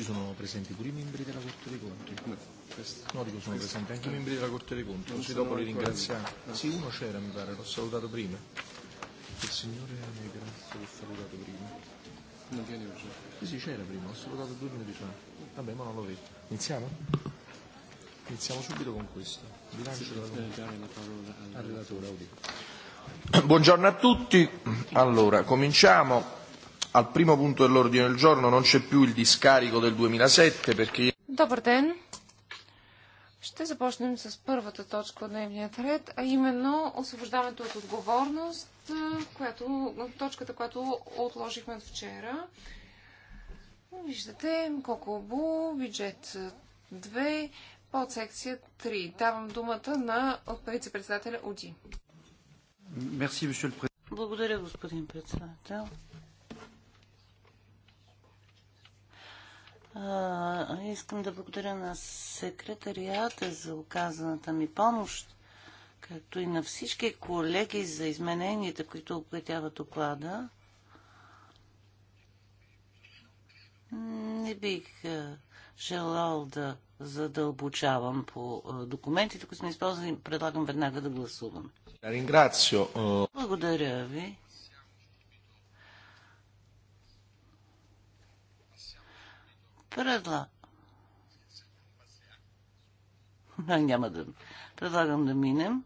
ci sono presenti pure i membri della Corte dei Conti. No, dico sono presenti anche i membri della Corte dei Conti, così dopo li ringraziamo. Sì, uno c'era, mi pare, l'ho salutato prima. Il signore Negrazio l'ho salutato prima. Non viene Sì, sì, c'era prima, l'ho salutato due minuti fa. Vabbè, ma non lo vedo. Iniziamo? Iniziamo subito con questo. Bilancio della al relatore Buongiorno a tutti. Allora, cominciamo Al primo punto dell'ordine del giorno non c'è più il discarico del 2007 perché... Добър ден! Ще започнем с първата точка от дневния ред, а именно освобождаването от отговорност, която, точката, която отложихме от вчера. Виждате колко обу, бюджет 2, под секция 3. Давам думата на вице-председателя Оди. Благодаря, господин председател. искам да благодаря на секретарията за оказаната ми помощ, както и на всички колеги за измененията, които оплетяват доклада. Не бих желал да задълбочавам по документите, които сме използвали. Предлагам веднага да гласувам. Благодаря ви. Предла... Не, няма да... Предлагам да минем.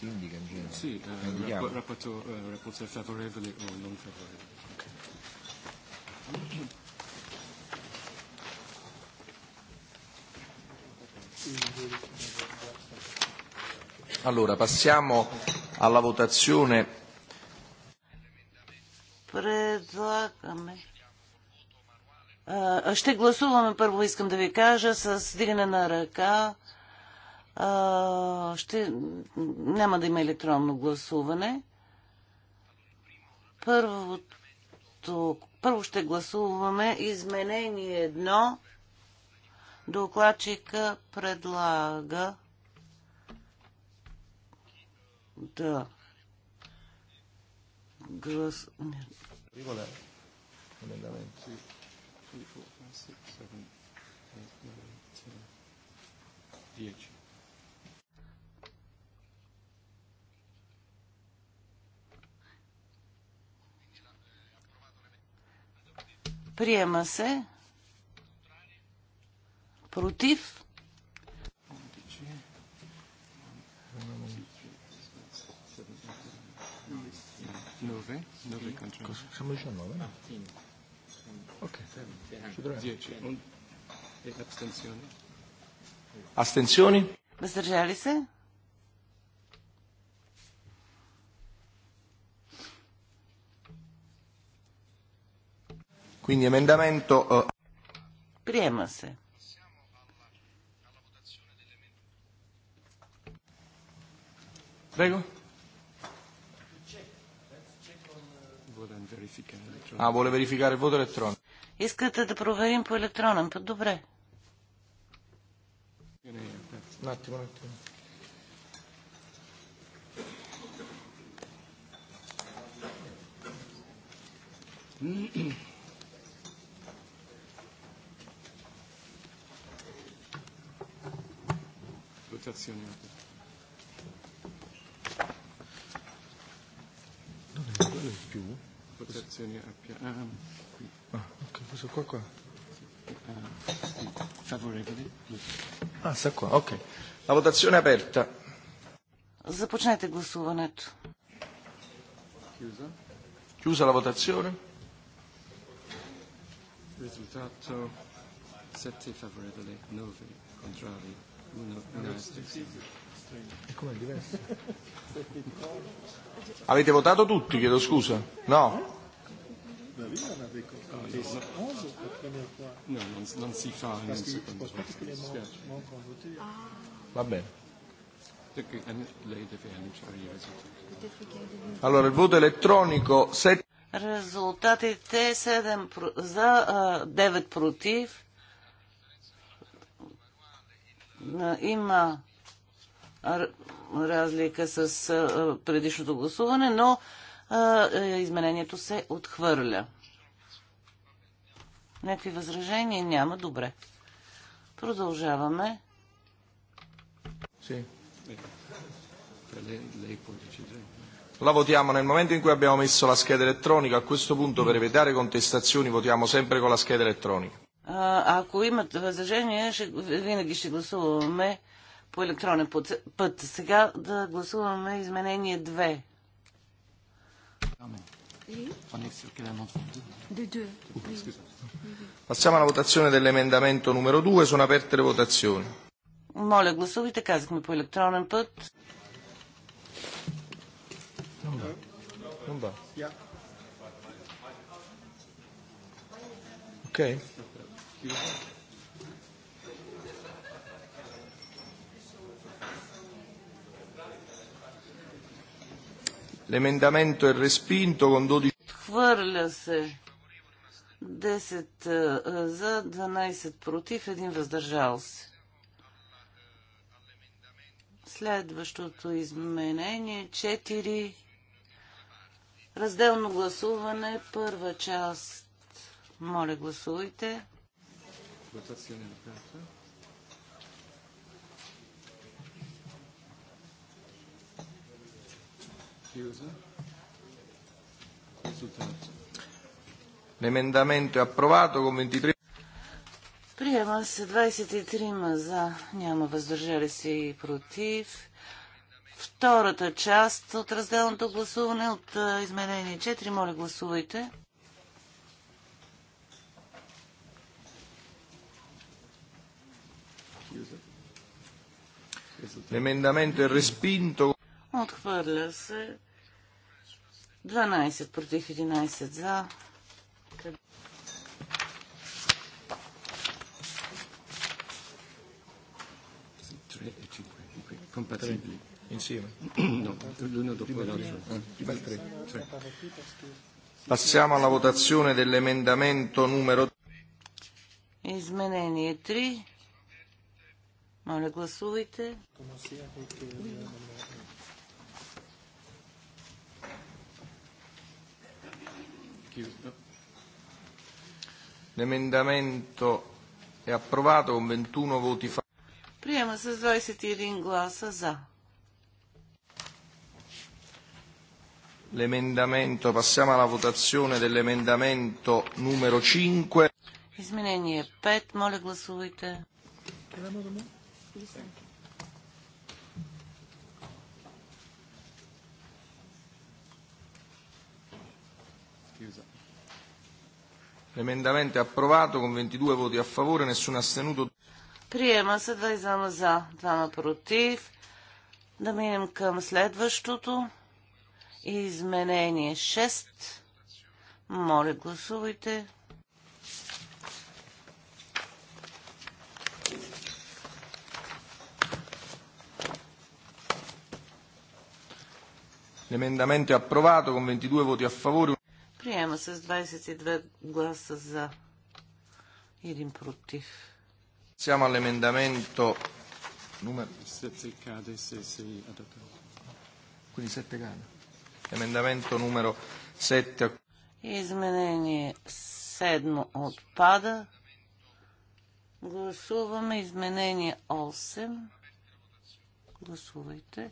si indica in genere? Sì, eh, rapporto, eh, rapporto favorevole o non favorevole. Okay. Allora, passiamo alla votazione. Предлагаме. А, ще гласуваме първо, искам да ви кажа, с дигане на ръка. А, ще... Няма да има електронно гласуване. Първото... Първо ще гласуваме изменение едно. Докладчика предлага да глас... Приема се. Против? Nove, nove contro. Siamo 19, no? Ok, 10. Astensioni? Astensioni? Въздържали се? Quindi emendamento... Приема се. Prego. А, воле верификаре вод електрон. Искате да проверим по електронен път. Добре. Un attimo, un Votazione. dove più? Protezione ampia. Ah, qui. Ah, ok, questo qua qua. Ah, sì, favorevole. Ah, sta qua, ok. La votazione è aperta. Започнете гласуването. Chiusa. Chiusa la votazione. Risultato 7 favorevoli, 9 contrari, 1 astensio. Avete votato tutti, chiedo scusa? No? No, non, non si fa nel Va bene. Allora, il voto elettronico 7... Резултатите 7 за, 9 против. Има разлика с предишното гласуване, но изменението се отхвърля. Някакви възражения няма. Добре. Продължаваме. La votiamo nel momento in cui abbiamo messo la scheda elettronica. A questo punto, per evitare contestazioni, votiamo sempre con la scheda elettronica. Ако имат възражение, винаги ще гласуваме по електронен път. Сега да гласуваме изменение 2. Passiamo alla votazione dell'emendamento numero 2, sono aperte le votazioni. Моля, гласувайте, казахме по електронен път. Окей. Okay. L'emendamento è respinto con 12... Отхвърля се 10 е, за, 12 против, 1 въздържал се. Следващото изменение 4. Разделно гласуване, първа част. Моля, гласувайте. Votazione aperta. L'emendamento è approvato con 23... Приема се 23 за, няма въздържали се и против. Втората част от разделното гласуване от изменение 4. Моля, гласувайте. L'emendamento è respinto. Отхвърля се. 12 против 11 за. Compatibili. Passiamo alla votazione dell'emendamento numero Изменение 3. Моля, гласувайте. L'emendamento è approvato con 21 voti favorevoli. Приема se 21 гласа za. L'emendamento, passiamo alla votazione dell'emendamento numero 5. Изменение 5, моля гласувайте. Какво L'emendamento è approvato con 22 voti a favore, nessuno astenuto. Приема се да изама за, двама против. Да минем към следващото. Изменение 6. Моля, гласувайте. L'emendamento è approvato con 22 voti a favore. Приема с 22 гласа за един против. Сяма all'emendamento номер... 7 cade se Емендаменто номер 7. Изменение 7 отпада. Гласуваме изменение 8. Гласувайте.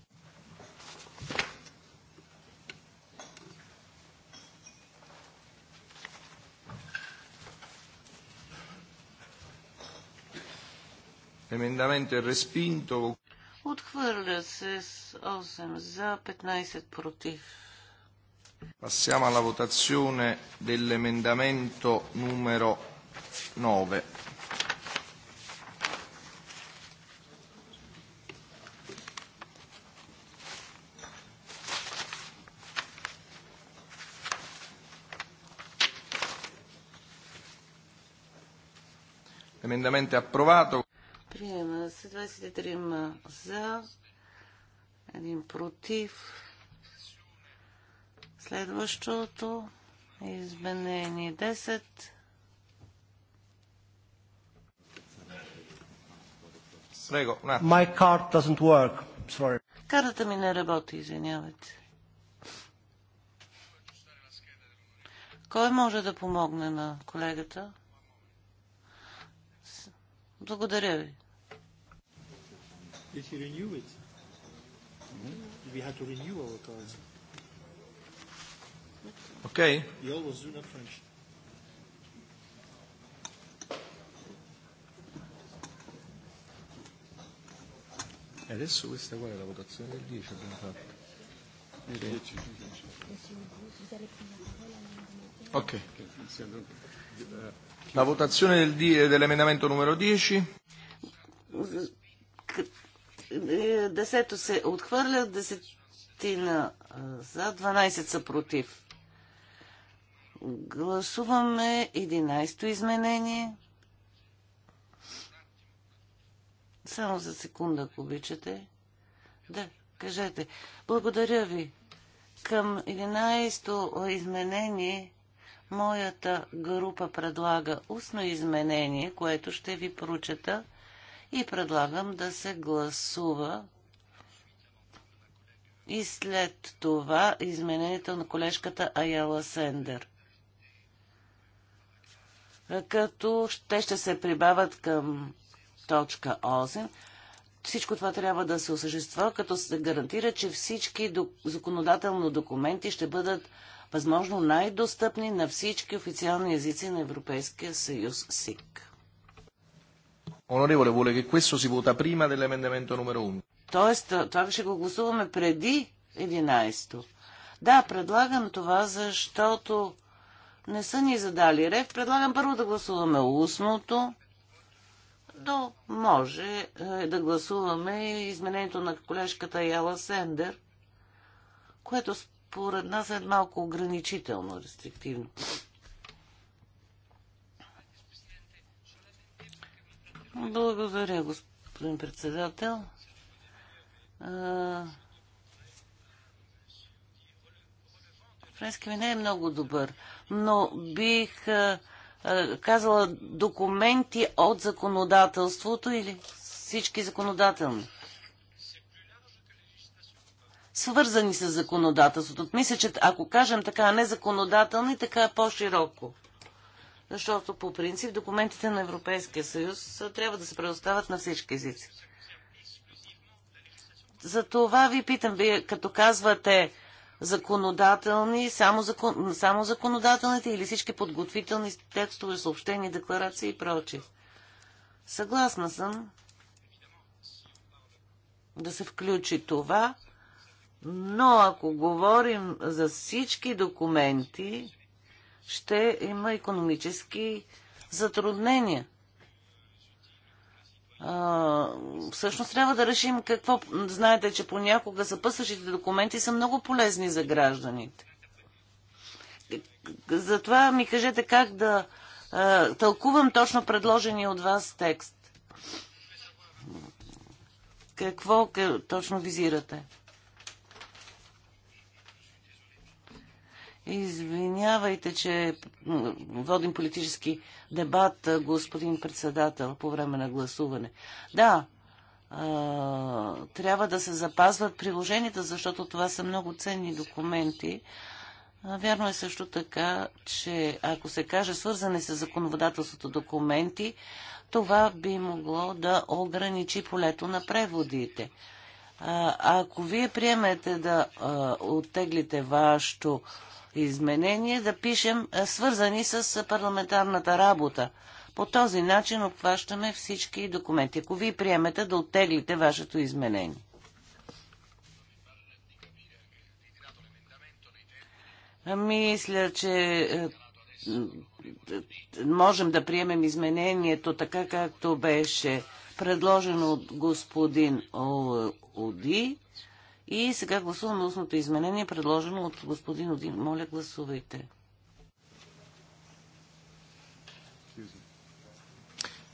Емендамент е респинто. Отхвърля се с 8 за, 15 против. Passiamo alla votazione dell'emendamento numero 9. L'emendamento è approvato. Има се 23 за, един против. Следващото изменение 10. Е My card doesn't work. Sorry. Картата ми не работи, извинявайте. Кой може да помогне на колегата? Благодаря ви. Did you renew it? Mm-hmm. We had to renew our cards. Okay. We always do not French. E adesso questa qua è la votazione del 10 abbiamo fatto. Ok. La votazione del, dell'emendamento numero 10. Е, десето се отхвърля, десетина за, 12 са против. Гласуваме 11-то изменение. Само за секунда, ако обичате. Да, кажете. Благодаря ви. Към 11-то изменение моята група предлага устно изменение, което ще ви прочета – и предлагам да се гласува и след това изменението на колежката Аяла Сендер. Като те ще се прибавят към точка 8, всичко това трябва да се осъществува, като се гарантира, че всички законодателно документи ще бъдат възможно най-достъпни на всички официални езици на Европейския съюз СИК. Onorevole, vuole che questo si vota prima dell'emendamento numero 1. Тоест, това ще го гласуваме преди 11-то. Да, предлагам това, защото не са ни задали рев. Предлагам първо да гласуваме устното, но може е, да гласуваме изменението на колежката Яла Сендер, което според нас е малко ограничително, рестриктивно. Благодаря, господин председател. Френски ми не е много добър, но бих казала документи от законодателството или всички законодателни. Свързани с законодателството. Мисля, че ако кажем така, не законодателни, така е по-широко защото по принцип документите на Европейския съюз трябва да се предоставят на всички езици. За това ви питам, вие като казвате законодателни, само, закон, само законодателните или всички подготвителни текстове, съобщения, декларации и прочи. Съгласна съм да се включи това, но ако говорим за всички документи, ще има економически затруднения. А, всъщност трябва да решим какво. Знаете, че понякога съпъсващите документи са много полезни за гражданите. Затова ми кажете как да а, тълкувам точно предложения от вас текст. Какво точно визирате? Извинявайте, че водим политически дебат, господин председател, по време на гласуване. Да, трябва да се запазват приложенията, защото това са много ценни документи. Вярно е също така, че ако се каже свързане с законодателството документи, това би могло да ограничи полето на преводите. А, ако вие приемете да а, оттеглите вашето изменение да пишем свързани с парламентарната работа. По този начин обхващаме всички документи. Ако ви приемете да оттеглите вашето изменение. Мисля, че можем да приемем изменението така, както беше предложено от господин Оди. И сега гласуваме устното изменение, предложено от господин Один. Моля, гласувайте.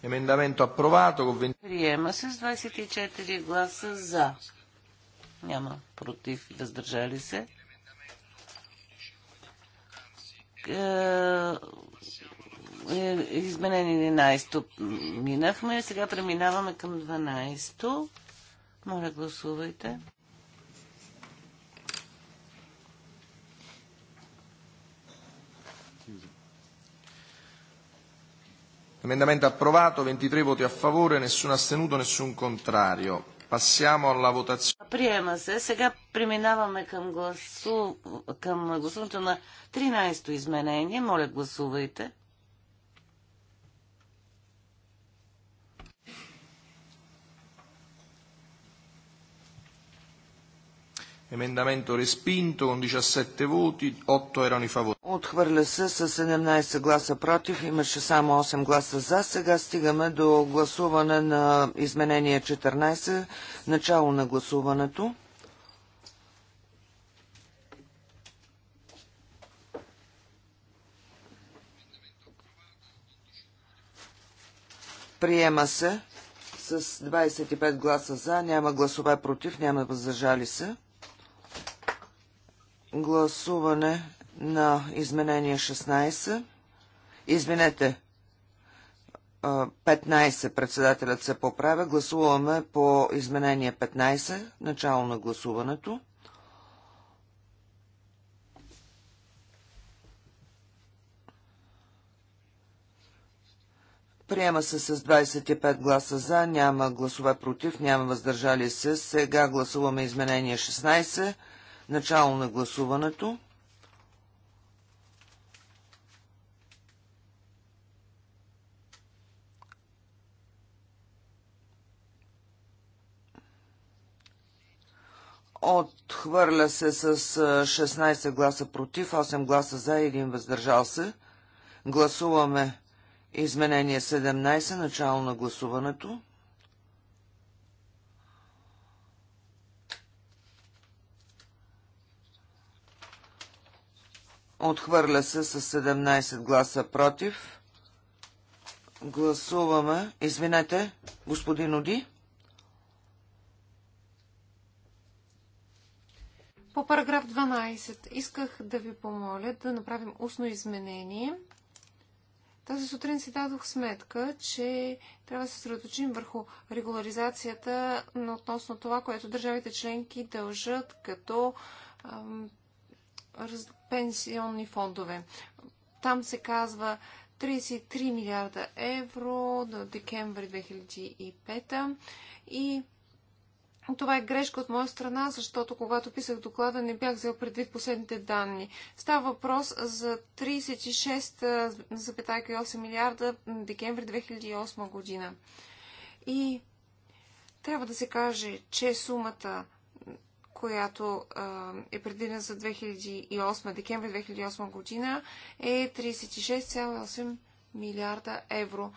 Емендаменто апровато. Приема се с 24 гласа за. Няма против, въздържали се. Е, е, изменение 11-то минахме, сега преминаваме към 12-то. Моля, гласувайте. Emendamento approvato, 23 voti a favore, nessun astenuto, nessun contrario. Passiamo alla votazione. Приема се. Сега преминаваме към, гласу... към гласуването на 13-то изменение. Моля, гласувайте. Emendamento respinto con 17 voti, 8 erano i favori. Отхвърля се с 17 гласа против, имаше само 8 гласа за. Сега стигаме до гласуване на изменение 14, начало на гласуването. Приема се с 25 гласа за, няма гласове против, няма въздържали се гласуване на изменение 16. Извинете, 15 председателят се поправя. Гласуваме по изменение 15, начало на гласуването. Приема се с 25 гласа за, няма гласове против, няма въздържали се. Сега гласуваме изменение 16. Начало на гласуването. Отхвърля се с 16 гласа против, 8 гласа за и 1 въздържал се. Гласуваме изменение 17, начало на гласуването. Отхвърля се с 17 гласа против. Гласуваме. Извинете, господин Оди. По параграф 12 исках да ви помоля да направим устно изменение. Тази сутрин си дадох сметка, че трябва да се съсредоточим върху регуларизацията относно това, което държавите членки дължат като пенсионни фондове. Там се казва 33 милиарда евро до декември 2005 и това е грешка от моя страна, защото когато писах доклада не бях взел предвид последните данни. Става въпрос за 36,8 милиарда декември 2008 година. И трябва да се каже, че сумата която е предвидена за 2008, декември 2008 година, е 36,8 милиарда евро.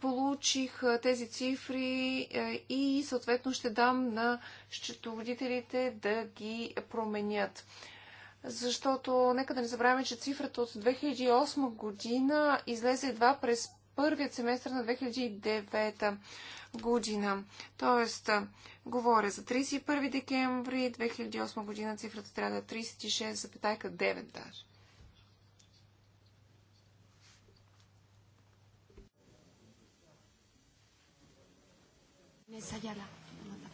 Получих тези цифри и съответно ще дам на счетоводителите да ги променят. Защото нека да не забравяме, че цифрата от 2008 година излезе едва през първият семестър на 2009 година. Тоест, говоря за 31 декември 2008 година, цифрата трябва да е 36,9 даже.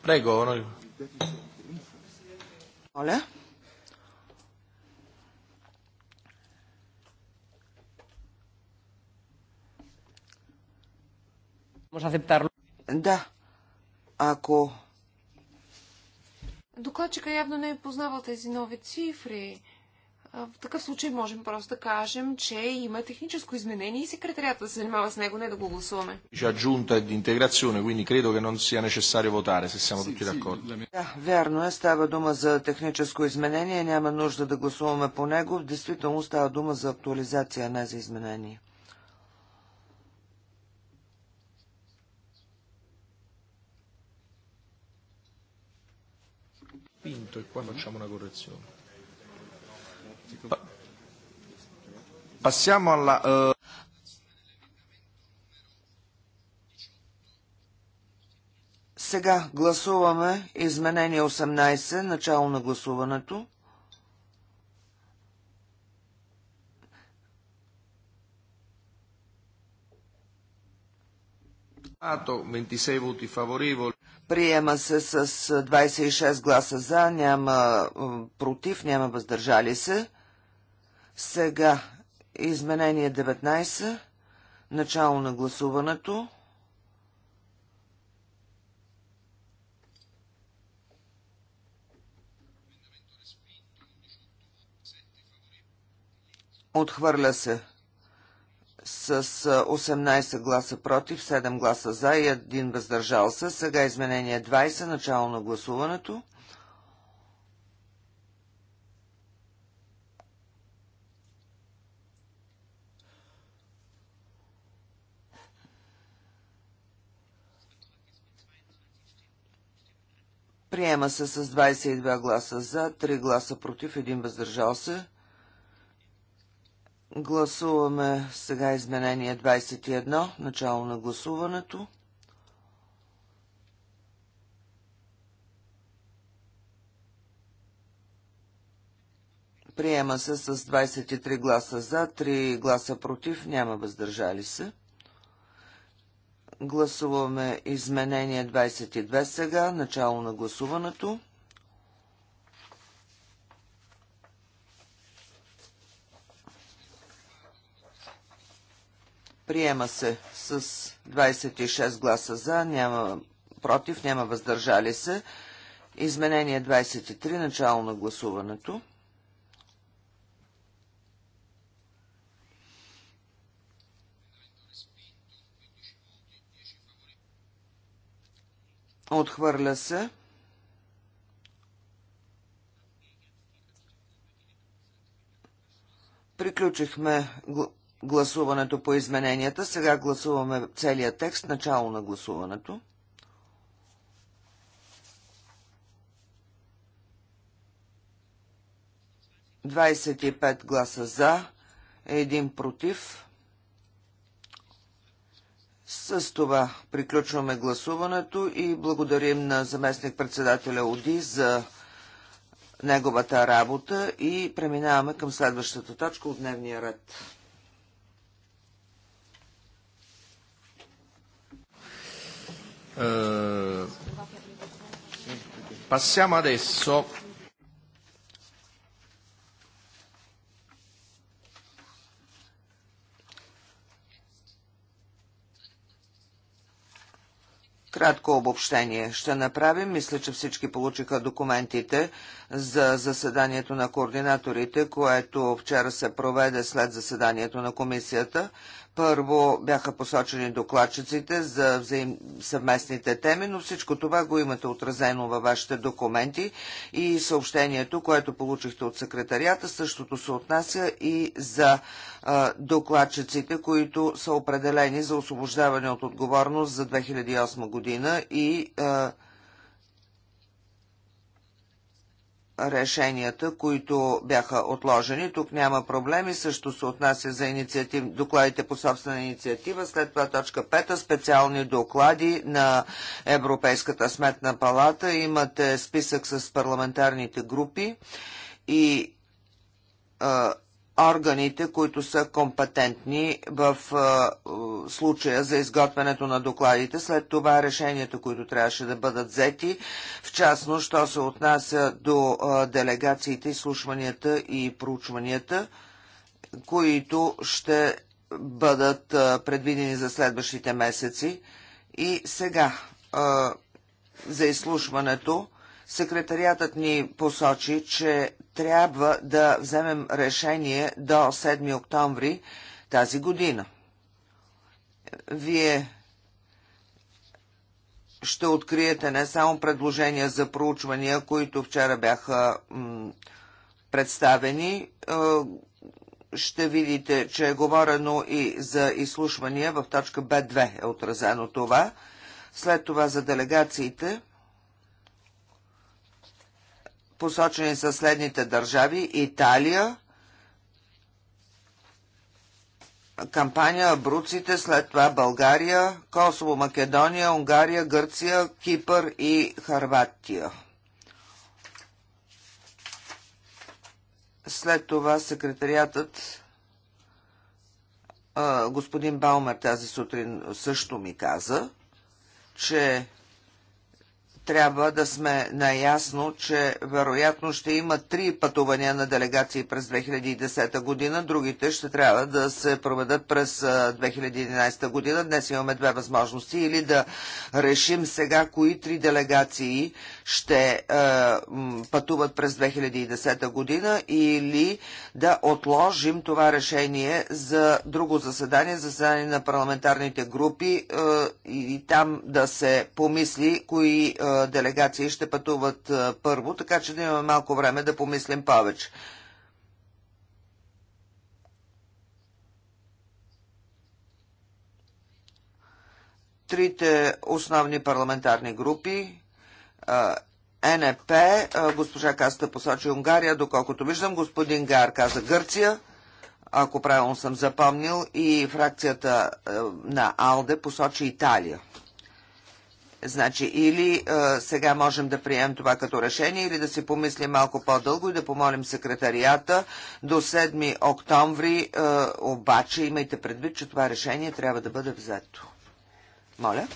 Prego, onorevole. Да, ако... Докладчика явно не е познавал тези нови цифри. В такъв случай можем просто да кажем, че има техническо изменение и секретарията да се занимава с него, не да го гласуваме. Ще аджунта е integrazione, quindi credo che non sia necessario votare, se siamo tutti d'accordo. Да, вярно е, става дума за техническо изменение, няма нужда да гласуваме по него. Действително става дума за актуализация, не за изменение. respinto e qua facciamo una correzione. Pa- passiamo alla... Uh... Сега гласуваме изменение 18, начало на гласуването. Ato, 26 voti favorevoli. Приема се с 26 гласа за, няма против, няма въздържали се. Сега изменение 19, начало на гласуването. Отхвърля се с 18 гласа против, 7 гласа за и 1 въздържал се. Сега изменение 20, начало на гласуването. Приема се с 22 гласа за, 3 гласа против, 1 въздържал се. Гласуваме сега изменение 21, начало на гласуването. Приема се с 23 гласа за, 3 гласа против, няма въздържали се. Гласуваме изменение 22 сега, начало на гласуването. Приема се с 26 гласа за, няма против, няма въздържали се. Изменение 23, начало на гласуването. Отхвърля се. Приключихме гласуването по измененията. Сега гласуваме целият текст, начало на гласуването. Двадесет и пет гласа за, един против. С това приключваме гласуването и благодарим на заместник председателя Оди за неговата работа и преминаваме към следващата точка от дневния ред. Eh, passiamo adesso. Кратко обобщение ще направим. Мисля, че всички получиха документите за заседанието на координаторите, което вчера се проведе след заседанието на комисията. Първо бяха посочени докладчиците за взаим... съвместните теми, но всичко това го имате отразено във вашите документи и съобщението, което получихте от секретарията, същото се отнася и за а, докладчиците, които са определени за освобождаване от отговорност за 2008 година и а, решенията, които бяха отложени. Тук няма проблеми. Също се отнася за инициатив, докладите по собствена инициатива. След това точка 5. Специални доклади на Европейската сметна палата. Имате списък с парламентарните групи и а, органите, които са компетентни в случая за изготвянето на докладите, след това решенията, които трябваше да бъдат взети, в частност, що се отнася до делегациите, изслушванията и проучванията, които ще бъдат предвидени за следващите месеци. И сега за изслушването Секретариатът ни посочи, че трябва да вземем решение до 7 октомври тази година. Вие ще откриете не само предложения за проучвания, които вчера бяха представени, ще видите, че е говорено и за изслушвания в точка Б2 е отразено това. След това за делегациите – Посочени са следните държави – Италия, кампания, Бруците, след това България, Косово, Македония, Унгария, Гърция, Кипър и Харватия. След това секретариатът господин Баумер тази сутрин също ми каза, че трябва да сме наясно, че вероятно ще има три пътувания на делегации през 2010 година, другите ще трябва да се проведат през 2011 година. Днес имаме две възможности или да решим сега кои три делегации ще е, пътуват през 2010 година или да отложим това решение за друго заседание, заседание на парламентарните групи е, и там да се помисли кои е, делегации ще пътуват първо, така че да имаме малко време да помислим повече. Трите основни парламентарни групи НП, госпожа Каста посочи Унгария, доколкото виждам, господин Гар каза Гърция, ако правилно съм запомнил, и фракцията на АЛДЕ посочи Италия. Значи или а, сега можем да приемем това като решение, или да си помислим малко по-дълго и да помолим секретарията до 7 октомври, а, обаче имайте предвид, че това решение трябва да бъде взето. Моля.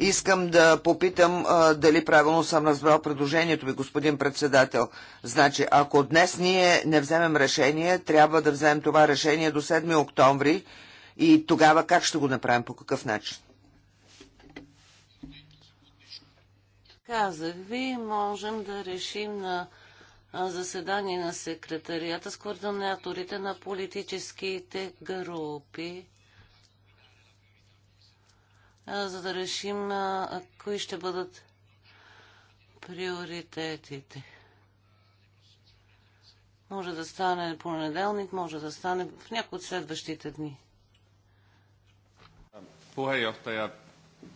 Искам да попитам а, дали правилно съм разбрал предложението ви, господин председател. Значи, ако днес ние не вземем решение, трябва да вземем това решение до 7 октомври, и тогава как ще го направим, по какъв начин? Казах ви, можем да решим на заседание на секретарията с координаторите на политическите групи, за да решим кои ще бъдат приоритетите. Може да стане понеделник, може да стане в някои от следващите дни puheenjohtaja.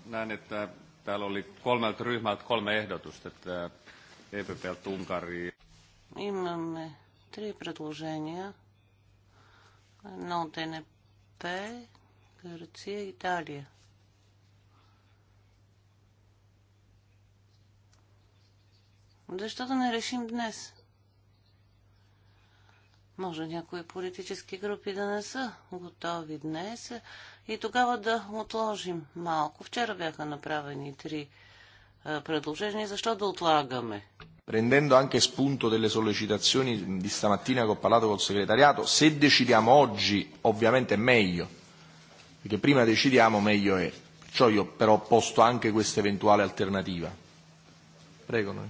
Näen, että täällä oli kolmelta ryhmältä kolme ehdotusta, että EPP Unkari. Имаме три предложения. Nautene P, НП, Гърция и Италия. Защо да не решим днес? Може някои политически групи да не са готови днес и тогава да отложим малко. Вчера бяха направени три предложения. Защо да отлагаме? Prendendo anche spunto delle sollecitazioni di stamattina che ho parlato col segretariato, se decidiamo oggi ovviamente è meglio, perché prima decidiamo meglio è. Perciò io però ho posto anche questa eventuale alternativa. Prego noi.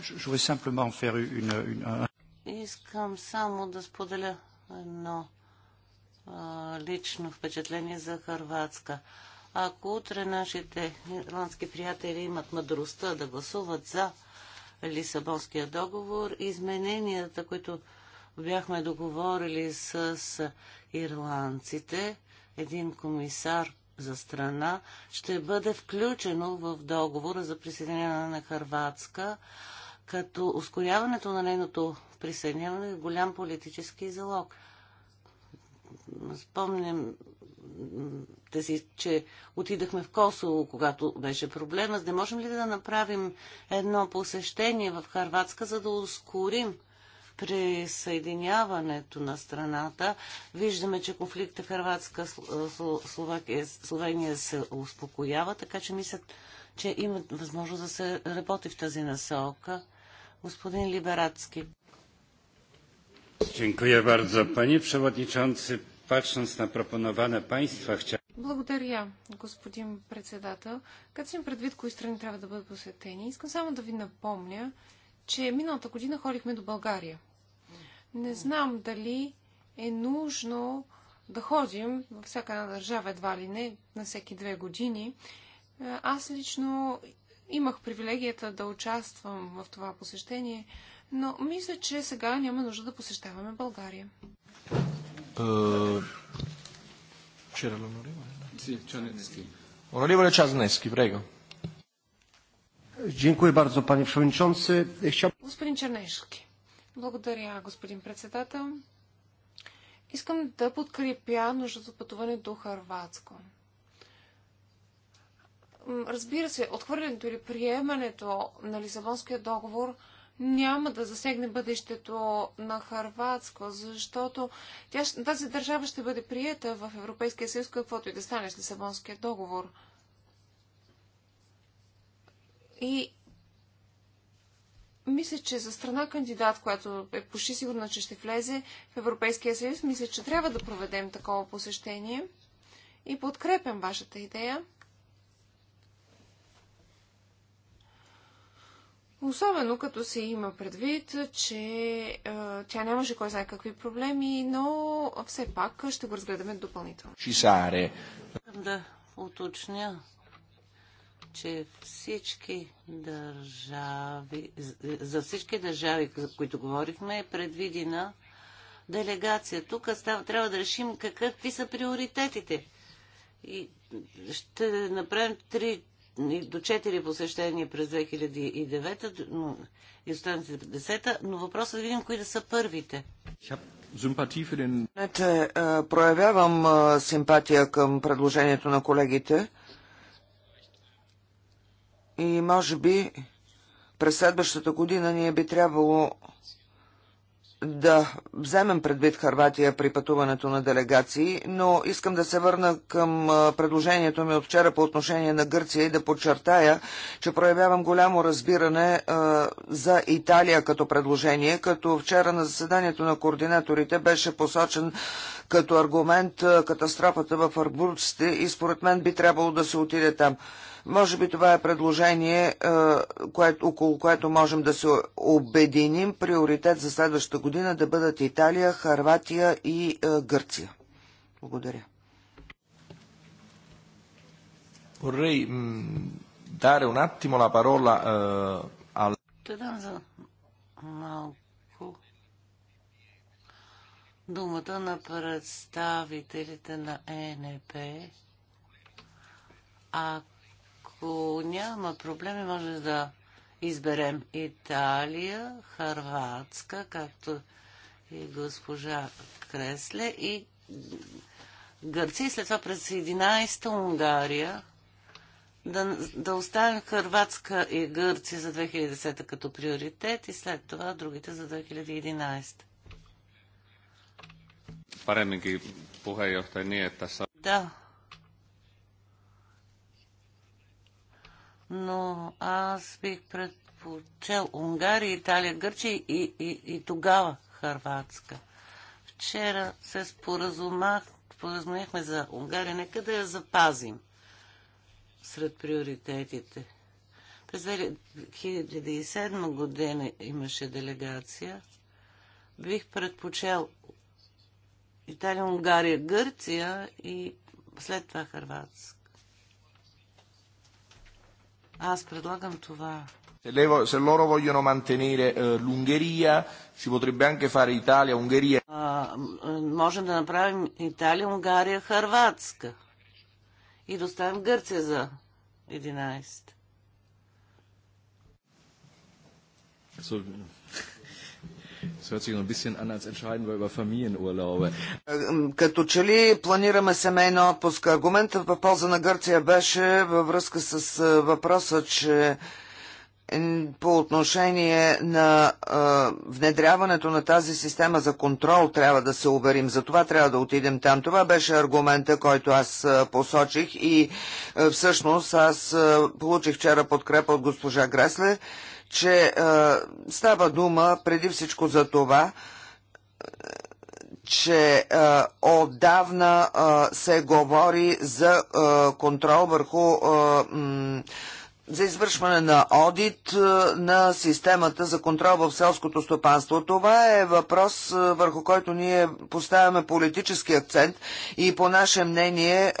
Je voudrais simplement faire une, une, un Искам само да споделя едно а, лично впечатление за Харватска. Ако утре нашите ирландски приятели имат мъдростта да гласуват за Лисабонския договор, измененията, които бяхме договорили с ирландците, един комисар за страна, ще бъде включено в договора за присъединяване на Харватска, като ускоряването на нейното присъединяване е голям политически залог. Спомням си, че отидахме в Косово, когато беше проблема. Не можем ли да направим едно посещение в Харватска, за да ускорим присъединяването на страната. Виждаме, че конфликта в Словакия, Словения се успокоява, така че мислят, че има възможност да се работи в тази насока. Господин Либерацки. Благодаря, господин председател. Като си предвид кои страни трябва да бъдат посетени, искам само да ви напомня, че миналата година ходихме до България. Не знам дали е нужно да ходим във всяка една държава, едва ли не, на всеки две години. Аз лично имах привилегията да участвам в това посещение, но мисля, че сега няма нужда да посещаваме България. C'era l'onorevole? Sì, Cianeschi. час Ciasneschi, Врега. Дякую bardzo, пани przewodniczący. Господин Чернешки. Благодаря, господин председател. Искам да подкрепя нуждата от пътуване до Харватско. Разбира се, отхвърлянето или приемането на Лисабонския договор – няма да засегне бъдещето на Харватско, защото тя, тази държава ще бъде приета в Европейския съюз, каквото и да стане с Лисабонския договор. И мисля, че за страна кандидат, която е почти сигурна, че ще влезе в Европейския съюз, мисля, че трябва да проведем такова посещение. И подкрепям вашата идея. Особено като се има предвид, че е, тя нямаше кой знае какви проблеми, но все пак ще го разгледаме допълнително. Шисаре. Да уточня, че всички държави, за всички държави, за които говорихме, е предвидена делегация. Тук става, трябва да решим какви са приоритетите. И ще направим три до 4 посещения през 2009 и останалите 10 но въпросът е да видим кои да са първите. Знаете, проявявам е, симпатия към предложението на колегите и може би през следващата година ние би трябвало да вземем предвид Харватия при пътуването на делегации, но искам да се върна към предложението ми от вчера по отношение на Гърция и да подчертая, че проявявам голямо разбиране за Италия като предложение, като вчера на заседанието на координаторите беше посочен като аргумент катастрофата в Арбурците и според мен би трябвало да се отиде там. Може би това е предложение, е, което, около което можем да се обединим. Приоритет за следващата година да бъдат Италия, Харватия и е, Гърция. Благодаря. Vorrei dare un attimo la parola е, al... Думата на представителите на ЕНП. Ако ако няма проблеми, може да изберем Италия, Харватска, както и госпожа Кресле и Гърция. След това през 11-та Унгария. Да, да оставим Харватска и Гърция за 2010 като приоритет и след това другите за 2011. Paremminkin puheenjohtaja niin, että tässä... Да, но аз бих предпочел Унгария, Италия, Гърчия и, и, и тогава Харватска. Вчера се споразумяхме за Унгария. Нека да я запазим сред приоритетите. През 2007 година имаше делегация. Бих предпочел Италия, Унгария, Гърция и след това Харватска. Аз предлагам това. Se, levo, se loro vogliono mantenere eh, l'Ungheria, si potrebbe anche fare Italia, Ungheria. А, можем да направим Италия, Унгария, Харватска. И доставим Гърция за 11. So, като че ли планираме семейна отпуска? Аргументът в полза на Гърция беше във връзка с въпроса, че по отношение на а, внедряването на тази система за контрол трябва да се уверим. За това трябва да отидем там. Това беше аргумента, който аз а, посочих и а, всъщност аз а, получих вчера подкрепа от госпожа Гресле че а, става дума преди всичко за това, че а, отдавна а, се говори за а, контрол върху е, за извършване на одит е, на системата за контрол в селското стопанство. Това е въпрос, е, върху който ние поставяме политически акцент и по наше мнение, е,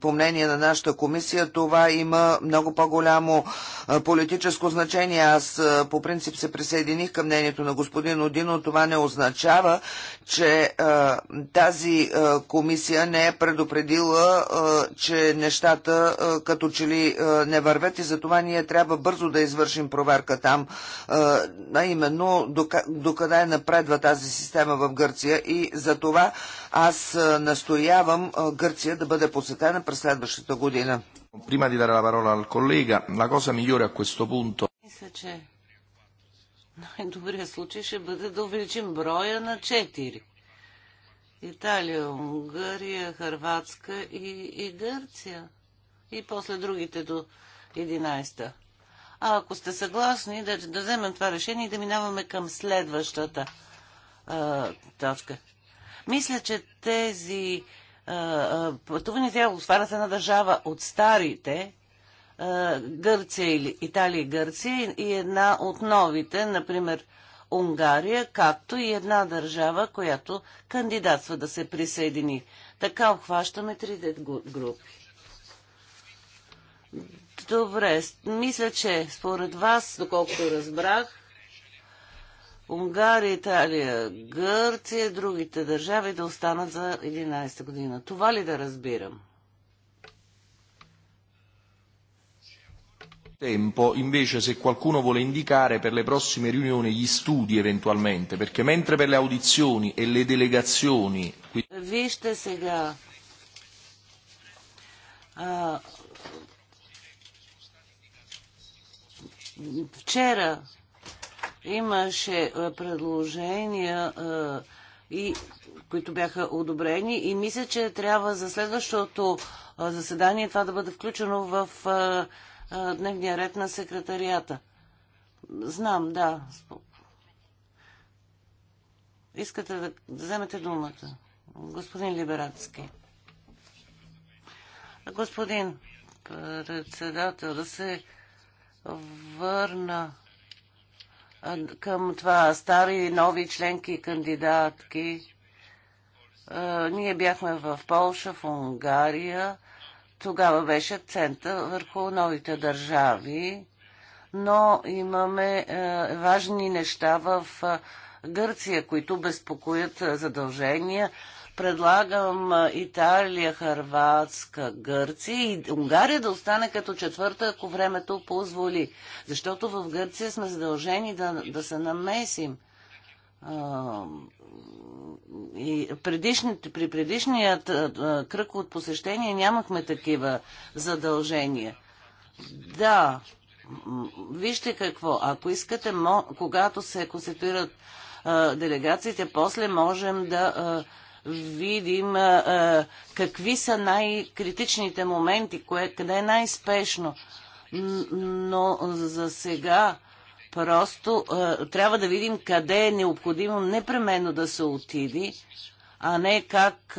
по мнение на нашата комисия, това има много по-голямо политическо значение. Аз по принцип се присъединих към мнението на господин Один, но това не означава, че тази комисия не е предупредила, че нещата като че ли не върват вървят и затова ние трябва бързо да извършим проверка там, а именно докъде е напредва тази система в Гърция и за това аз настоявам Гърция да бъде посетена през следващата година. Prima di dare la parola al collega, la cosa migliore a questo punto... Мисля, че най-добрият случай ще бъде да увеличим броя на 4. Италия, Унгария, Харватска и, и Гърция. И после другите до 11. А ако сте съгласни, да, да вземем това решение и да минаваме към следващата а, точка. Мисля, че тези пътувания трябва да отварят една държава от старите, а, Гърция или Италия и Гърция, и една от новите, например Унгария, както и една държава, която кандидатства да се присъедини. Така обхващаме трите групи. Добре, мисля, че според вас, доколкото разбрах, Унгария, Италия, Гърция, другите държави да останат за 11 година. Това ли да разбирам? tempo, invece se qualcuno vuole indicare per le prossime riunioni gli studi eventualmente, perché mentre per le audizioni e le delegazioni... Вижте сега. Вчера имаше предложения и, които бяха одобрени и мисля, че трябва за следващото заседание това да бъде включено в дневния ред на секретарията. Знам, да. Искате да вземете думата. Господин Либерацки. Господин председател, да се върна към това стари, нови членки, кандидатки. Ние бяхме в Полша, в Унгария. Тогава беше център върху новите държави, но имаме важни неща в Гърция, които безпокоят задължения предлагам Италия, Харватска, Гърция и Унгария да остане като четвърта, ако времето позволи. Защото в Гърция сме задължени да, да се намесим. и предишните, при предишният кръг от посещение нямахме такива задължения. Да, вижте какво. Ако искате, когато се конституират делегациите, после можем да видим какви са най-критичните моменти, кое, къде е най-спешно. Но за сега просто трябва да видим къде е необходимо непременно да се отиди, а не как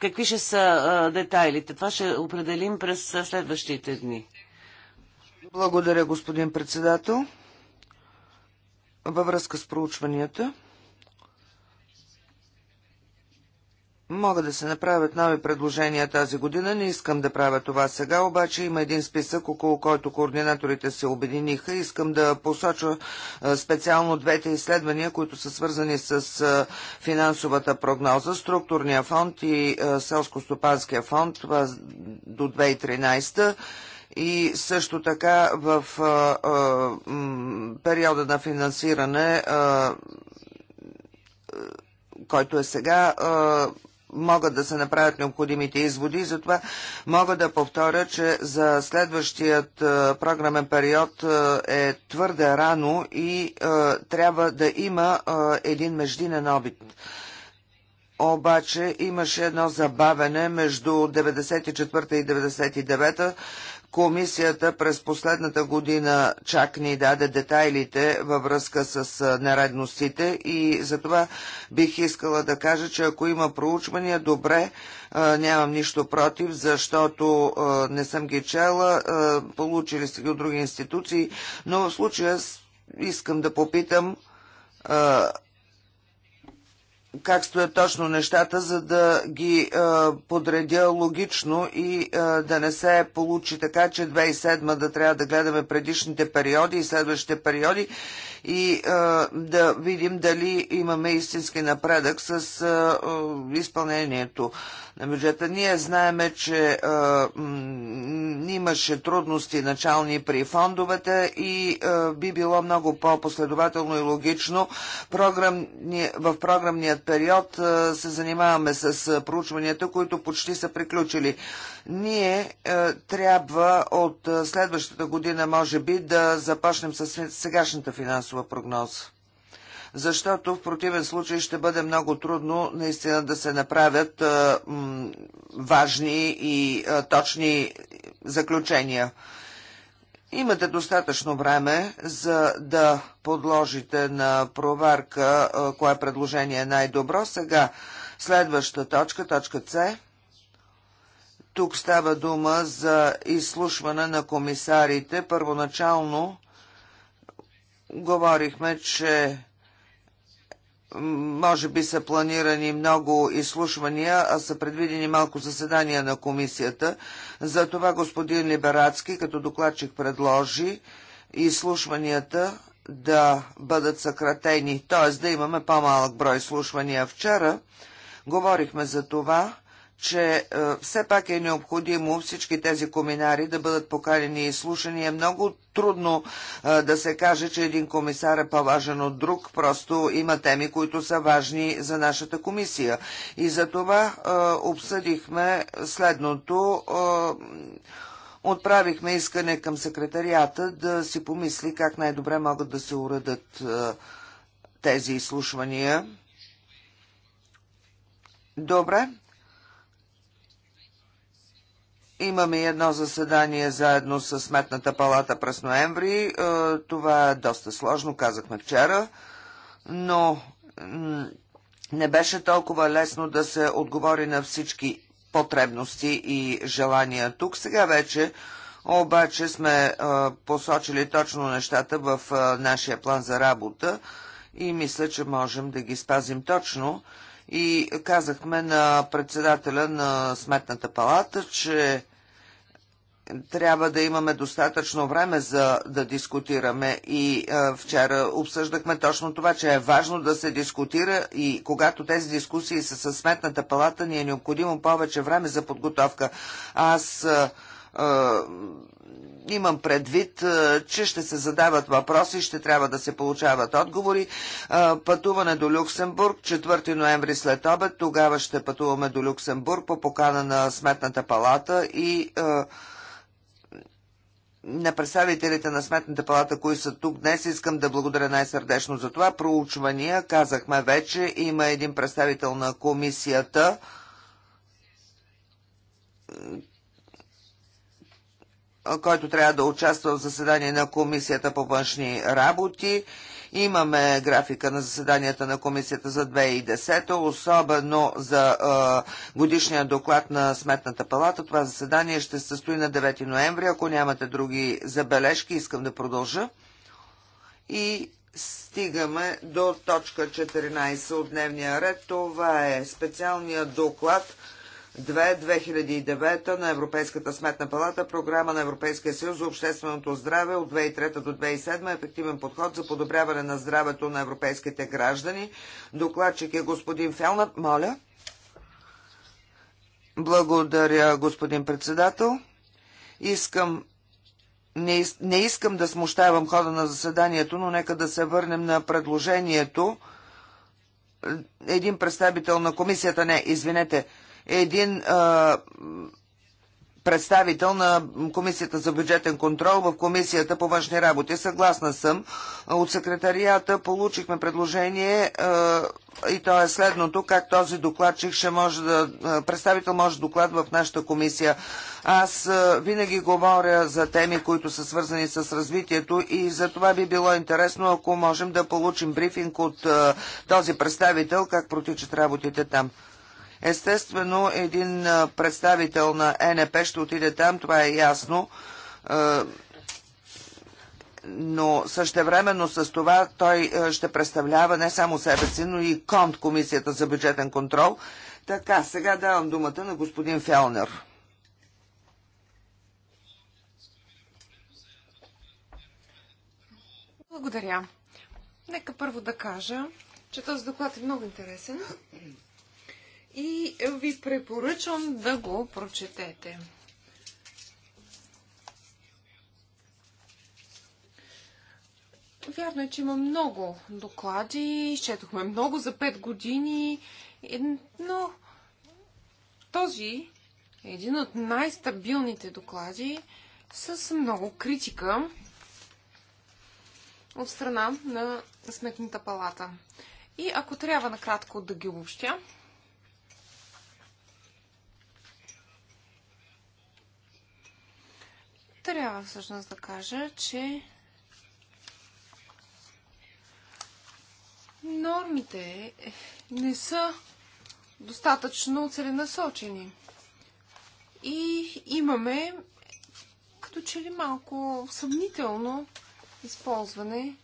какви ще са а, детайлите? Това ще определим през следващите дни. Благодаря, господин председател. Във връзка с проучванията. Могат да се направят нови предложения тази година, не искам да правя това сега, обаче има един списък, около който координаторите се обединиха. Искам да посоча специално двете изследвания, които са свързани с финансовата прогноза, структурния фонд и селско-стопанския фонд до 2013 и също така в периода на финансиране който е сега, могат да се направят необходимите изводи и затова мога да повторя, че за следващият е, програмен период е, е твърде рано и е, трябва да има един междинен обид обаче имаше едно забавене между 1994 и 99 Комисията през последната година чак ни даде детайлите във връзка с нередностите и затова бих искала да кажа, че ако има проучвания, добре, нямам нищо против, защото не съм ги чела, получили сте ги от други институции, но в случая искам да попитам как стоят точно нещата, за да ги е, подредя логично и е, да не се получи така, че 2007 да трябва да гледаме предишните периоди и следващите периоди и да видим дали имаме истински напредък с изпълнението на бюджета. Ние знаеме, че имаше трудности начални при фондовете и би било много по-последователно и логично в програмният период се занимаваме с проучванията, които почти са приключили. Ние а, трябва от следващата година, може би, да започнем с сегашната финансова финансова прогноза. Защото в противен случай ще бъде много трудно наистина да се направят а, важни и а, точни заключения. Имате достатъчно време за да подложите на проверка кое предложение е най-добро. Сега следваща точка, точка С. Тук става дума за изслушване на комисарите. Първоначално говорихме, че може би са планирани много изслушвания, а са предвидени малко заседания на комисията. Затова господин Либерацки като докладчик предложи изслушванията да бъдат съкратени, т.е. да имаме по-малък брой изслушвания. Вчера говорихме за това, че е, все пак е необходимо всички тези коминари да бъдат поканени и слушани. Е много трудно е, да се каже, че един комисар е по-важен от друг. Просто има теми, които са важни за нашата комисия. И за това е, обсъдихме следното. Отправихме искане към секретарията да си помисли как най-добре могат да се уредат тези изслушвания. Добре. Имаме едно заседание заедно с Сметната палата през ноември. Е, това е доста сложно, казахме вчера, но не беше толкова лесно да се отговори на всички потребности и желания тук. Сега вече обаче сме е, посочили точно нещата в е, нашия план за работа и мисля, че можем да ги спазим точно. И казахме на председателя на Сметната палата, че трябва да имаме достатъчно време за да дискутираме и а, вчера обсъждахме точно това, че е важно да се дискутира и когато тези дискусии са със сметната палата, ни е необходимо повече време за подготовка. Аз а, а, имам предвид, че ще се задават въпроси, ще трябва да се получават отговори. Пътуване до Люксембург, 4 ноември след обед, тогава ще пътуваме до Люксембург по покана на Сметната палата и а, на представителите на Сметната палата, които са тук днес, искам да благодаря най-сърдечно за това. Проучвания, казахме вече, има един представител на комисията, който трябва да участва в заседание на комисията по външни работи. Имаме графика на заседанията на комисията за 2010, особено за е, годишния доклад на Сметната палата. Това заседание ще се състои на 9 ноември. Ако нямате други забележки, искам да продължа. И стигаме до точка 14 от дневния ред. Това е специалният доклад 2009 на Европейската сметна палата, програма на Европейския съюз за общественото здраве от 2003 до 2007, ефективен подход за подобряване на здравето на европейските граждани. Докладчик е господин Фелнат. Моля. Благодаря, господин председател. Искам не, не искам да смущавам хода на заседанието, но нека да се върнем на предложението. Един представител на комисията, не, извинете, един а, представител на Комисията за бюджетен контрол в Комисията по външни работи. Съгласна съм. От секретарията получихме предложение и то е следното, как този докладчик ще може да, представител може да докладва в нашата комисия. Аз винаги говоря за теми, които са свързани с развитието и за това би било интересно, ако можем да получим брифинг от този представител, как протичат работите там. Естествено, един представител на е НП ще отиде там, това е ясно но същевременно с това той ще представлява не само себе си, но и КОНТ, Комисията за бюджетен контрол. Така, сега давам думата на господин Фелнер. Благодаря. Нека първо да кажа, че този доклад е много интересен и ви препоръчвам да го прочетете. Вярно е, че има много доклади, изчетохме много за 5 години, е, но този е един от най-стабилните доклади с много критика от страна на Сметната палата. И ако трябва накратко да ги обобщя, трябва всъщност да кажа, че нормите не са достатъчно целенасочени. И имаме като че ли малко съмнително използване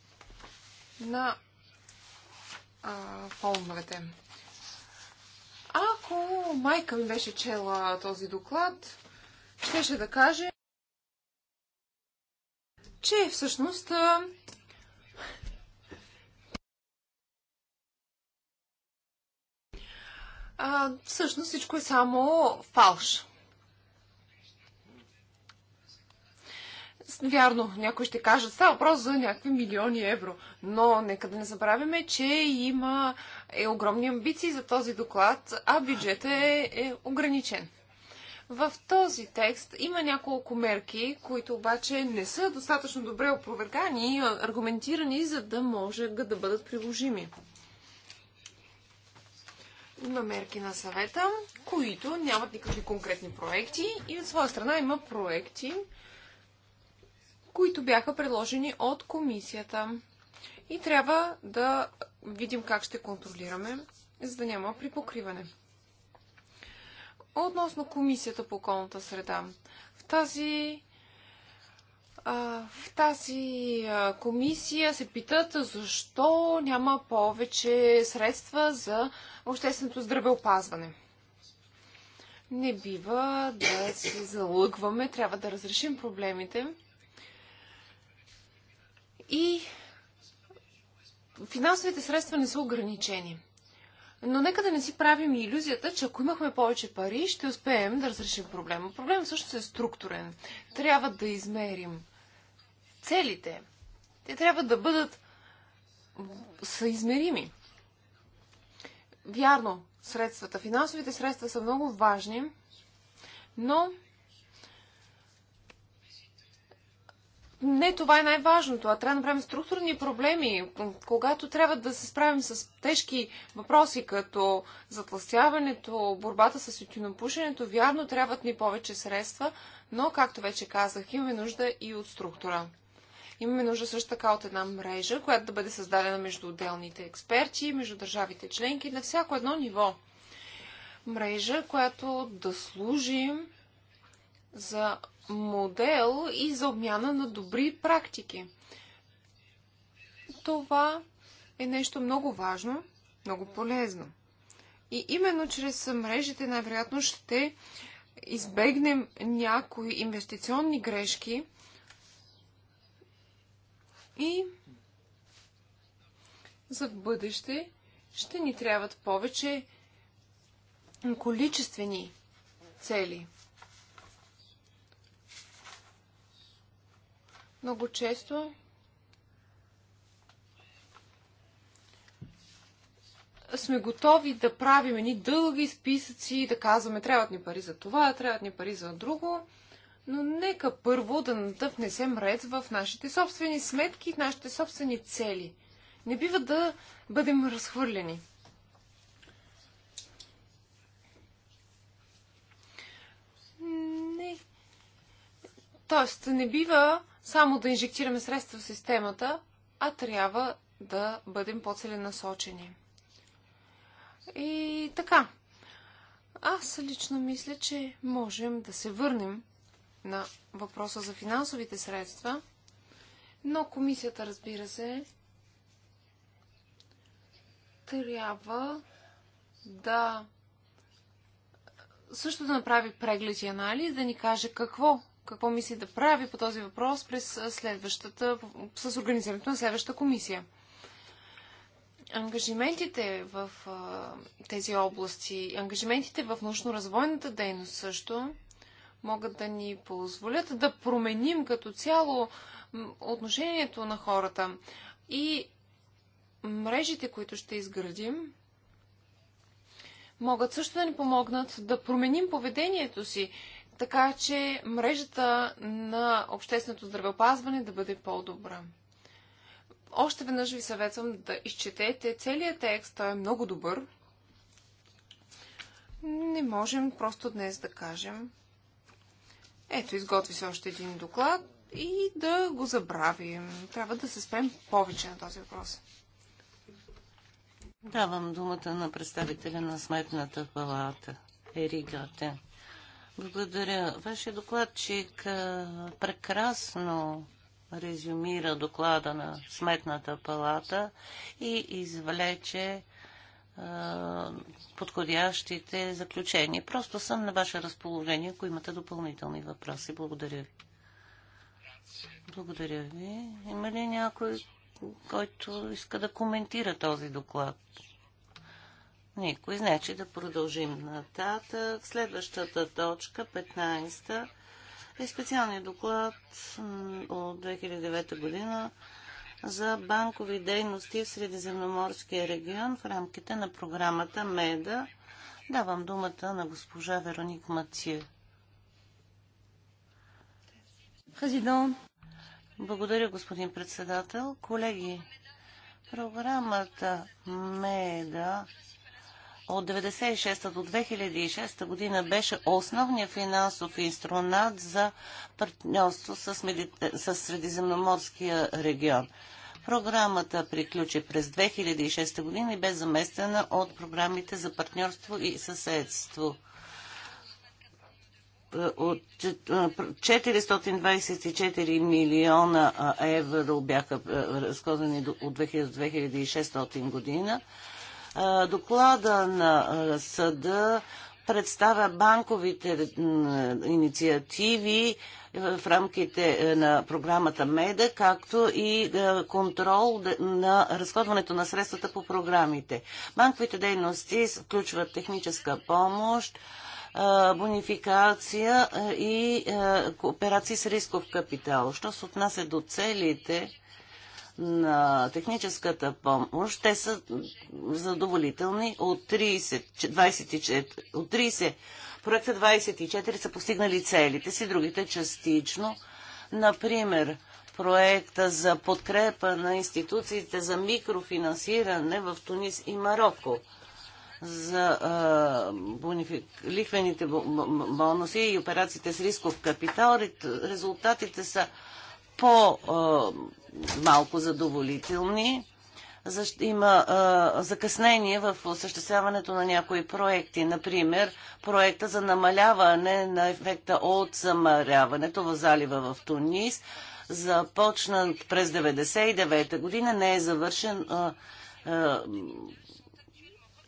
на а, Ако майка ми беше чела този доклад, щеше да каже, че всъщност а, всъщност всичко е само фалш. Вярно, някои ще кажат, става въпрос за някакви милиони евро, но нека да не забравяме, че има е, огромни амбиции за този доклад, а бюджетът е, е ограничен. В този текст има няколко мерки, които обаче не са достатъчно добре опровергани и аргументирани, за да може да бъдат приложими. Има мерки на съвета, които нямат никакви конкретни проекти и от своя страна има проекти, които бяха предложени от комисията. И трябва да видим как ще контролираме, за да няма припокриване. Относно Комисията по околната среда. В тази в тази комисия се питат защо няма повече средства за общественото здравеопазване. Не бива да се залъгваме, трябва да разрешим проблемите. И финансовите средства не са ограничени. Но нека да не си правим иллюзията, че ако имахме повече пари, ще успеем да разрешим проблема. Проблемът всъщност е структурен. Трябва да измерим целите. Те трябва да бъдат съизмерими. Вярно, средствата, финансовите средства са много важни, но не това е най-важното, а трябва да направим структурни проблеми. Когато трябва да се справим с тежки въпроси, като затластяването, борбата с тютюнопушенето, вярно, трябват ни повече средства, но, както вече казах, имаме нужда и от структура. Имаме нужда също така от една мрежа, която да бъде създадена между отделните експерти, между държавите членки, на всяко едно ниво. Мрежа, която да служим за модел и за обмяна на добри практики. Това е нещо много важно, много полезно. И именно чрез мрежите най-вероятно ще избегнем някои инвестиционни грешки и за бъдеще ще ни трябват повече количествени цели – Много често сме готови да правим едни дълги списъци, да казваме, трябват ни пари за това, трябват ни пари за друго. Но нека първо да, да внесем ред в нашите собствени сметки, в нашите собствени цели. Не бива да бъдем разхвърлени. Не. Тоест, не бива само да инжектираме средства в системата, а трябва да бъдем по-целенасочени. И така, аз лично мисля, че можем да се върнем на въпроса за финансовите средства, но комисията, разбира се, трябва да също да направи преглед и анализ, да ни каже какво какво мисли да прави по този въпрос през следващата, с организирането на следващата комисия. Ангажиментите в а, тези области, ангажиментите в научно-развойната дейност също могат да ни позволят да променим като цяло отношението на хората. И мрежите, които ще изградим, могат също да ни помогнат да променим поведението си така че мрежата на общественото здравеопазване да бъде по-добра. Още веднъж ви съветвам да изчетете целият текст, той е много добър. Не можем просто днес да кажем. Ето, изготви се още един доклад и да го забравим. Трябва да се спрем повече на този въпрос. Давам думата на представителя на Сметната палата. Ери благодаря. Вашия докладчик прекрасно резюмира доклада на Сметната палата и извлече подходящите заключения. Просто съм на ваше разположение, ако имате допълнителни въпроси. Благодаря ви. Благодаря ви. Има ли някой, който иска да коментира този доклад? Никой. Значи да продължим нататък. Следващата точка, 15-та, е специалният доклад от 2009 година за банкови дейности в Средиземноморския регион в рамките на програмата МЕДА. Давам думата на госпожа Вероник Мацие. Президент. Благодаря, господин председател. Колеги, програмата МЕДА от 1996 до 2006 година беше основният финансов инструмент за партньорство с, с Средиземноморския регион. Програмата приключи през 2006 година и бе заместена от програмите за партньорство и съседство. От 424 милиона евро бяха разходени от 2000 до 2600 година Доклада на съда представя банковите инициативи в рамките е, на програмата МЕДА, както и е, контрол на разходването на средствата по програмите. Банковите дейности включват техническа помощ, е, бонификация и кооперации с рисков капитал. Що се отнася до целите, на техническата помощ, те са задоволителни от 30, 24, от 30 проекта 24 са постигнали целите си, другите частично. Например, проекта за подкрепа на институциите за микрофинансиране в Тунис и Марокко за а, бонифик, лихвените бонуси и операциите с рисков капитал. Резултатите са по-малко задоволителни. Защо има а, закъснение в осъществяването на някои проекти. Например, проекта за намаляване на ефекта от замаряването в залива в Тунис, започнат през 1999 година, не е завършен а, а,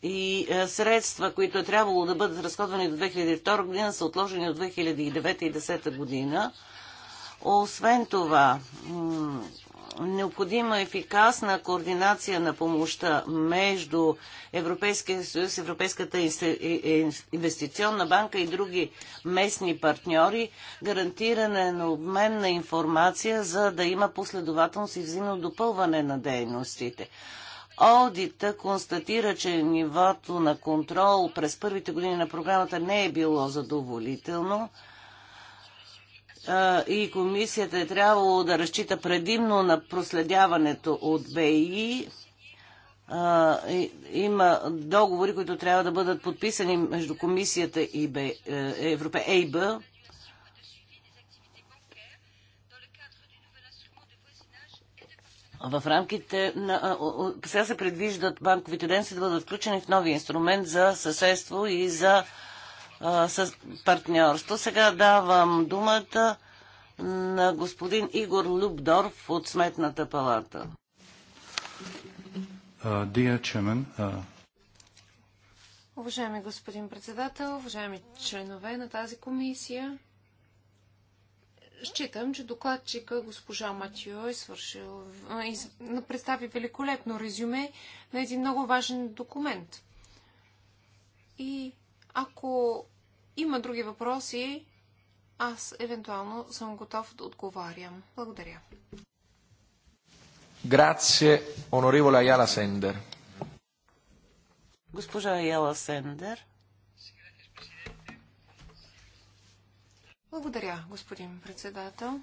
и средства, които е трябвало да бъдат разходвани до 2002 година, са отложени от 2009 и 2010 година. Освен това, необходима ефикасна координация на помощта между Европейския съюз, Европейската инвестиционна банка и други местни партньори, гарантиране на обмен на информация, за да има последователност и взаимно допълване на дейностите. Одита констатира, че нивото на контрол през първите години на програмата не е било задоволително и комисията е трябвало да разчита предимно на проследяването от БИ. Има договори, които трябва да бъдат подписани между комисията и е, Европе... ЕИБ. В рамките на... Сега се предвиждат банковите денси да бъдат включени в нови инструмент за съседство и за а, с партньорство. Сега давам думата на господин Игор Любдорф от Сметната палата. Uh, dear chairman, uh... Уважаеми господин председател, уважаеми членове на тази комисия, считам, че докладчика госпожа Матио е свършил, представи великолепно резюме на един много важен документ. И ако има други въпроси, аз евентуално съм готов да отговарям. Благодаря. Грация, оноревола Яла Сендер. Госпожа Яла Сендер. Благодаря, господин председател.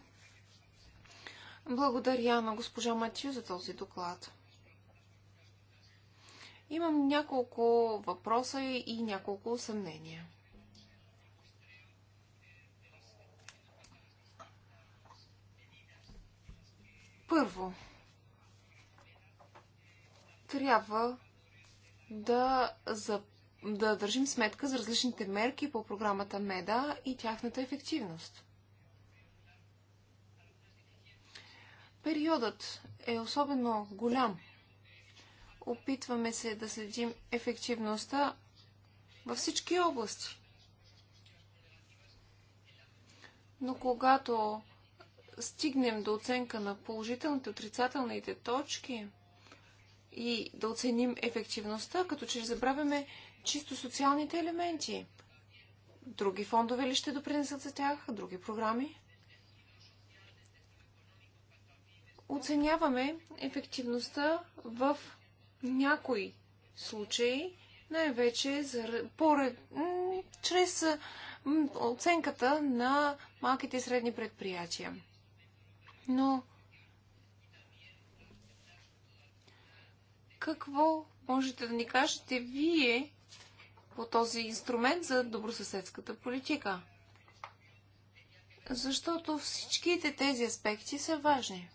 Благодаря на госпожа Матю за този доклад. Имам няколко въпроса и няколко съмнения. Първо, трябва да, за, да държим сметка за различните мерки по програмата МЕДА и тяхната ефективност. Периодът е особено голям Опитваме се да следим ефективността във всички области. Но когато стигнем до оценка на положителните, отрицателните точки и да оценим ефективността, като че забравяме чисто социалните елементи. Други фондове ли ще допринесат за тях? Други програми? Оценяваме ефективността в някои случаи, най-вече поред, чрез оценката на малките и средни предприятия. Но какво можете да ни кажете вие по този инструмент за добросъседската политика? Защото всичките тези аспекти са важни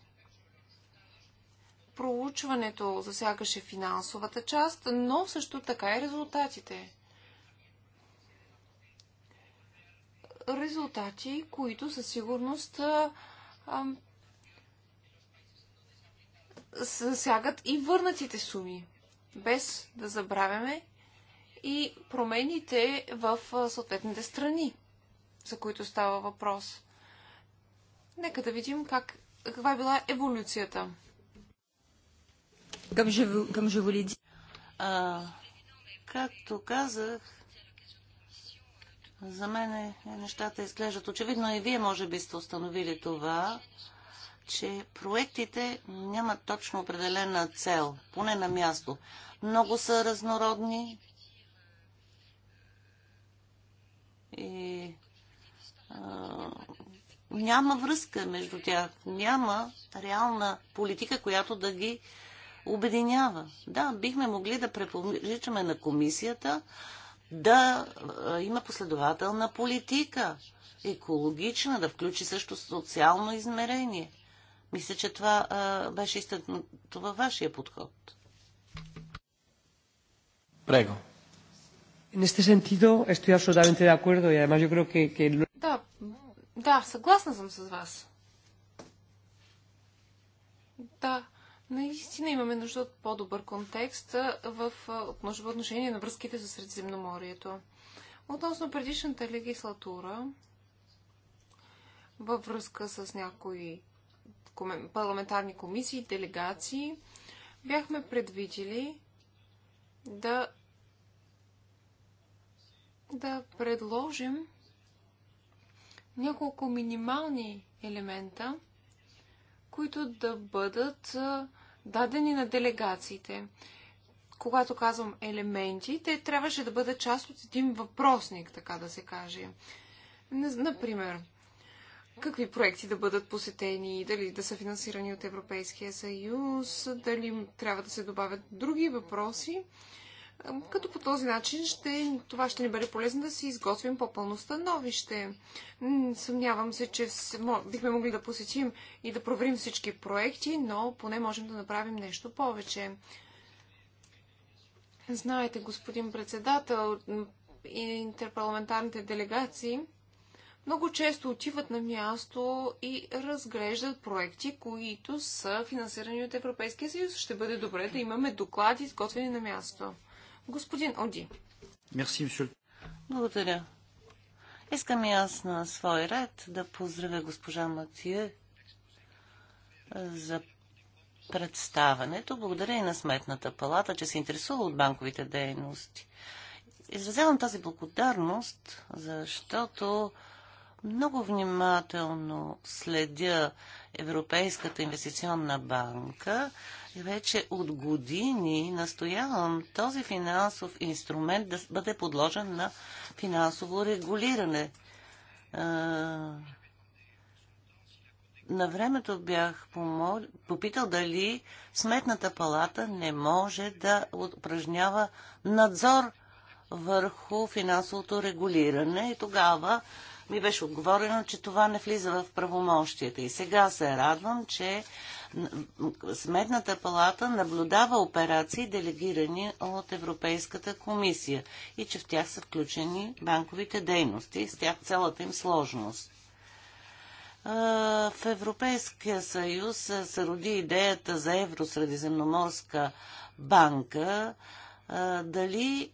проучването засягаше финансовата част, но също така и резултатите. Резултати, които със сигурност ам, засягат и върнатите суми, без да забравяме и промените в съответните страни, за които става въпрос. Нека да видим как, каква е била еволюцията както казах, за мен е, е, нещата изглеждат очевидно и вие може би сте установили това, че проектите нямат точно определена цел, поне на място. Много са разнородни и а, няма връзка между тях. Няма реална политика, която да ги обединява. Да, бихме могли да препоръчаме на комисията да има последователна политика, екологична, да включи също социално измерение. Мисля, че това а, беше изтъкнато във вашия подход. Прего. En este sentido estoy absolutamente de acuerdo y además yo creo que... que... Да, да, съгласна съм с вас. Да, Наистина имаме нужда от по-добър контекст в, отношение на връзките за Средиземноморието. Относно предишната легислатура, във връзка с някои парламентарни комисии, делегации, бяхме предвидили да, да предложим няколко минимални елемента, които да бъдат дадени на делегациите. Когато казвам елементи, те трябваше да бъдат част от един въпросник, така да се каже. Например, какви проекти да бъдат посетени, дали да са финансирани от Европейския съюз, дали трябва да се добавят други въпроси като по този начин ще, това ще ни бъде полезно да си изготвим по-пълно становище. Съмнявам се, че бихме могли да посетим и да проверим всички проекти, но поне можем да направим нещо повече. Знаете, господин председател, интерпарламентарните делегации много често отиват на място и разглеждат проекти, които са финансирани от Европейския съюз. Ще бъде добре да имаме доклади, изготвени на място. Господин Оди. Благодаря. Искам и аз на свой ред да поздравя госпожа Матие за представането. Благодаря и на Сметната палата, че се интересува от банковите дейности. Изразявам тази благодарност, защото много внимателно следя Европейската инвестиционна банка и вече от години настоявам този финансов инструмент да бъде подложен на финансово регулиране. На времето бях помол... попитал дали Сметната палата не може да упражнява надзор върху финансовото регулиране и тогава ми беше отговорено, че това не влиза в правомощията. И сега се радвам, че Сметната палата наблюдава операции, делегирани от Европейската комисия и че в тях са включени банковите дейности, с тях цялата им сложност. В Европейския съюз се роди идеята за Евросредиземноморска банка. Дали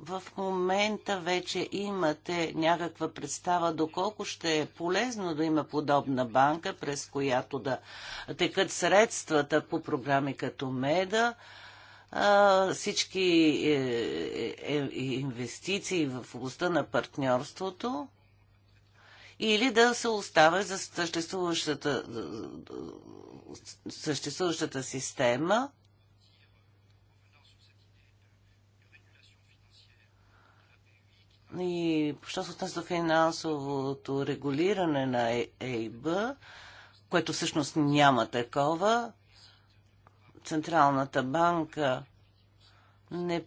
в момента вече имате някаква представа доколко ще е полезно да има подобна банка, през която да текат средствата по програми като МЕДА, всички е, е, е, инвестиции в областта на партньорството или да се оставя за съществуващата, съществуващата система – И що се отнася до финансовото регулиране на е- ЕИБ, което всъщност няма такова, Централната банка не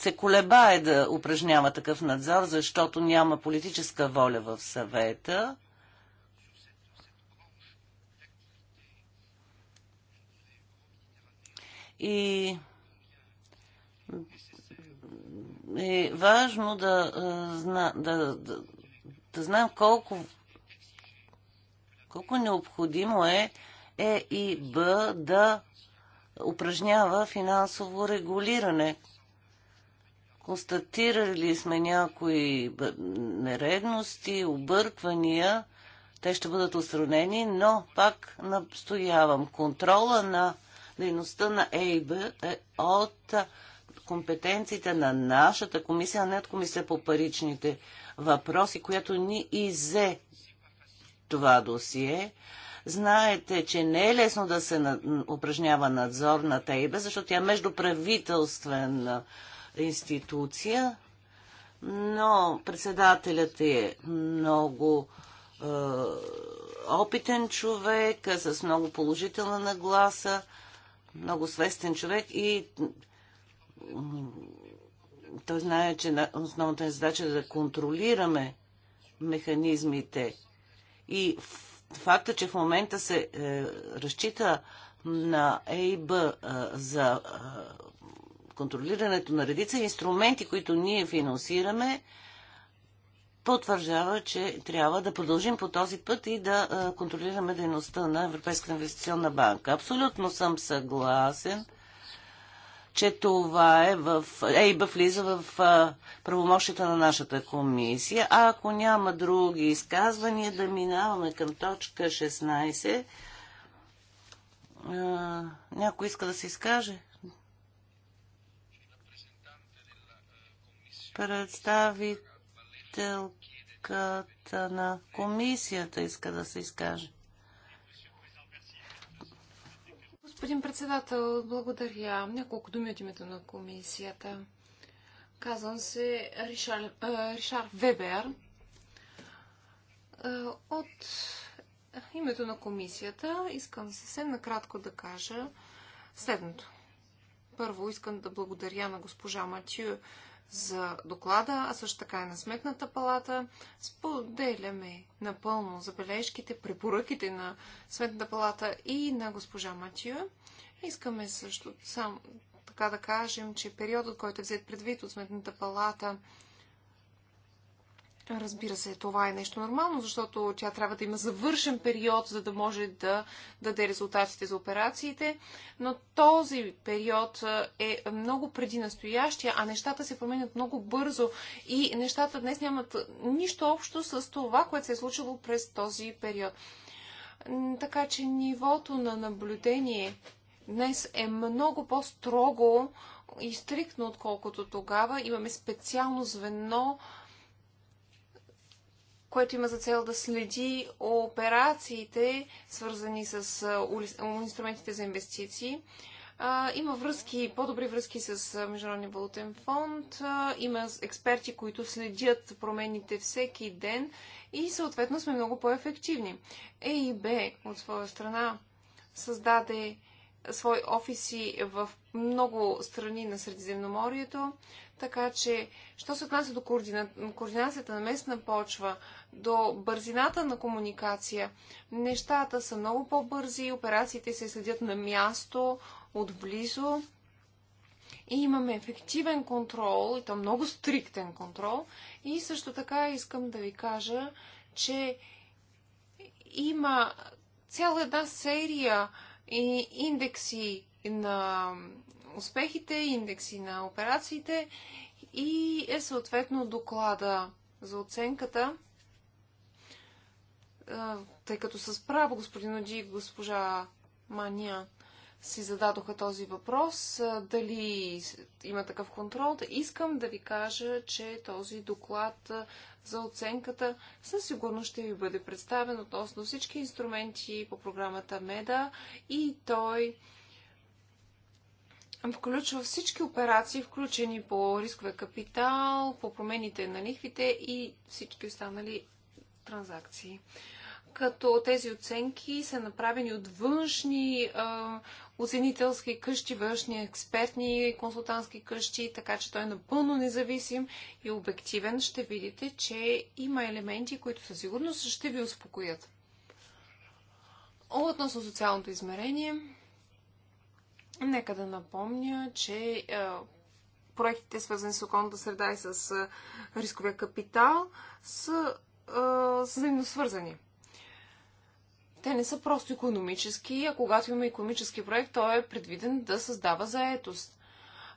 се колебае да упражнява такъв надзор, защото няма политическа воля в съвета. И е важно да, е, да, да, да знаем колко, колко необходимо е Е и Б да упражнява финансово регулиране. Констатирали сме някои нередности, обърквания. Те ще бъдат устранени, но пак настоявам контрола на дейността на ЕИБ е от компетенциите на нашата комисия, а не от комисия по паричните въпроси, която ни изе това досие. Знаете, че не е лесно да се упражнява надзор на ТЕИБЕ, защото тя е междуправителствена институция, но председателят е много е, опитен човек, с много положителна нагласа, много свестен човек и той знае, че основната ни е задача е да контролираме механизмите. И факта, че в момента се е, разчита на ЕИБ е, за е, контролирането на редица инструменти, които ние финансираме, потвърждава, че трябва да продължим по този път и да е, контролираме дейността на Европейската инвестиционна банка. Абсолютно съм съгласен че това е в... ЕИБ влиза в правомощите на нашата комисия. А ако няма други изказвания, да минаваме към точка 16. А, някой иска да се изкаже? Представителката на комисията иска да се изкаже. Господин председател, благодаря. Няколко думи от името на комисията. Казвам се Ришар, Ришар Вебер. От името на комисията искам съвсем накратко да кажа следното. Първо искам да благодаря на госпожа Матю за доклада, а също така и на Сметната палата. Споделяме напълно забележките, препоръките на Сметната палата и на госпожа Матио. Искаме също сам така да кажем, че периодът, който е взет предвид от Сметната палата, Разбира се, това е нещо нормално, защото тя трябва да има завършен период, за да може да даде резултатите за операциите, но този период е много преди настоящия, а нещата се променят много бързо и нещата днес нямат нищо общо с това, което се е случило през този период. Така че нивото на наблюдение днес е много по-строго и стриктно, отколкото тогава. Имаме специално звено, което има за цел да следи операциите, свързани с инструментите за инвестиции. Има връзки, по-добри връзки с Международния валутен фонд, има експерти, които следят промените всеки ден и съответно сме много по-ефективни. ЕИБ от своя страна създаде свои офиси в много страни на Средиземноморието. Така че, що се отнася до координа... координацията на местна почва, до бързината на комуникация, нещата са много по-бързи, операциите се следят на място, отблизо. И имаме ефективен контрол, и то много стриктен контрол. И също така искам да ви кажа, че има цяла една серия и индекси на успехите, индекси на операциите и е съответно доклада за оценката, тъй като с право господин Оди и госпожа Мания си зададоха този въпрос, дали има такъв контрол. Искам да ви кажа, че този доклад за оценката със сигурност ще ви бъде представен относно всички инструменти по програмата МЕДА и той включва всички операции, включени по рискове капитал, по промените на лихвите и всички останали транзакции като тези оценки са направени от външни а, оценителски къщи, външни експертни консултантски къщи, така че той е напълно независим и обективен. Ще видите, че има елементи, които със сигурност ще ви успокоят. Относно социалното измерение, нека да напомня, че а, проектите, свързани с околната среда и с рисковия капитал, са взаимно свързани те не са просто економически, а когато има економически проект, той е предвиден да създава заетост.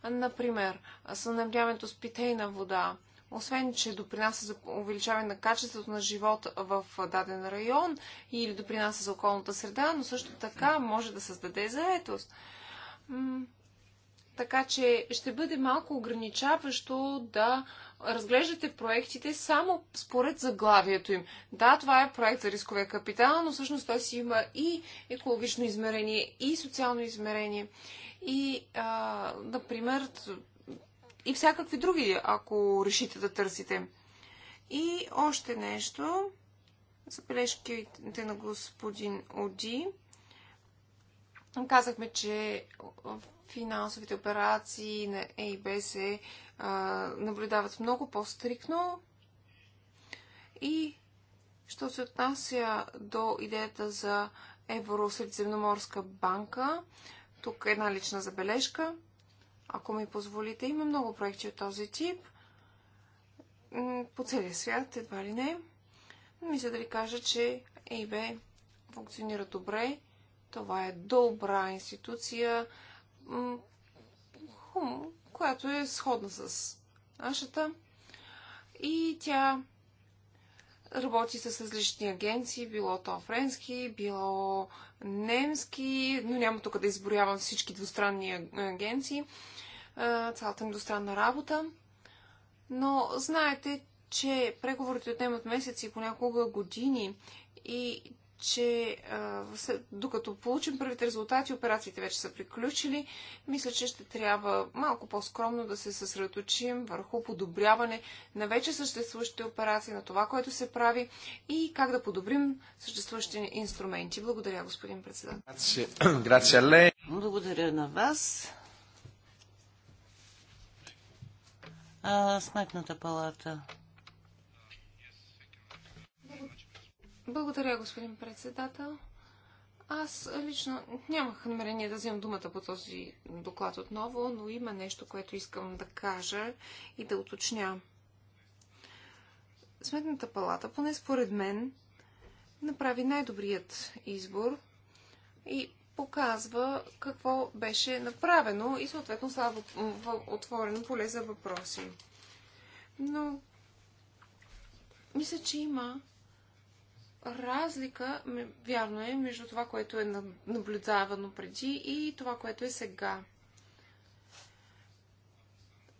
Например, съднабдяването с питейна вода, освен, че допринася за увеличаване на качеството на живот в даден район или допринася за околната среда, но също така може да създаде заетост. Така че ще бъде малко ограничаващо да разглеждате проектите само според заглавието им. Да, това е проект за рисковия капитал, но всъщност той си има и екологично измерение, и социално измерение, и, а, например, и всякакви други, ако решите да търсите. И още нещо, забележките на господин Оди. Казахме, че финансовите операции на ЕИБ се а, наблюдават много по-стрикно. И що се отнася до идеята за евросредземноморска банка, тук е една лична забележка. Ако ми позволите, има много проекти от този тип. По целия свят, едва ли не. Мисля да ви кажа, че ЕИБ функционира добре. Това е добра институция хум, която е сходна с нашата. И тя работи с различни агенции, било то френски, било немски, но няма тук да изборявам всички двустранни агенции, цялата им двустранна работа. Но знаете, че преговорите отнемат месеци, понякога години и че а, докато получим първите резултати, операциите вече са приключили. Мисля, че ще трябва малко по-скромно да се съсредоточим върху подобряване на вече съществуващите операции, на това, което се прави и как да подобрим съществуващите инструменти. Благодаря, господин председател. Благодаря на вас. А, сметната палата. Благодаря, господин председател. Аз лично нямах намерение да вземам думата по този доклад отново, но има нещо, което искам да кажа и да уточня. Сметната палата, поне според мен, направи най-добрият избор и показва какво беше направено и съответно слабо отворено поле за въпроси. Но мисля, че има разлика, вярно е, между това, което е наблюдавано преди и това, което е сега.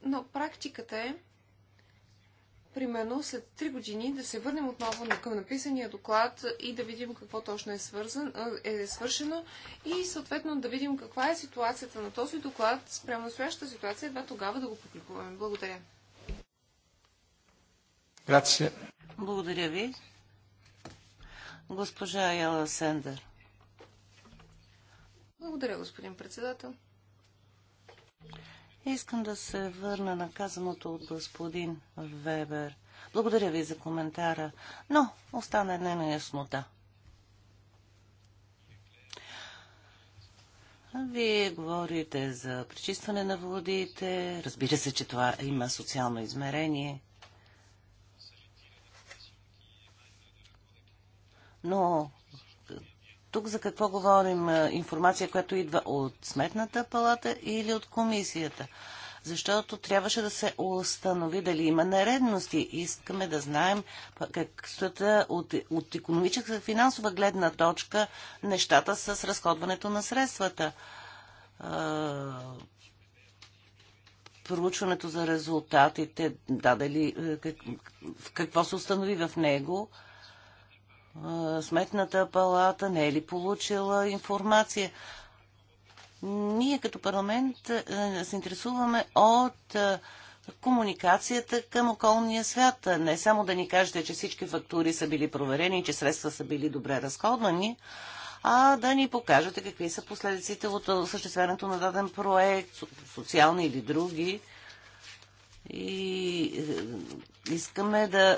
Но практиката е, примерно след 3 години, да се върнем отново към написания доклад и да видим какво точно е, свързан, е свършено и съответно да видим каква е ситуацията на този доклад спрямо настоящата ситуация, едва тогава да го публикуваме. Благодаря. Благодаря ви. Госпожа Аяла Сендер. Благодаря, господин председател. Искам да се върна на казаното от господин Вебер. Благодаря ви за коментара, но остана една неяснота. Вие говорите за пречистване на водите. Разбира се, че това има социално измерение. Но тук за какво говорим? Е, информация, която идва от Сметната палата или от комисията? Защото трябваше да се установи дали има нередности. Искаме да знаем как стоят е, от, от економическа финансова гледна точка нещата с разходването на средствата. Е, проучването за резултатите, да, дали, как, какво се установи в него, Сметната палата не е ли получила информация? Ние като парламент е, се интересуваме от е, комуникацията към околния свят. Не само да ни кажете, че всички фактури са били проверени, че средства са били добре разходвани, а да ни покажете какви са последиците от е, осъществяването на даден проект, социални или други и е, искаме да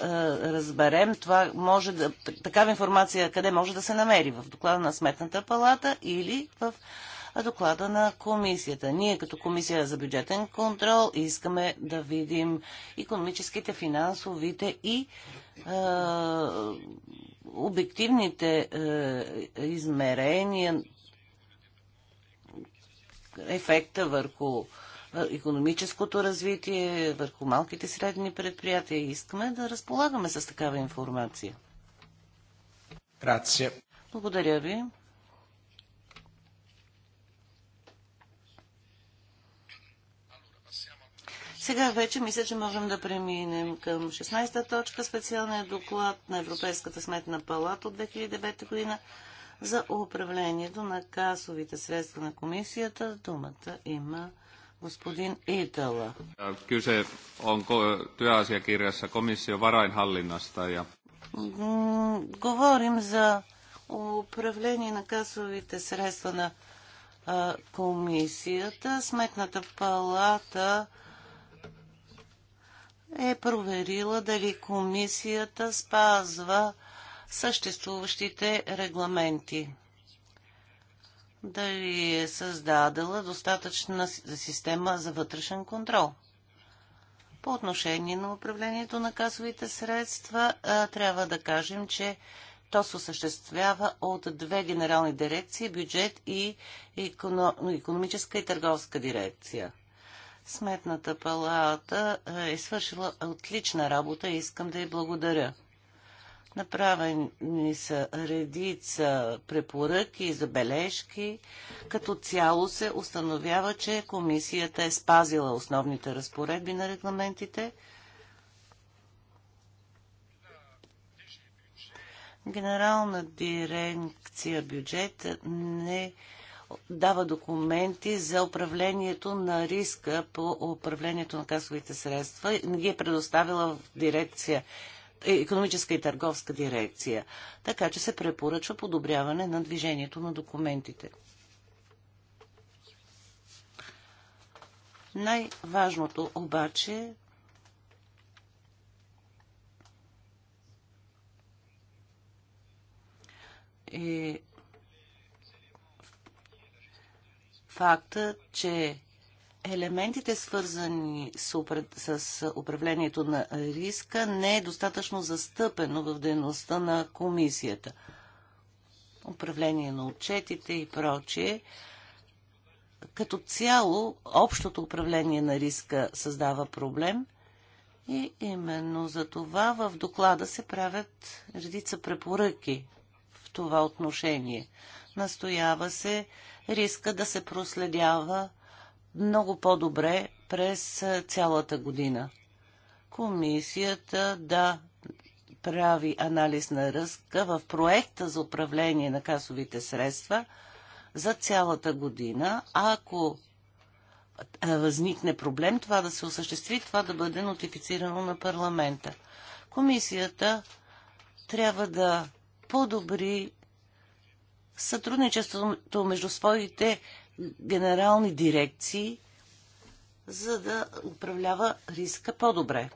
е, разберем това, може да, такава информация къде може да се намери в доклада на Сметната палата или в доклада на комисията. Ние като комисия за бюджетен контрол искаме да видим економическите, финансовите и е, обективните е, измерения, ефекта върху е, економическото развитие, върху малките средни предприятия. Искаме да разполагаме с такава информация. Грация. Благодаря ви. Сега вече мисля, че можем да преминем към 16-та точка, специалния доклад на Европейската сметна палата от 2009 година за управлението на касовите средства на комисията. Думата има Господин Itala. Kyse on työasiakirjassa komission varainhallinnasta ja... Говорим за управление на касовите средства на а, комисията. Сметната палата е проверила дали комисията спазва съществуващите регламенти дали е създадала достатъчна система за вътрешен контрол. По отношение на управлението на касовите средства, трябва да кажем, че то се осъществява от две генерални дирекции бюджет и економическа и търговска дирекция. Сметната палата е свършила отлична работа и искам да й благодаря. Направени са редица препоръки и забележки. Като цяло се установява, че комисията е спазила основните разпоредби на регламентите. Генерална дирекция бюджет не дава документи за управлението на риска по управлението на касовите средства. Не ги е предоставила в дирекция е економическа и търговска дирекция. Така че се препоръчва подобряване на движението на документите. Най-важното обаче е факта, че елементите, свързани с, упр... с управлението на риска, не е достатъчно застъпено в дейността на комисията. Управление на отчетите и прочие. Като цяло, общото управление на риска създава проблем и именно за това в доклада се правят редица препоръки в това отношение. Настоява се риска да се проследява много по-добре през цялата година. Комисията да прави анализ на ръзка в проекта за управление на касовите средства за цялата година, ако възникне проблем, това да се осъществи, това да бъде нотифицирано на парламента. Комисията трябва да подобри сътрудничеството между своите генерални дирекции, за да управлява риска по-добре.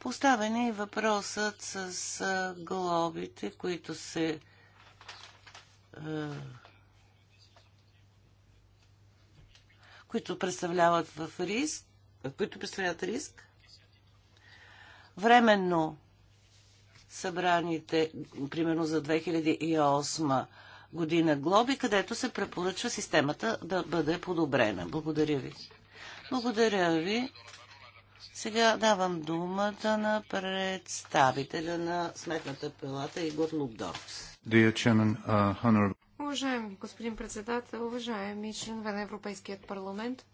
Поставен е и въпросът с глобите, които се които представляват в риск, които представляват риск. Временно събраните, примерно за 2008 година глоби, където се препоръчва системата да бъде подобрена. Благодаря ви. Благодаря ви. Сега давам думата на представителя на Сметната палата Игор Лубдорц. Uh, уважаеми господин председател, уважаеми членове на Европейският парламент,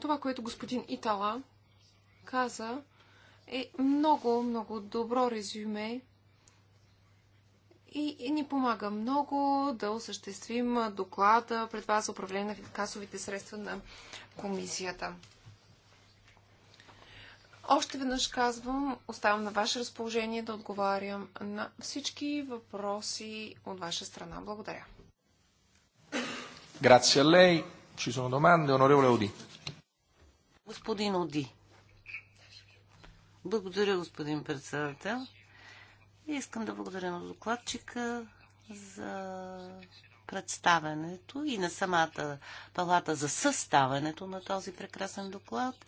това, което господин Итала каза, е много, много добро резюме и, ни помага много да осъществим доклада пред вас за управление на касовите средства на комисията. Още веднъж казвам, оставам на ваше разположение да отговарям на всички въпроси от ваша страна. Благодаря. Grazie a lei. Ci sono domande, onorevole Оди. Господин Оди. Благодаря, господин председател. искам да благодаря на докладчика за представенето и на самата палата за съставането на този прекрасен доклад.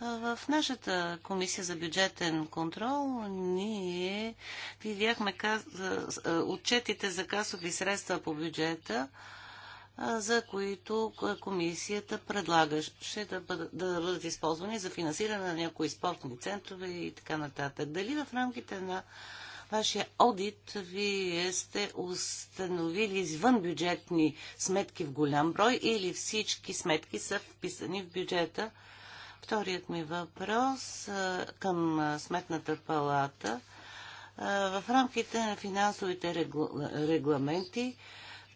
В нашата комисия за бюджетен контрол ние видяхме каз... отчетите за касови средства по бюджета за които комисията предлагаше да бъдат, да бъдат използвани за финансиране на някои спортни центрове и така нататък. Дали в рамките на вашия одит вие сте установили извън бюджетни сметки в голям брой или всички сметки са вписани в бюджета? Вторият ми въпрос към Сметната палата. В рамките на финансовите регламенти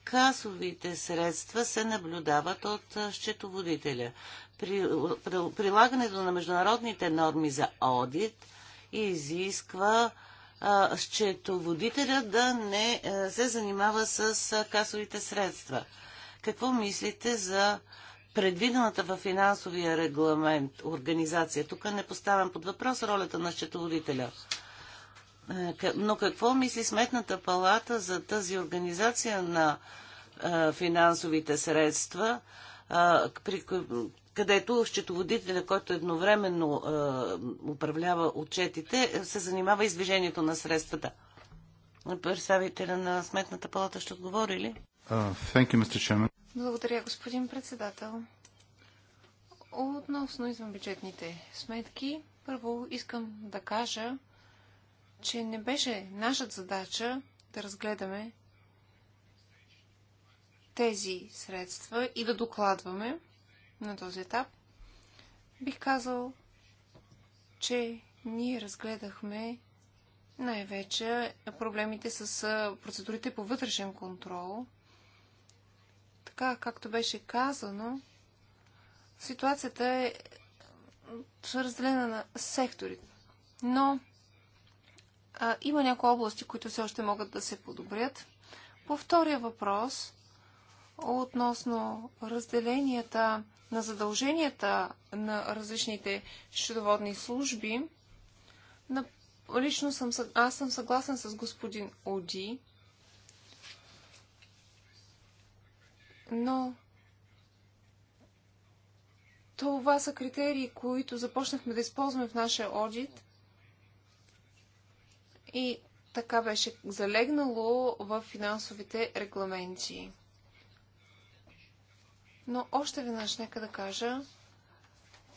касовите средства се наблюдават от счетоводителя. При, при, прилагането на международните норми за одит изисква а, счетоводителя да не а, се занимава с а, касовите средства. Какво мислите за предвидената във финансовия регламент организация? Тук не поставям под въпрос ролята на счетоводителя. Но какво мисли Сметната палата за тази организация на финансовите средства, където счетоводителя, който едновременно управлява отчетите, се занимава и с движението на средствата? Представителя на Сметната палата ще отговори ли? Благодаря, господин председател. Относно извънбюджетните сметки, първо искам да кажа, че не беше нашата задача да разгледаме тези средства и да докладваме на този етап. Бих казал, че ние разгледахме най-вече проблемите с процедурите по вътрешен контрол. Така, както беше казано, ситуацията е разделена на секторите. Но а, има някои области, които все още могат да се подобрят. По втория въпрос, относно разделенията на задълженията на различните счетоводни служби, на, лично съм, аз съм съгласен с господин Оди, но това са критерии, които започнахме да използваме в нашия одит – и така беше залегнало в финансовите регламенти. Но още веднъж нека да кажа,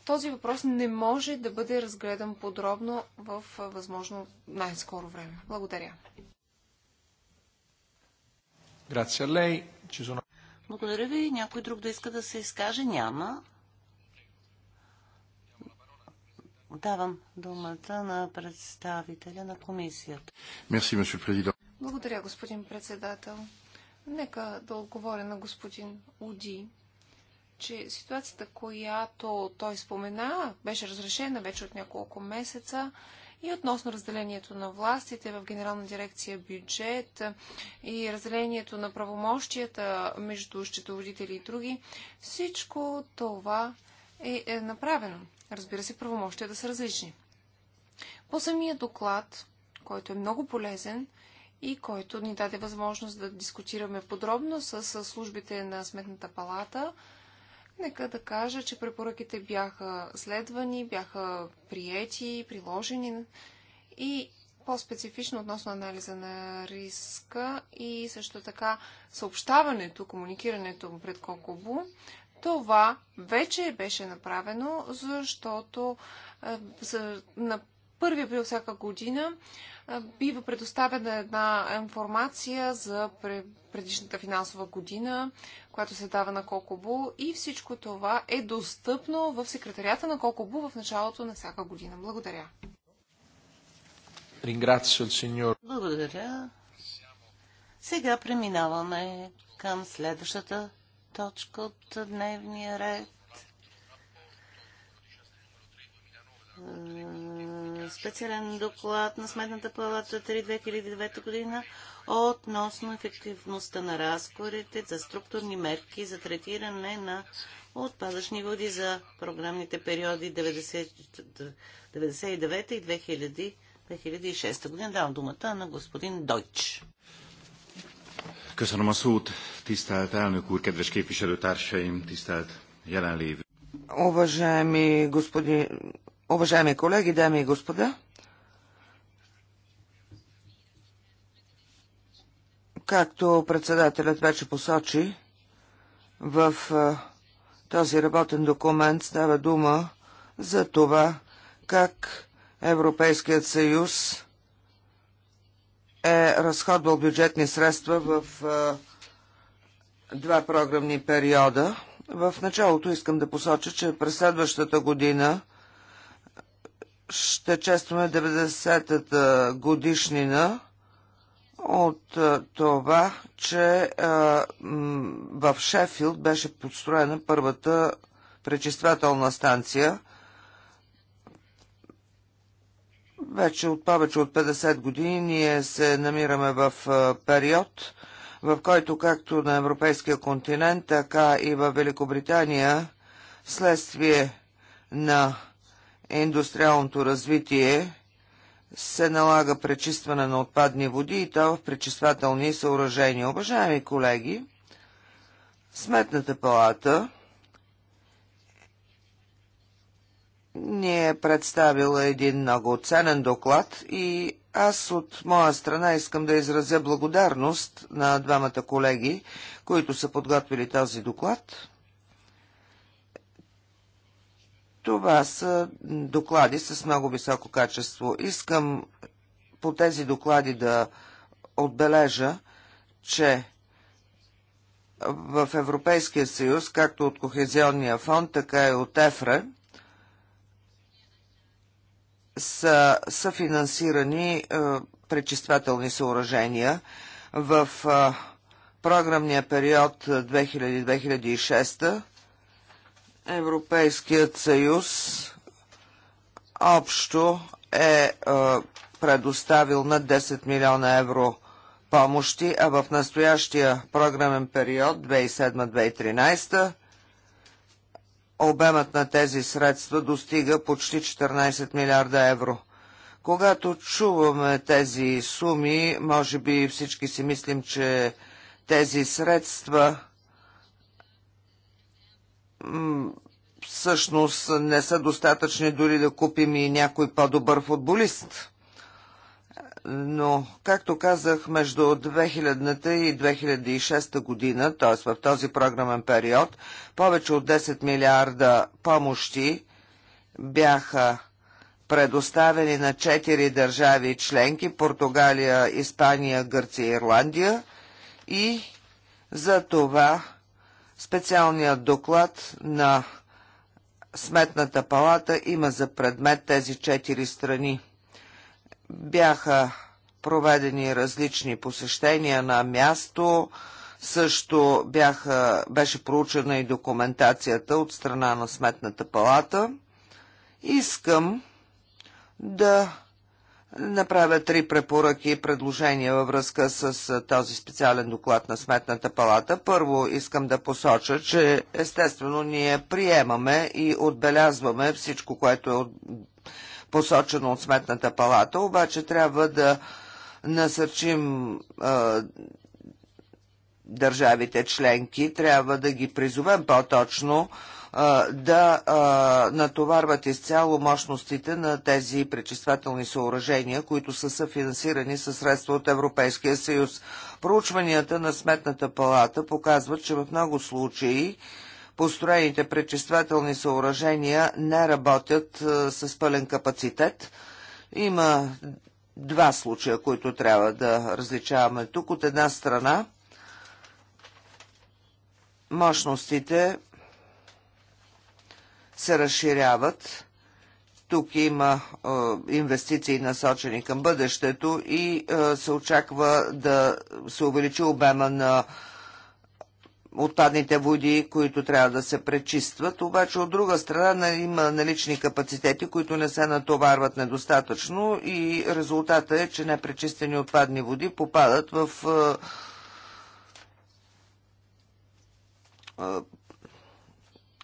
този въпрос не може да бъде разгледан подробно в възможно най-скоро време. Благодаря. Благодаря ви. Някой друг да иска да се изкаже? Няма. Отдавам думата на представителя на комисията. Мерси, президент. Благодаря, господин председател. Нека да отговоря на господин Уди, че ситуацията, която той спомена, беше разрешена вече от няколко месеца и относно разделението на властите в Генерална дирекция бюджет и разделението на правомощията между счетоводители и други, всичко това е, е направено. Разбира се, правомощия да са различни. По самия доклад, който е много полезен и който ни даде възможност да дискутираме подробно с службите на Сметната палата, нека да кажа, че препоръките бяха следвани, бяха приети, приложени и по-специфично относно анализа на риска и също така съобщаването, комуникирането пред Кокобо, това вече беше направено, защото е, на 1 април всяка година е, бива предоставена една информация за предишната финансова година, която се дава на Кокобу и всичко това е достъпно в секретарията на Кокобу в началото на всяка година. Благодаря. Благодаря. Сега преминаваме към следващата точка от дневния ред. Е, специален доклад на Сметната палата 3-2009 година относно ефективността на разходите за структурни мерки за третиране на отпадъчни води за програмните периоди 99 и 2000, 2006 година. Давам думата на господин Дойч. Köszönöm a szót, tisztelt elnök úr, kedves képviselőtársaim, tisztelt jelenlévő. Уважаеми господи, уважаеми колеги, дами и господа, както председателят вече посочи, в този работен документ става дума за това как Европейският съюз е разходвал бюджетни средства в е, два програмни периода. В началото искам да посоча, че през следващата година ще честваме 90-та годишнина от е, това, че е, в Шефилд беше подстроена първата пречиствателна станция Вече от повече от 50 години ние се намираме в период, в който както на европейския континент, така и в Великобритания, следствие на индустриалното развитие, се налага пречистване на отпадни води и то в пречиствателни съоръжения. Уважаеми колеги, Сметната палата ни е представила един много ценен доклад и аз от моя страна искам да изразя благодарност на двамата колеги, които са подготвили този доклад. Това са доклади с много високо качество. Искам по тези доклади да отбележа, че в Европейския съюз, както от Кохезионния фонд, така и от ЕФРЕ, са съфинансирани е, пречиствателни съоръжения в е, програмния период 2000-2006 е, Европейският съюз общо е предоставил на 10 милиона евро помощи, а в настоящия програмен период 2007-2013 обемът на тези средства достига почти 14 милиарда евро. Когато чуваме тези суми, може би всички си мислим, че тези средства всъщност не са достатъчни дори да купим и някой по-добър футболист но, както казах, между 2000-та и 2006 година, т.е. в този програмен период, повече от 10 милиарда помощи бяха предоставени на 4 държави членки – Португалия, Испания, Гърция и Ирландия. И за това специалният доклад на Сметната палата има за предмет тези четири страни. Бяха проведени различни посещения на място, също бяха, беше проучена и документацията от страна на Сметната палата. Искам да направя три препоръки и предложения във връзка с този специален доклад на Сметната палата. Първо искам да посоча, че естествено ние приемаме и отбелязваме всичко, което е посочено от Сметната палата, обаче трябва да насърчим а, държавите членки, трябва да ги призовем по-точно да а, натоварват изцяло мощностите на тези пречиствателни съоръжения, които са съфинансирани със средства от Европейския съюз. Проучванията на Сметната палата показват, че в много случаи построените пречиствателни съоръжения не работят а, е, с пълен капацитет. Има два случая, които трябва да различаваме тук. От една страна, мощностите се разширяват. Тук има е, инвестиции насочени към бъдещето и е, се очаква да се увеличи обема на е, отпадните води, които трябва да се пречистват. Обаче от друга страна има налични капацитети, които не се натоварват недостатъчно и резултата е, че непречистени отпадни води попадат в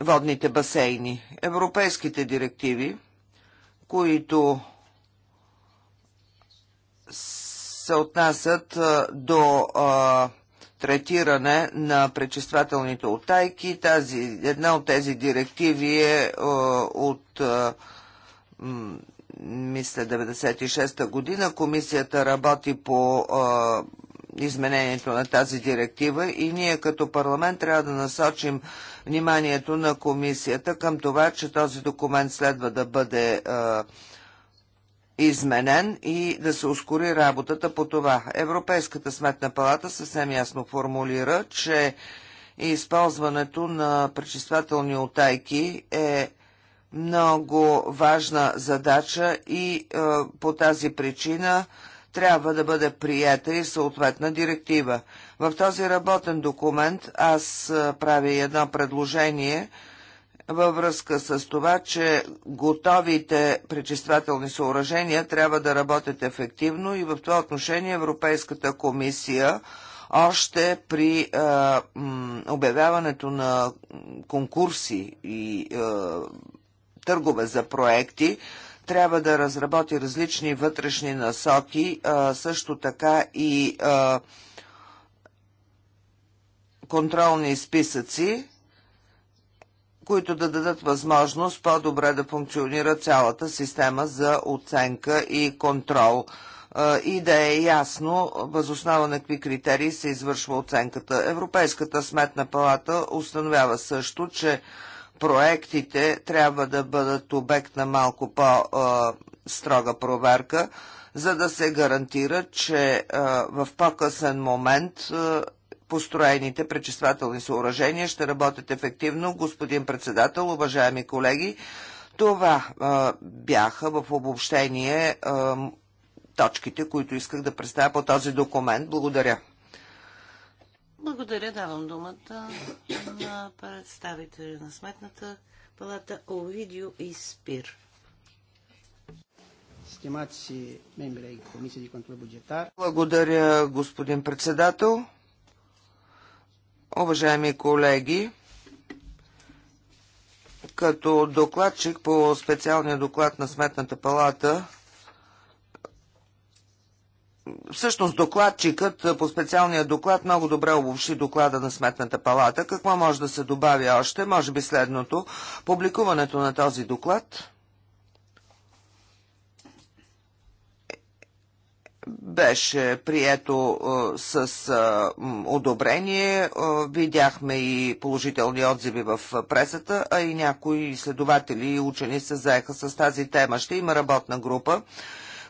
водните басейни. Европейските директиви, които се отнасят до до третиране на пречиствателните оттайки. Тази, една от тези директиви е, е от е, мисля 96-та година. Комисията работи по е, изменението на тази директива и ние като парламент трябва да насочим вниманието на комисията към това, че този документ следва да бъде а, изменен и да се ускори работата по това. Европейската сметна палата съвсем ясно формулира, че използването на пречиствателни отайки е много важна задача и е, по тази причина трябва да бъде приета и съответна директива. В този работен документ аз е, правя едно предложение – във връзка с това, че готовите пречиствателни съоръжения трябва да работят ефективно и в това отношение Европейската комисия още при а, м, обявяването на конкурси и а, търгове за проекти трябва да разработи различни вътрешни насоки, а, също така и а, контролни списъци които да дадат възможност по-добре да функционира цялата система за оценка и контрол и да е ясно възоснова на какви критерии се извършва оценката. Европейската сметна палата установява също, че проектите трябва да бъдат обект на малко по-строга проверка, за да се гарантира, че в по-късен момент построените пречиствателни съоръжения ще работят ефективно. Господин председател, уважаеми колеги, това а, бяха в обобщение а, точките, които исках да представя по този документ. Благодаря. Благодаря. Давам думата на представителя на Сметната палата Овидио и Спир. Благодаря, господин председател. Уважаеми колеги, като докладчик по специалния доклад на Сметната палата, всъщност докладчикът по специалния доклад много добре обобщи доклада на Сметната палата. Какво може да се добави още? Може би следното. Публикуването на този доклад беше прието с одобрение. Видяхме и положителни отзиви в пресата, а и някои изследователи и учени се заеха с тази тема. Ще има работна група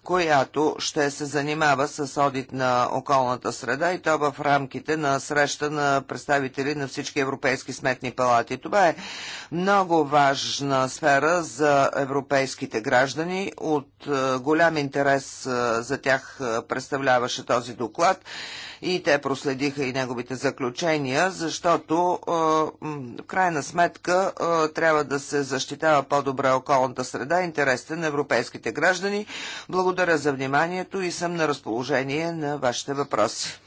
която ще се занимава с одит на околната среда и то в рамките на среща на представители на всички европейски сметни палати. Това е много важна сфера за европейските граждани. От е, голям интерес е, за тях е, представляваше този доклад и те проследиха и неговите заключения, защото в крайна сметка трябва да се защитава по добра околната среда интересите на европейските граждани. Благодаря за вниманието и съм на разположение на вашите въпроси.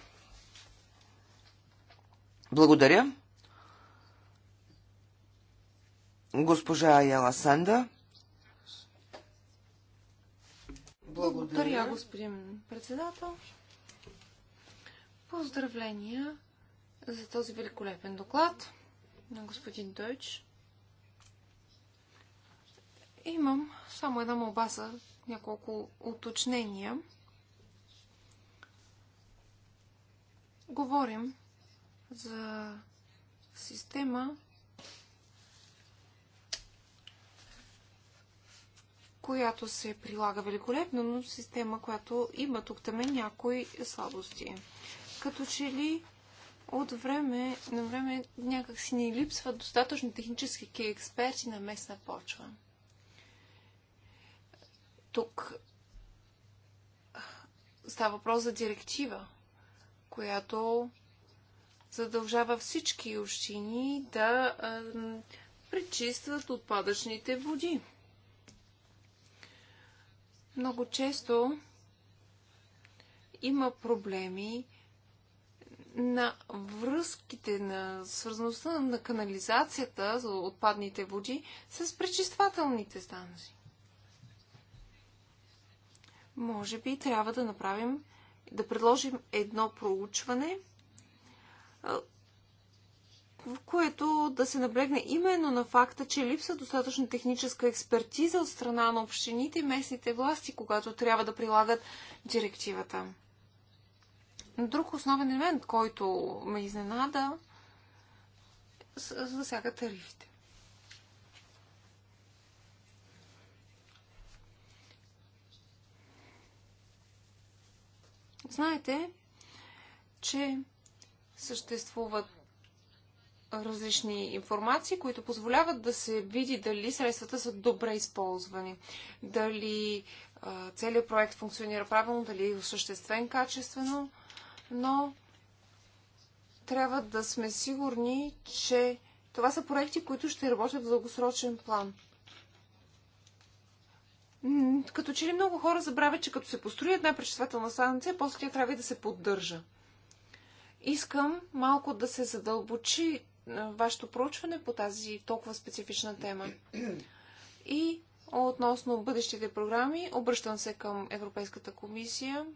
Благодаря. Госпожа Аяла Санда. Благодаря, господин председател. Поздравления за този великолепен доклад на господин Дойч. Имам само една молба за няколко уточнения. Говорим за система, която се прилага великолепно, но система, която има тук там някои слабости като че ли от време на време някак си ни липсват достатъчно технически експерти на местна почва. Тук става въпрос за директива, която задължава всички общини да а, пречистват отпадъчните води. Много често има проблеми на връзките, на свързаността на канализацията за отпадните води с пречиствателните станции. Може би трябва да направим, да предложим едно проучване, в което да се наблегне именно на факта, че липса достатъчно техническа експертиза от страна на общините и местните власти, когато трябва да прилагат директивата. Друг основен елемент, който ме изненада, засяга тарифите. Знаете, че съществуват различни информации, които позволяват да се види дали средствата са добре използвани, дали целият проект функционира правилно, дали е осъществен качествено но трябва да сме сигурни, че това са проекти, които ще работят в дългосрочен план. Като че ли много хора забравят, че като се построи една пречествателна станция, после тя трябва и да се поддържа. Искам малко да се задълбочи вашето проучване по тази толкова специфична тема. И относно бъдещите програми, обръщам се към Европейската комисия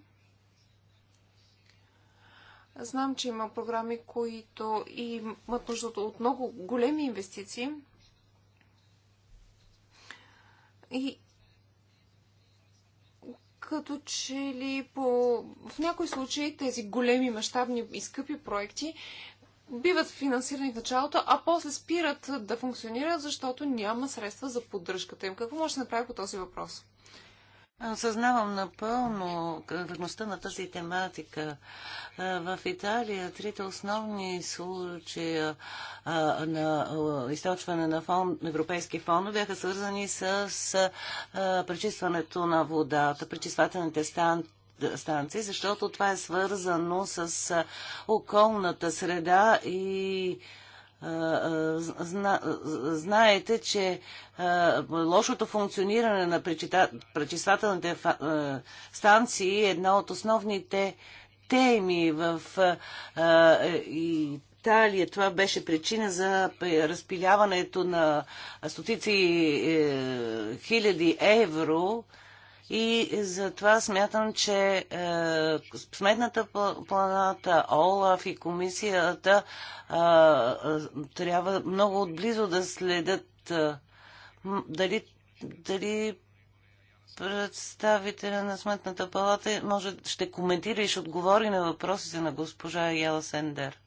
Знам, че има програми, които имат нужда от много големи инвестиции. И като че ли по... в някои случаи тези големи, мащабни и скъпи проекти биват финансирани в началото, а после спират да функционират, защото няма средства за поддръжката им. Какво може да направи по този въпрос? Съзнавам напълно важността на тази тематика. В Италия трите основни случая на източване на фон, европейски фондове бяха свързани с пречистването на водата, пречиствателните станции станции, защото това е свързано с околната среда и Зна, знаете, че лошото функциониране на пречиствателните станции е една от основните теми в Италия. Това беше причина за разпиляването на стотици е, хиляди евро и затова смятам, че е, Сметната планата, ОЛАФ и комисията е, е, трябва много отблизо да следят е, дали, дали представителя на Сметната палата може ще коментира и ще отговори на въпросите на госпожа Яла Сендер.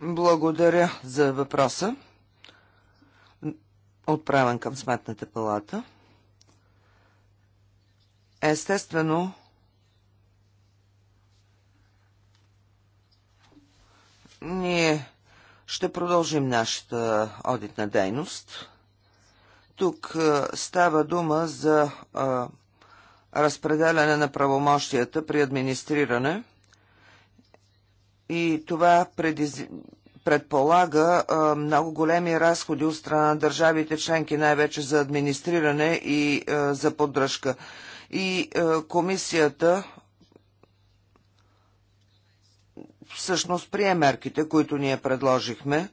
Благодаря за въпроса отправен към Сметната палата. Естествено, ние ще продължим нашата одитна дейност. Тук е, става дума за а, е, разпределяне на правомощията при администриране и това предиз предполага а, много големи разходи от страна на държавите членки, най-вече за администриране и а, за поддръжка. И а, комисията всъщност прие мерките, които ние предложихме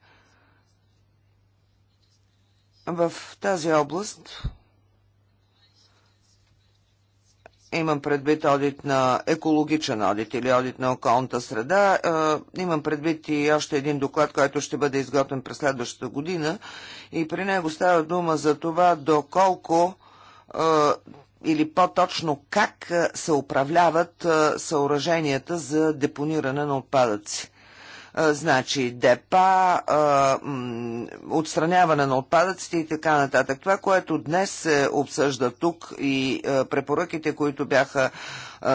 в тази област. имам предвид одит на екологичен одит или одит на околната среда. Имам предвид и още един доклад, който ще бъде изготвен през следващата година. И при него става дума за това доколко или по-точно как се управляват съоръженията за депониране на отпадъци значи депа, отстраняване на отпадъците и така нататък. Това, което днес се обсъжда тук и препоръките, които бяха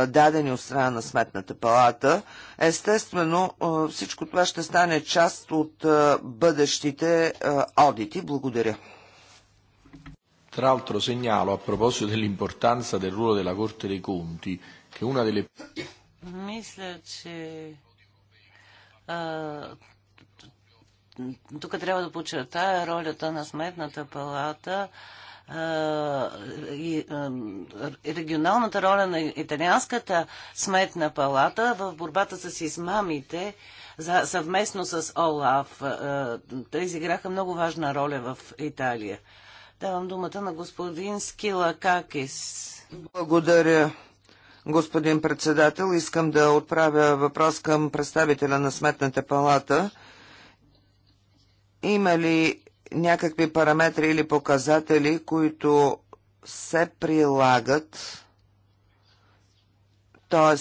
дадени от страна на Сметната палата, естествено всичко това ще стане част от бъдещите одити. Благодаря. Tra l'altro segnalo a proposito dell'importanza del ruolo della Corte dei Conti che una delle... Мисля, че тук трябва да подчертая ролята на Сметната палата и регионалната роля на Италианската сметна палата в борбата с измамите за, съвместно с ОЛАФ. Те изиграха много важна роля в Италия. Давам думата на господин Скила Какис. Благодаря господин председател. Искам да отправя въпрос към представителя на Сметната палата. Има ли някакви параметри или показатели, които се прилагат, т.е.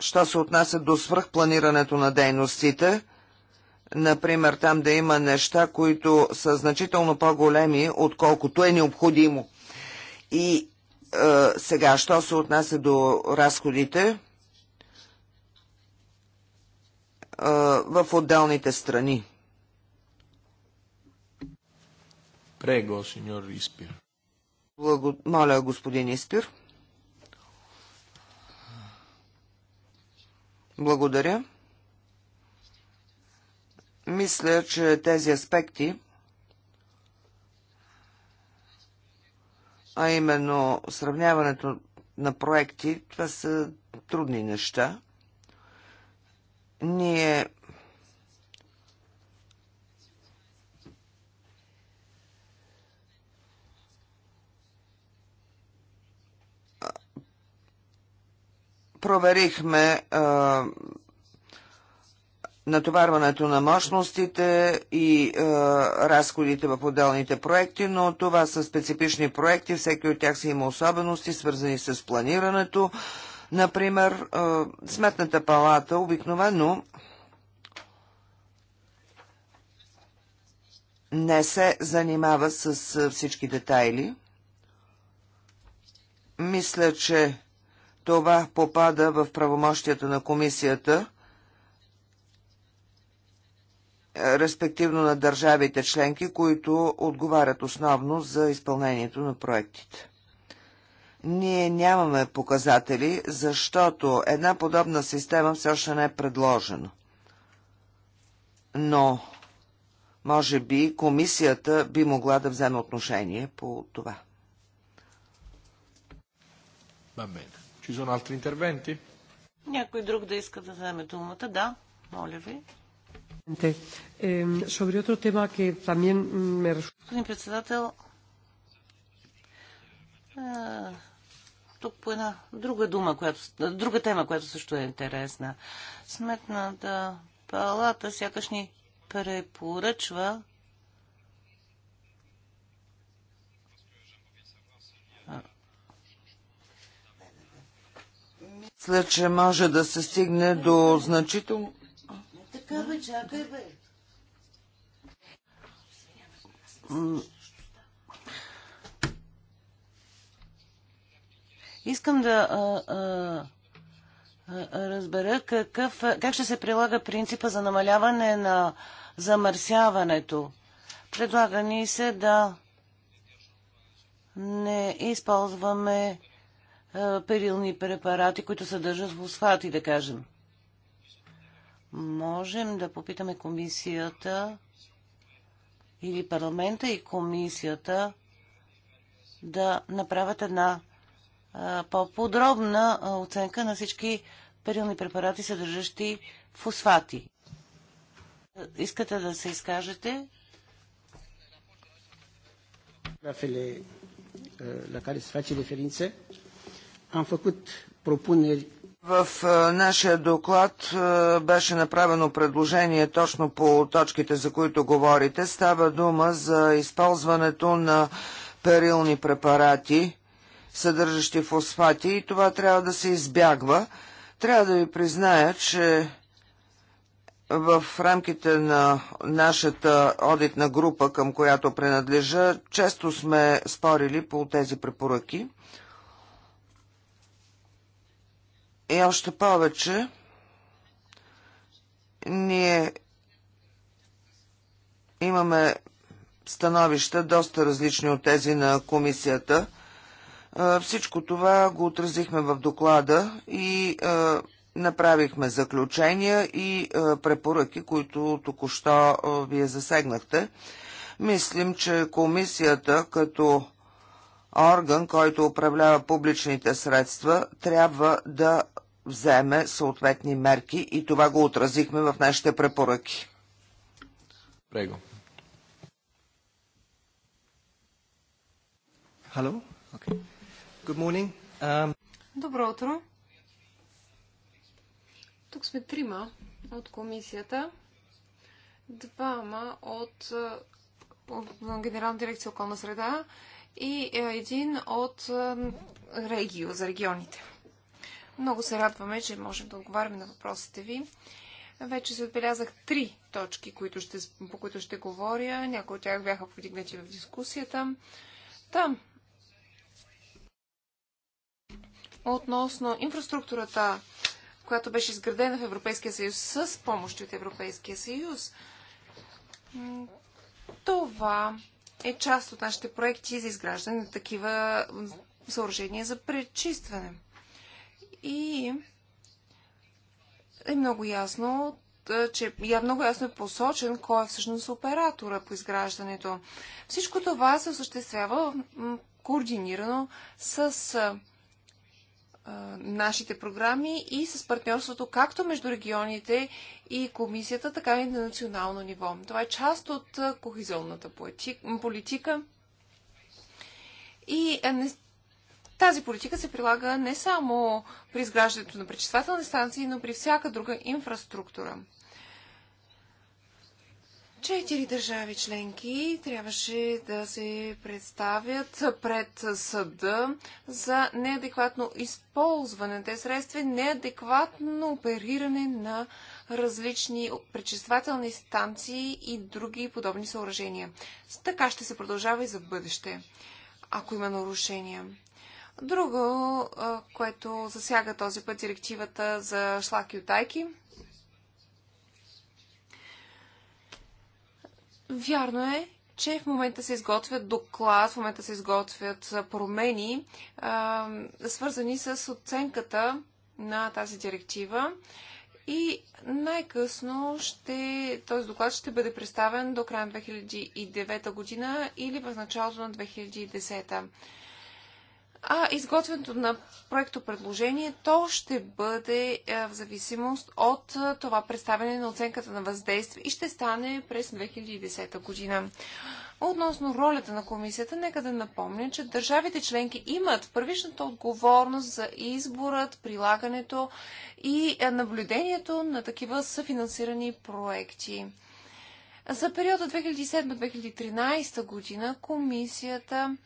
що се отнася до свръхпланирането на дейностите, например, там да има неща, които са значително по-големи, отколкото е необходимо. И е, сега, що се отнася до разходите е, в отделните страни? Прего, сеньор Испир. Благо... Моля, господин Испир. Благодаря. Мисля, че тези аспекти, а именно сравняването на проекти, това са трудни неща. Ние проверихме а, натоварването на мощностите и е, разходите в отделните проекти, но това са специфични проекти, всеки от тях си има особености, свързани с планирането. Например, е, Сметната палата обикновено не се занимава с е, всички детайли. Мисля, че това попада в правомощията на комисията – респективно на държавите членки, които отговарят основно за изпълнението на проектите. Ние нямаме показатели, защото една подобна система все още не е предложена. Но, може би, комисията би могла да вземе отношение по това. Ci sono altri interventi? Някой друг да иска да вземе думата? Да, моля ви. Mm, Господин председател, тук по една друга дума, която, друга тема, която също е интересна. Сметната палата сякаш ни препоръчва Мисля, че може да се стигне до значително Чакай, бе, чакай, бе. Искам да а, а, а, разбера какъв, как ще се прилага принципа за намаляване на замърсяването. Предлага ни се да не използваме перилни препарати, които съдържат фосфати, да кажем можем да попитаме комисията или парламента и комисията да направят една по-подробна оценка на всички периодни препарати, съдържащи фосфати. Искате да се изкажете? La care se face referințe. Am făcut propuneri в нашия доклад беше направено предложение точно по точките, за които говорите. Става дума за използването на перилни препарати, съдържащи фосфати и това трябва да се избягва. Трябва да ви призная, че в рамките на нашата одитна група, към която принадлежа, често сме спорили по тези препоръки. И още повече, ние имаме становища доста различни от тези на комисията. Всичко това го отразихме в доклада и направихме заключения и препоръки, които току-що вие засегнахте. Мислим, че комисията като орган, който управлява публичните средства, трябва да вземе съответни мерки и това го отразихме в нашите препоръки. Прего. Hello? Okay. Good morning. Um... Добро утро. Тук сме трима от комисията, двама от, от Генерална дирекция околна среда и е, един от е, регио, за регионите. Много се радваме, че можем да отговаряме на въпросите ви. Вече се отбелязах три точки, които ще, по които ще говоря. Някои от тях бяха повдигнати в дискусията. Там, относно инфраструктурата, която беше изградена в Европейския съюз с помощ от Европейския съюз, това е част от нашите проекти за изграждане на такива съоръжения за пречистване. И е много ясно, е, че е много ясно е посочен кой е всъщност оператора по изграждането. Всичко това се осъществява координирано с е, е, нашите програми и с партньорството както между регионите и комисията, така и на национално ниво. Това е част от кохизионната политика. И не, тази политика се прилага не само при изграждането на пречиствателни станции, но при всяка друга инфраструктура. Четири държави членки трябваше да се представят пред съда за неадекватно използване на тези средства, е неадекватно опериране на различни пречиствателни станции и други подобни съоръжения. Така ще се продължава и за бъдеще, ако има нарушения. Друго, което засяга този път директивата за шлаки утайки. Вярно е, че в момента се изготвят доклад, в момента се изготвят промени, свързани с оценката на тази директива. И най-късно ще, този доклад ще бъде представен до края на 2009 година или в началото на 2010. А изготвянето на проекто предложение, то ще бъде е, в зависимост от е, това представяне на оценката на въздействие и ще стане през 2010 година. Относно ролята на комисията, нека да напомня, че държавите членки имат първичната отговорност за изборът, прилагането и е, наблюдението на такива съфинансирани проекти. За периода 2007-2013 година комисията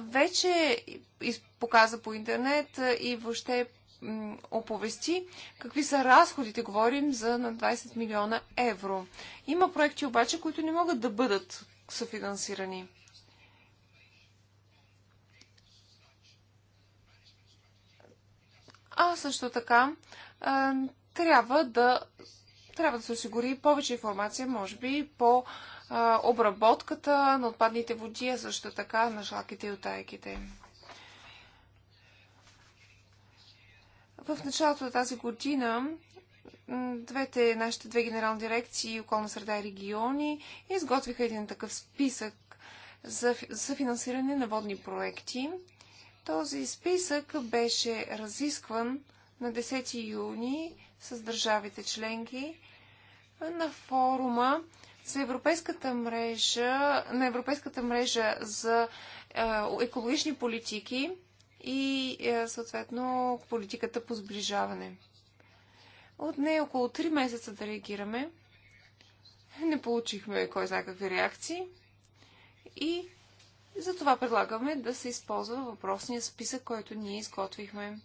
вече показа по интернет и въобще оповести какви са разходите. Говорим за на 20 милиона евро. Има проекти обаче, които не могат да бъдат съфинансирани. А също така трябва да трябва да се осигури повече информация, може би, по обработката на отпадните води, а също така на шлаките и отайките. В началото на тази година двете, нашите две генерални дирекции, околна среда и региони, изготвиха един такъв списък за, за финансиране на водни проекти. Този списък беше разискван на 10 юни с държавите членки на форума за европейската мрежа, на Европейската мрежа за е, екологични политики и е, съответно политиката по сближаване. От нея около 3 месеца да реагираме. Не получихме кой знае какви реакции. И затова предлагаме да се използва въпросния списък, който ние изготвихме.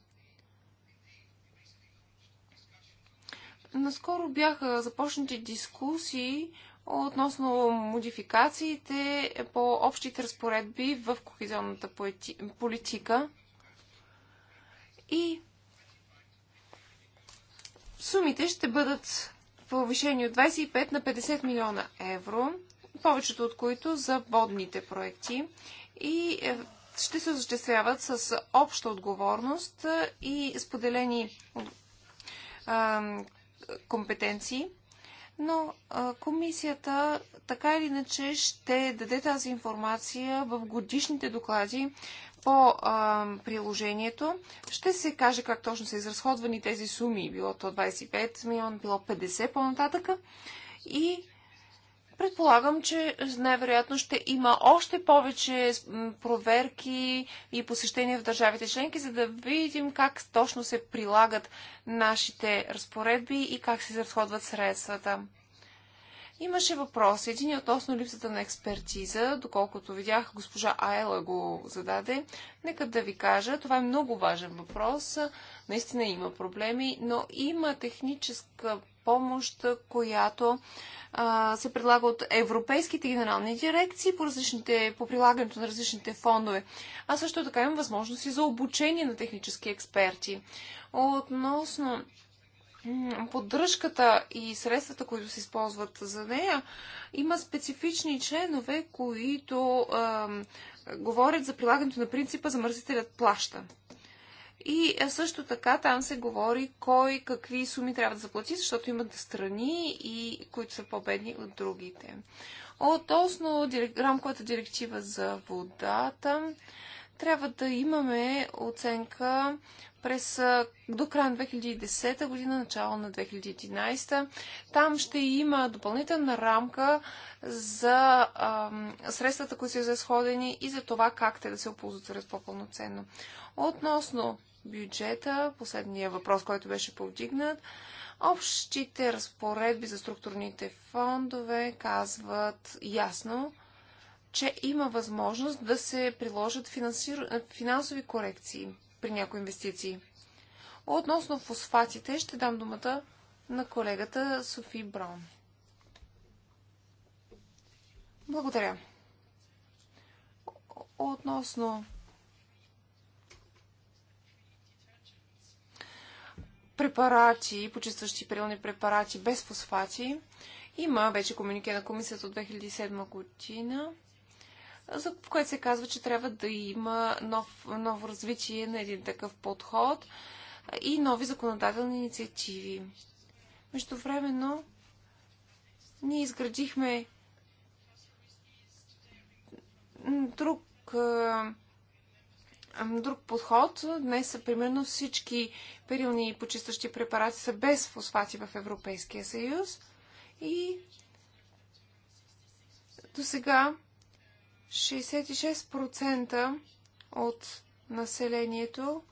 Наскоро бяха започнати дискусии относно модификациите по общите разпоредби в кохезионната политика и сумите ще бъдат повишени от 25 на 50 милиона евро, повечето от които за водните проекти и е, ще се осъществяват с обща отговорност и споделени компетенции но а, комисията така или иначе ще даде тази информация в годишните доклади по а, приложението. Ще се каже как точно са изразходвани тези суми, било то 25 милиона, било 50 по-нататъка. И Предполагам, че най-вероятно ще има още повече проверки и посещения в държавите членки, за да видим как точно се прилагат нашите разпоредби и как се разходват средствата. Имаше въпрос. Един е относно липсата на експертиза, доколкото видях, госпожа Айла го зададе. Нека да ви кажа, това е много важен въпрос. Наистина има проблеми, но има техническа помощ, която се предлага от европейските генерални дирекции по, различните, по прилагането на различните фондове. А също така имам възможности за обучение на технически експерти. Относно поддръжката и средствата, които се използват за нея, има специфични членове, които е, говорят за прилагането на принципа замързителят плаща. И е, също така там се говори кой какви суми трябва да заплати, защото имат страни, и, които са по-бедни от другите. Относно рамковата директива за водата, трябва да имаме оценка през до края на 2010 година, начало на 2011. Там ще има допълнителна рамка за а, средствата, които са изразходени и за това как те да се оползотворят по-пълноценно. Относно бюджета, последния въпрос, който беше повдигнат, общите разпоредби за структурните фондове казват ясно, че има възможност да се приложат финансир... финансови корекции при някои инвестиции. Относно фосфатите ще дам думата на колегата Софи Браун. Благодаря. Относно препарати, почистващи прилни препарати без фосфати, има вече комунике на комисията от 2007 година за което се казва, че трябва да има нов, ново развитие на един такъв подход и нови законодателни инициативи. Междувременно ние изградихме друг, друг подход. Днес, примерно, всички перилни и почистващи препарати са без фосфати в Европейския съюз и до сега 66% от населението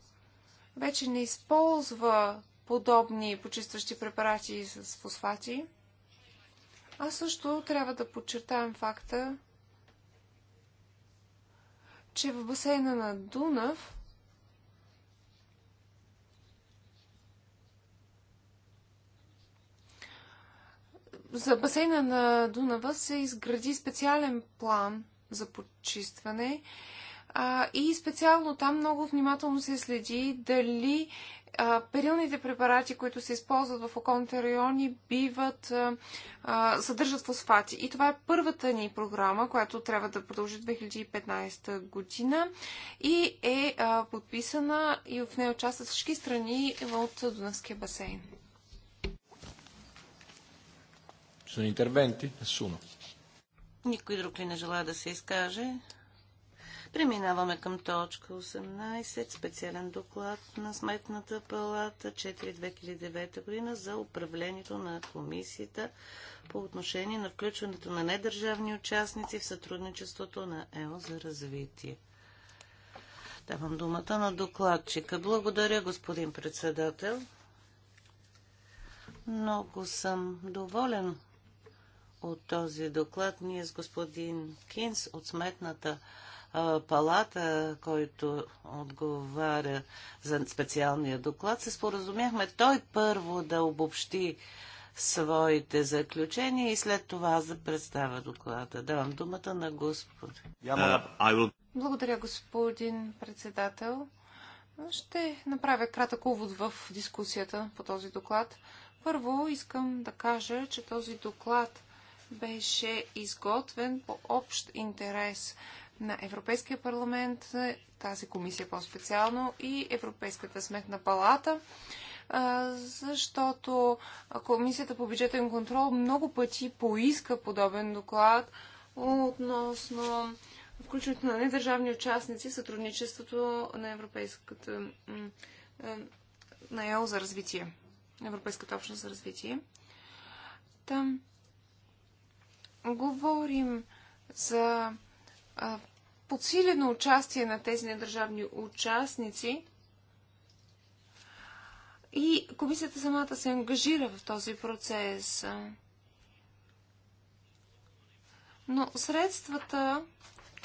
вече не използва подобни почистващи препарати с фосфати. А също трябва да подчертаем факта, че в басейна на Дунав за басейна на Дунава се изгради специален план – за почистване. А, и специално там много внимателно се следи дали а, перилните препарати, които се използват в околните райони, биват, а, съдържат фосфати. И това е първата ни програма, която трябва да продължи 2015 година и е а, подписана и в нея участват всички страни от Дунавския басейн. Sono interventi? Nessuno. Никой друг ли не желая да се изкаже? Преминаваме към точка 18, специален доклад на Сметната палата 4-2009 година за управлението на комисията по отношение на включването на недържавни участници в сътрудничеството на ЕО за развитие. Давам думата на докладчика. Благодаря, господин председател. Много съм доволен от този доклад. Ние с господин Кинс от Сметната палата, който отговаря за специалния доклад, се споразумяхме той първо да обобщи своите заключения и след това аз да представя доклада. Давам думата на господин. Благодаря, господин председател. Ще направя кратък увод в дискусията по този доклад. Първо искам да кажа, че този доклад беше изготвен по общ интерес на Европейския парламент, тази комисия по-специално и Европейската сметна палата, защото Комисията по бюджетен контрол много пъти поиска подобен доклад относно включването на недържавни участници сътрудничеството на Европейската на ЕО за развитие, Европейската общност за развитие. Там говорим за а, подсилено участие на тези недържавни участници и комисията самата се ангажира в този процес. Но средствата,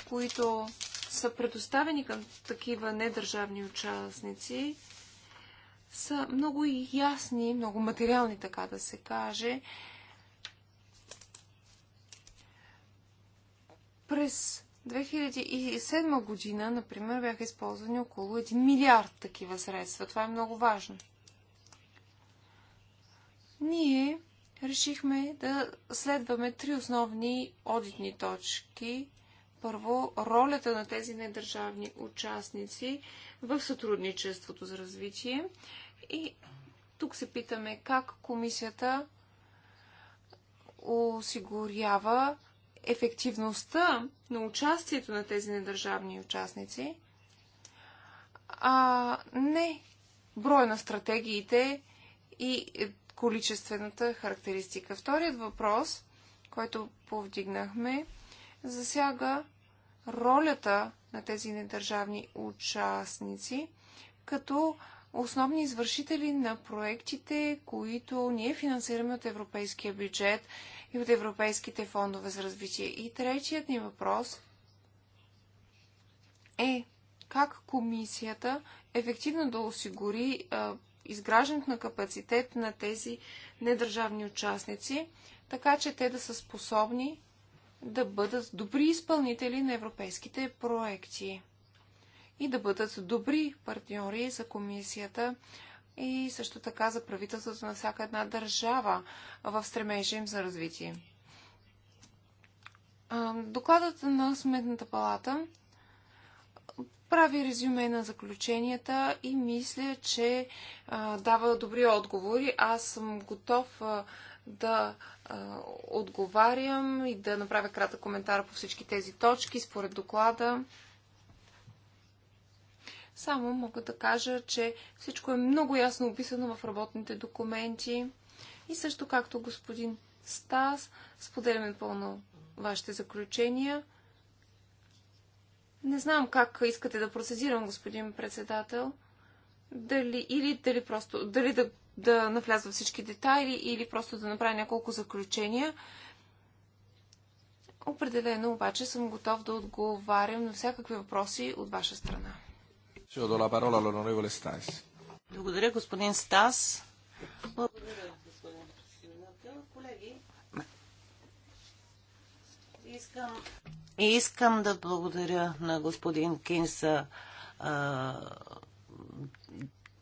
които са предоставени към такива недържавни участници, са много ясни, много материални, така да се каже, През 2007 година, например, бяха използвани около 1 милиард такива средства. Това е много важно. Ние решихме да следваме три основни одитни точки. Първо, ролята на тези недържавни участници в сътрудничеството за развитие. И тук се питаме как комисията осигурява ефективността на участието на тези недържавни участници, а не броя на стратегиите и количествената характеристика. Вторият въпрос, който повдигнахме, засяга ролята на тези недържавни участници като основни извършители на проектите, които ние финансираме от европейския бюджет и от европейските фондове за развитие. И третият ни въпрос е как комисията ефективно да осигури а, изграждането на капацитет на тези недържавни участници, така че те да са способни да бъдат добри изпълнители на европейските проекти и да бъдат добри партньори за комисията и също така за правителството на всяка една държава в стремежа им за развитие. Докладът на Сметната палата прави резюме на заключенията и мисля, че дава добри отговори. Аз съм готов да отговарям и да направя кратък коментар по всички тези точки според доклада. Само мога да кажа, че всичко е много ясно описано в работните документи. И също както господин Стас, споделяме пълно вашите заключения. Не знам как искате да процедирам, господин председател. Дали, или дали просто, дали да, да навляза всички детайли, или просто да направя няколко заключения. Определено обаче съм готов да отговарям на всякакви въпроси от ваша страна. Благодаря, господин Стас. Благодаря, господин председател. Колеги, искам, искам да благодаря на господин Кинса а,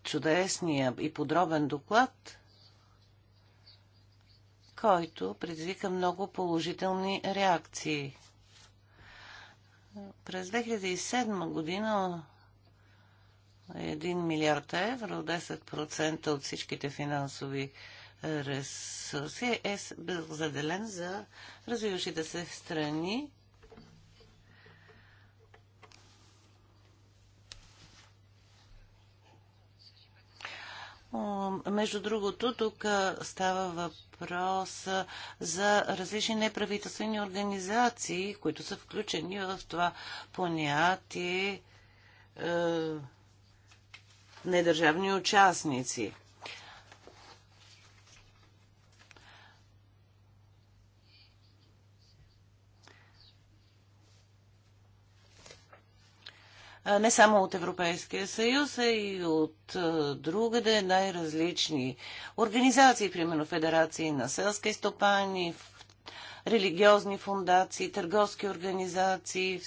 чудесния и подробен доклад, който предизвика много положителни реакции. През 2007 година 1 милиард евро, 10% от всичките финансови е, ресурси е бил заделен за развиващите се страни. Между другото, тук става въпрос за различни неправителствени организации, които са включени в това понятие е, недържавни участници. не само от Европейския съюз, а и от другаде най-различни организации, примерно федерации на селски стопани, религиозни фундации, търговски организации.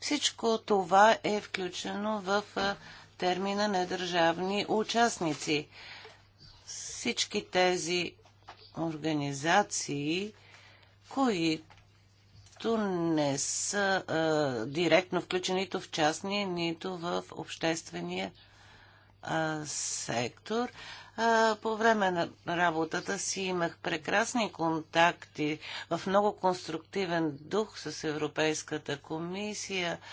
Всичко това е включено в термина на държавни участници. Всички тези организации, които не са а, директно включени нито в частния, нито в обществения а, сектор. А, по време на работата си имах прекрасни контакти в много конструктивен дух с Европейската комисия. А,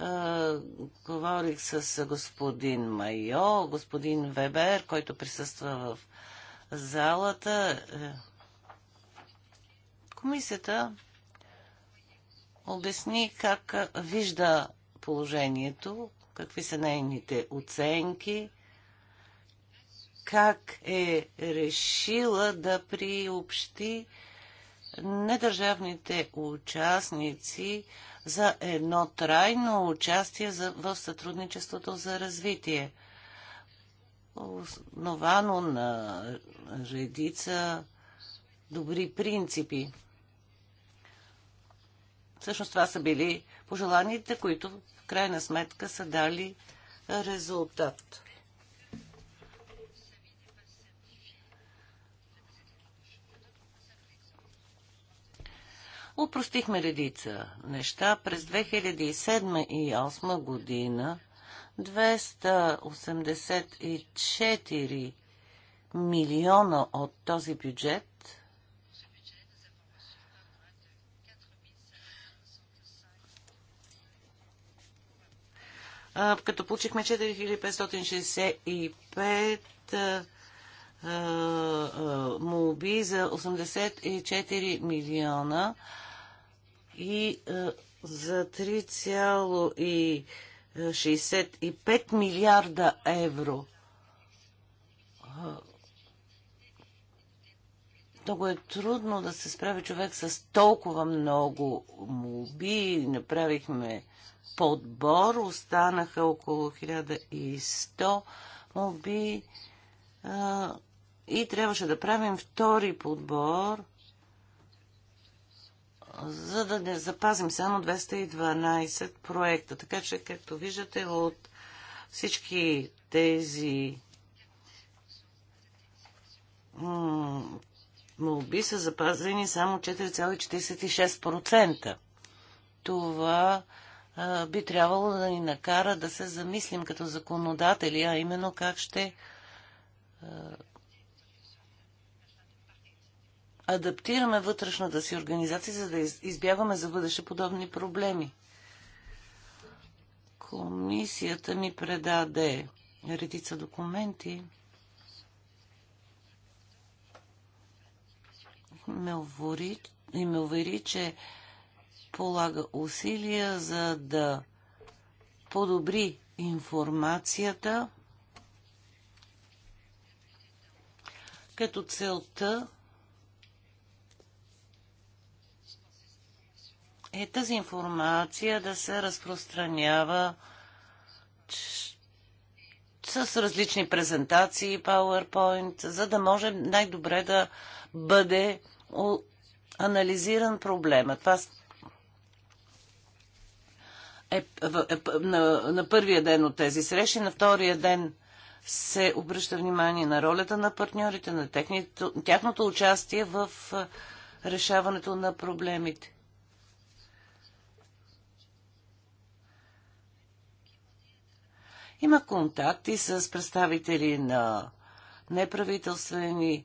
говорих с господин Майо, господин Вебер, който присъства в залата. Е, комисията обясни как вижда положението, какви са нейните оценки, как е решила да приобщи недържавните участници за едно трайно участие в сътрудничеството за развитие, основано на редица добри принципи. Всъщност това са били пожеланите, които в крайна сметка са дали резултат. Упростихме редица неща. През 2007 и 2008 година 284 милиона от този бюджет като получихме 4565 молби за 84 милиона и е, за 3,65 милиарда евро. Е, много е трудно да се справи човек с толкова много молби. Направихме подбор, останаха около 1100 молби е, и трябваше да правим втори подбор – за да не запазим само 212 проекта. Така че, както виждате, от всички тези молби са запазени само 4,46%. Това би трябвало да ни накара да се замислим като законодатели, а именно как ще адаптираме вътрешната си организация, за да избягваме за бъдеще подобни проблеми. Комисията ми предаде редица документи. Ме и ме увери, че полага усилия за да подобри информацията, като целта е тази информация да се разпространява с различни презентации, PowerPoint, за да може най-добре да бъде анализиран проблема. Това е, е на, на първия ден от тези срещи, на втория ден се обръща внимание на ролята на партньорите, на тяхното участие в решаването на проблемите. Има контакти с представители на неправителствени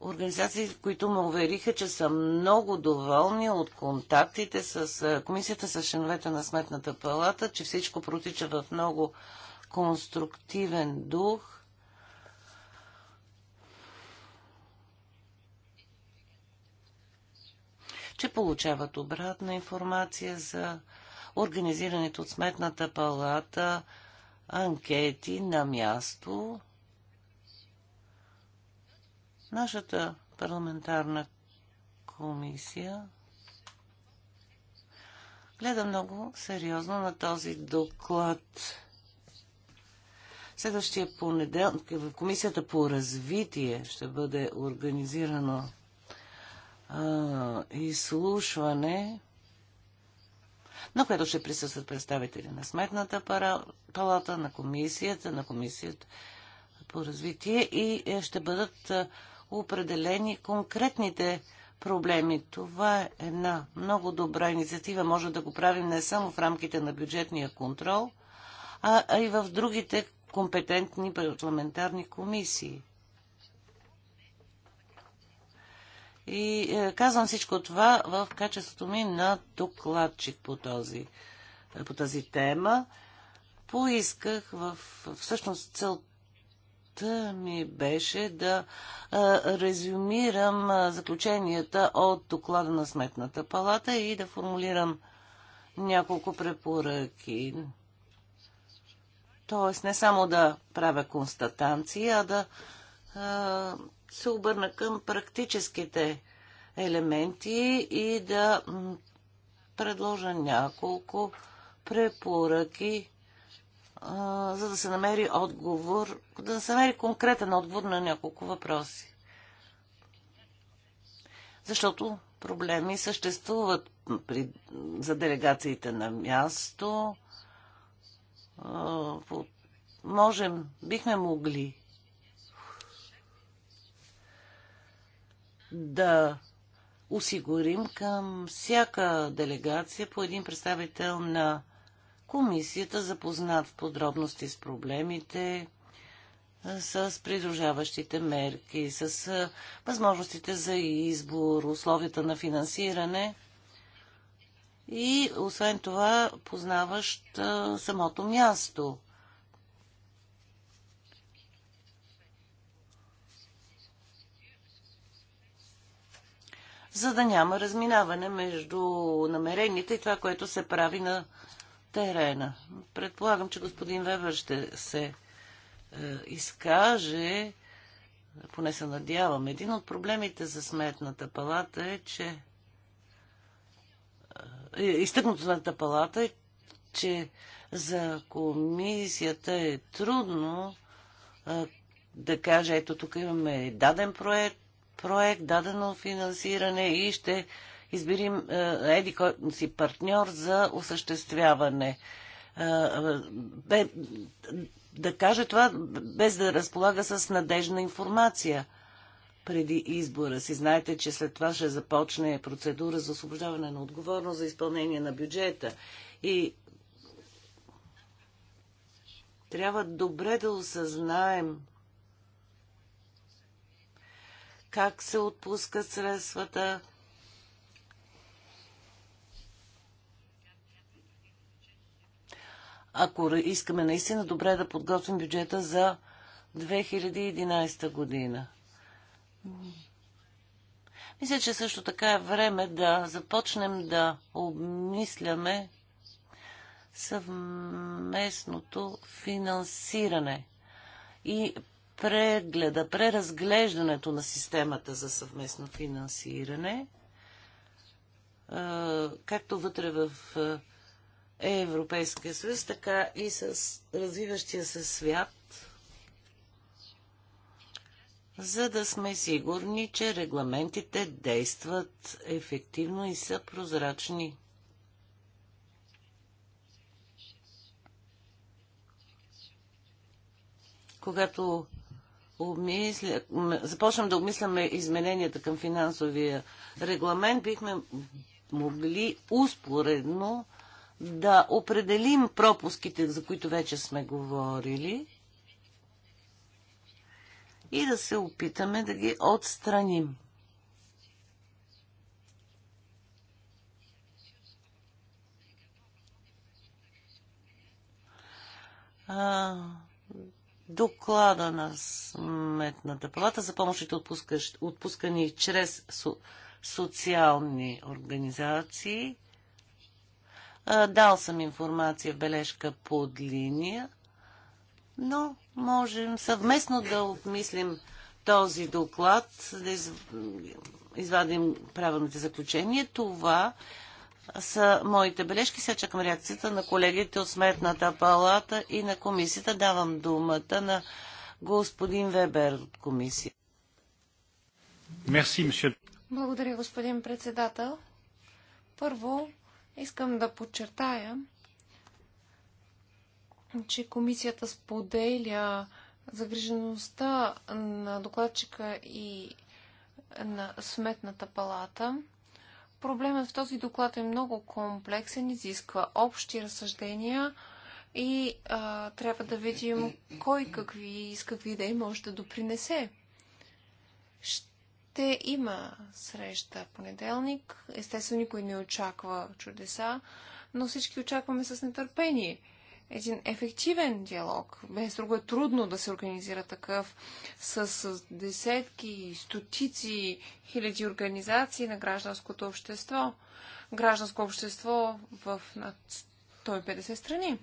организации, които ме увериха, че са много доволни от контактите с комисията, с членовете на Сметната палата, че всичко протича в много конструктивен дух. че получават обратна информация за организирането от Сметната палата анкети на място. Нашата парламентарна комисия гледа много сериозно на този доклад. Следващия понеделник в Комисията по развитие ще бъде организирано а, изслушване на което ще присъстват представители на Сметната палата, на комисията, на комисията по развитие и е, ще бъдат е, определени конкретните проблеми. Това е една много добра инициатива. Може да го правим не само в рамките на бюджетния контрол, а и в другите компетентни парламентарни комисии. И е, казвам всичко това в качеството ми на докладчик по, този, по тази тема. Поисках в... Всъщност целта ми беше да е, резюмирам е, заключенията от доклада на Сметната палата и да формулирам няколко препоръки. Тоест не само да правя констатации, а да се обърна към практическите елементи и да предложа няколко препоръки, за да се намери отговор, да се намери конкретен отговор на няколко въпроси. Защото проблеми съществуват при, за делегациите на място. Можем, бихме могли да осигурим към всяка делегация по един представител на комисията, запознат в подробности с проблемите, с придружаващите мерки, с възможностите за избор, условията на финансиране и освен това познаващ самото място. за да няма разминаване между намеренията и това, което се прави на терена. Предполагам, че господин Вебер ще се е, изкаже, поне се надявам. Един от проблемите за сметната палата е, че е, е изтъкнатата на палата е, че за комисията е трудно е, да каже, ето тук имаме даден проект, проект, дадено финансиране и ще изберим е, еди си партньор за осъществяване. Е, бе, да каже това без да разполага с надежна информация преди избора си. Знаете, че след това ще започне процедура за освобождаване на отговорност за изпълнение на бюджета. И трябва добре да осъзнаем как се отпускат средствата. Ако искаме наистина добре да подготвим бюджета за 2011 година. Мисля, че също така е време да започнем да обмисляме съвместното финансиране и прегледа, преразглеждането на системата за съвместно финансиране, е, както вътре в е, Европейския съюз, така и с развиващия се свят, за да сме сигурни, че регламентите действат ефективно и са прозрачни. Когато обмисля, започнем да обмисляме измененията към финансовия регламент, бихме могли успоредно да определим пропуските, за които вече сме говорили и да се опитаме да ги отстраним. А, доклада на Сметната палата за помощите отпускани чрез со, социални организации. Дал съм информация, бележка под линия, но можем съвместно да обмислим този доклад, да извадим правилните заключения. Това са моите бележки. Сега чакам реакцията на колегите от Сметната палата и на комисията. Давам думата на господин Вебер от комисия. Мерси, Благодаря, господин председател. Първо, искам да подчертая, че комисията споделя загрижеността на докладчика и на Сметната палата – Проблемът в този доклад е много комплексен, изисква общи разсъждения и а, трябва да видим кой какви и с какви идеи може да допринесе. Ще има среща понеделник. Естествено, никой не очаква чудеса, но всички очакваме с нетърпение – един ефективен диалог. Без друго е трудно да се организира такъв с, с десетки, стотици, хиляди организации на гражданското общество. Гражданско общество в над 150 страни.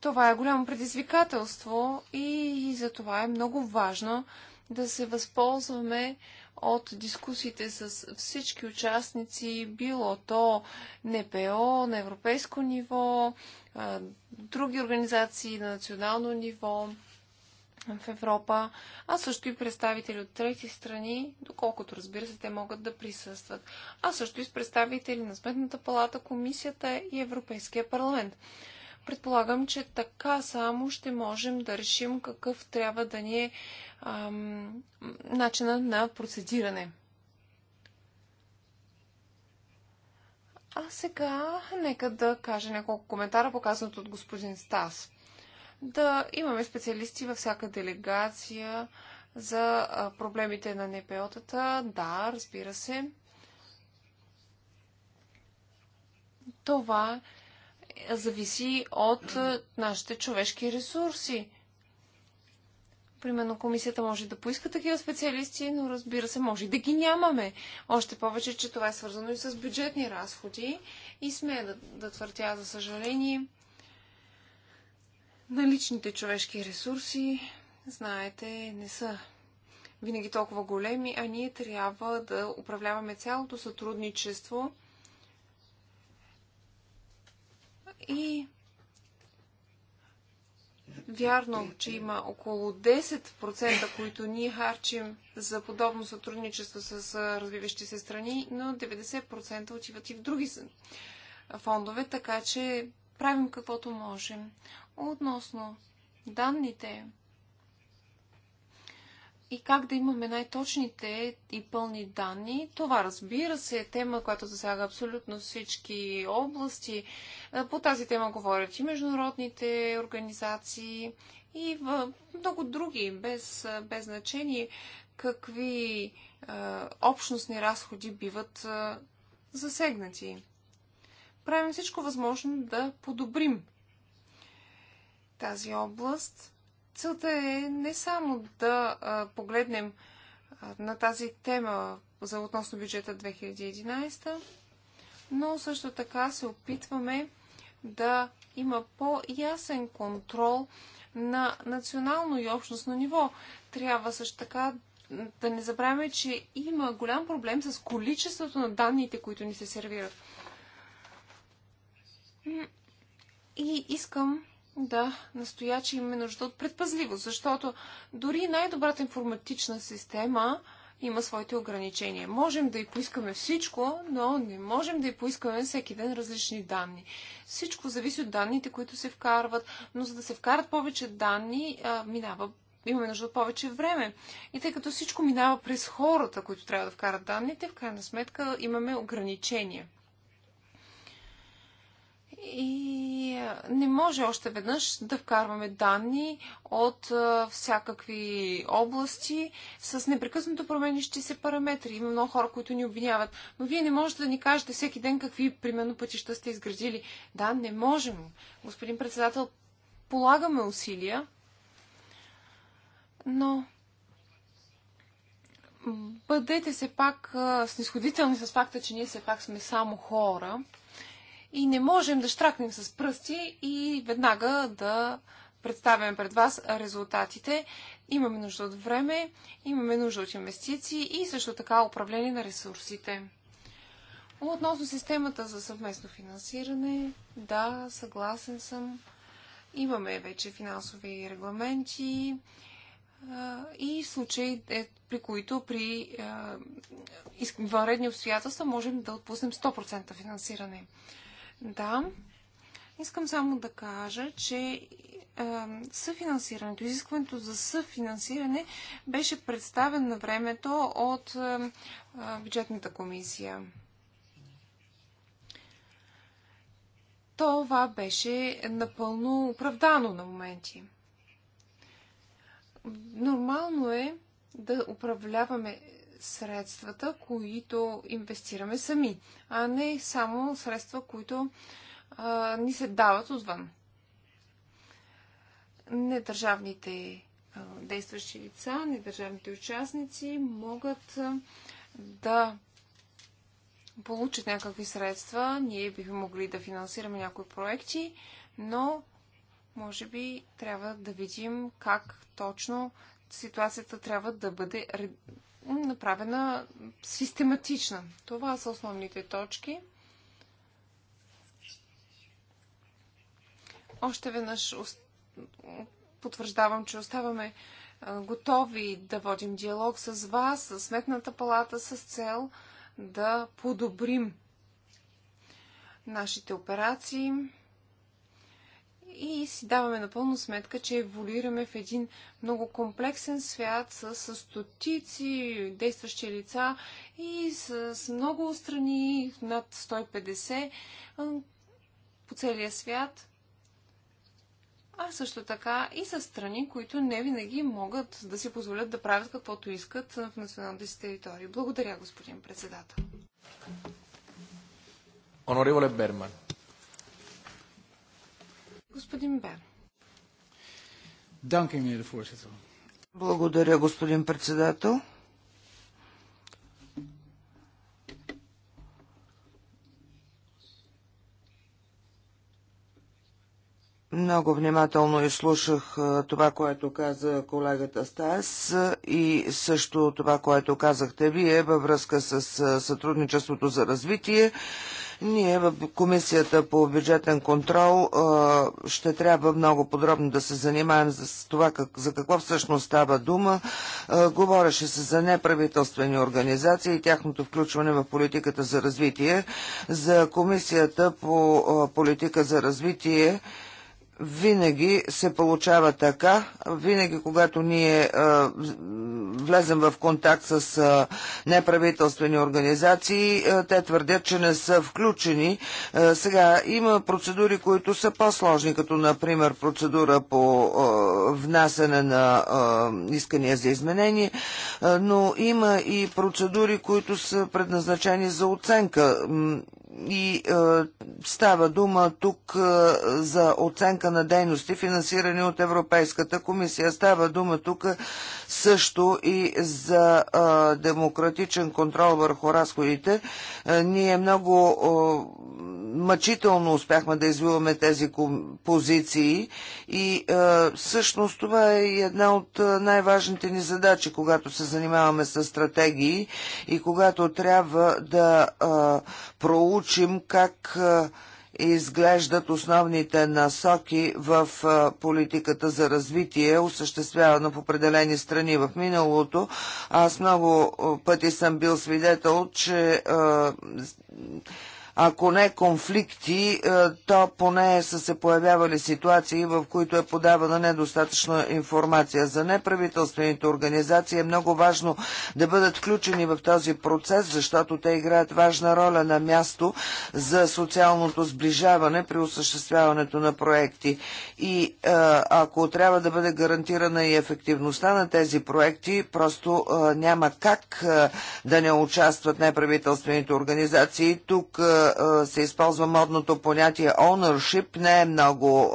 Това е голямо предизвикателство и, и за това е много важно да се възползваме от дискусиите с всички участници, било то НПО на европейско ниво, други организации на национално ниво в Европа, а също и представители от трети страни, доколкото разбира се, те могат да присъстват, а също и с представители на Сметната палата, Комисията и Европейския парламент. Предполагам, че така само ще можем да решим какъв трябва да ни е ам, начина на процедиране. А сега нека да кажа няколко коментара, показаното от господин Стас. Да имаме специалисти във всяка делегация за проблемите на НПО-тата. Да, разбира се. Това зависи от нашите човешки ресурси. Примерно комисията може да поиска такива специалисти, но разбира се, може и да ги нямаме. Още повече, че това е свързано и с бюджетни разходи и сме да, да твъртя, за съжаление, наличните човешки ресурси, знаете, не са винаги толкова големи, а ние трябва да управляваме цялото сътрудничество и Вярно, че има около 10%, които ние харчим за подобно сътрудничество с развиващи се страни, но 90% отиват и в други фондове, така че правим каквото можем. Относно данните, и как да имаме най-точните и пълни данни. Това, разбира се, е тема, която засяга абсолютно всички области. Е, по тази тема говорят и международните организации, и в много други, без, е, без значение какви е, общностни разходи биват е, засегнати. Правим всичко възможно да подобрим тази област целта е не само да погледнем на тази тема за относно бюджета 2011, но също така се опитваме да има по-ясен контрол на национално и общностно ниво. Трябва също така да не забравяме, че има голям проблем с количеството на данните, които ни се сервират. И искам да настоя, че имаме нужда от предпазливост, защото дори най-добрата информатична система има своите ограничения. Можем да й поискаме всичко, но не можем да й поискаме всеки ден различни данни. Всичко зависи от данните, които се вкарват, но за да се вкарат повече данни, а, минава имаме нужда от повече време. И тъй като всичко минава през хората, които трябва да вкарат данните, в крайна сметка имаме ограничения. И не може още веднъж да вкарваме данни от всякакви области с непрекъснато променящи се параметри. Има много хора, които ни обвиняват. Но вие не можете да ни кажете всеки ден какви, примерно, пътища сте изградили. Да, не можем. Господин председател, полагаме усилия, но бъдете се пак снисходителни с факта, че ние все пак сме само хора и не можем да штракнем с пръсти и веднага да представяме пред вас резултатите. Имаме нужда от време, имаме нужда от инвестиции и също така управление на ресурсите. Относно системата за съвместно финансиране, да, съгласен съм. Имаме вече финансови регламенти и случаи, е, при които при извънредни обстоятелства можем да отпуснем 100% финансиране. Да. Искам само да кажа, че е, съфинансирането, изискването за съфинансиране беше представен на времето от е, е, бюджетната комисия. Това беше напълно оправдано на моменти. Нормално е да управляваме средствата, които инвестираме сами, а не само средства, които а, ни се дават отвън. Недържавните а, действащи лица, недържавните участници могат а, да получат някакви средства. Ние бихме могли да финансираме някои проекти, но може би трябва да видим как точно ситуацията трябва да бъде направена систематична. Това са основните точки. Още веднъж потвърждавам, че оставаме готови да водим диалог с вас, с Сметната палата, с цел да подобрим нашите операции и си даваме напълно сметка, че еволюираме в един много комплексен свят с, с стотици действащи лица и с, с много страни, над 150 по целия свят. А също така и с страни, които не винаги могат да си позволят да правят каквото искат в националните си територии. Благодаря, господин председател. Онореволе Берман. Господин Бер. ми, Благодаря, господин председател. Много внимателно изслушах това, което каза колегата Стас и също това, което казахте вие във връзка с сътрудничеството за развитие. Ние в Комисията по бюджетен контрол ще трябва много подробно да се занимаем за това как, за какво всъщност става дума. Говореше се за неправителствени организации и тяхното включване в политиката за развитие. За Комисията по политика за развитие винаги се получава така, винаги когато ние а, влезем в контакт с а, неправителствени организации, а, те твърдят, че не са включени. А, сега има процедури, които са по-сложни, като например процедура по а, внасене на а, искания за изменение, а, но има и процедури, които са предназначени за оценка и е, става дума тук е, за оценка на дейности, финансирани от Европейската комисия. Става дума тук също и за е, демократичен контрол върху разходите. Е, ние много е, мъчително успяхме да извиваме тези позиции и а, е, всъщност това е една от е, най-важните ни задачи, когато се занимаваме с стратегии и когато трябва да а, е, проучим как а, изглеждат основните насоки в политиката за развитие, осъществявана в определени страни в миналото. Аз много пъти съм бил свидетел, че а, ако не конфликти, е, то поне са се появявали ситуации, в които е подавана недостатъчна информация. За неправителствените организации е много важно да бъдат включени в този процес, защото те играят важна роля на място за социалното сближаване при осъществяването на проекти. И е, ако трябва да бъде гарантирана и ефективността на тези проекти, просто е, няма как да не участват неправителствените организации. Тук се използва модното понятие ownership не е много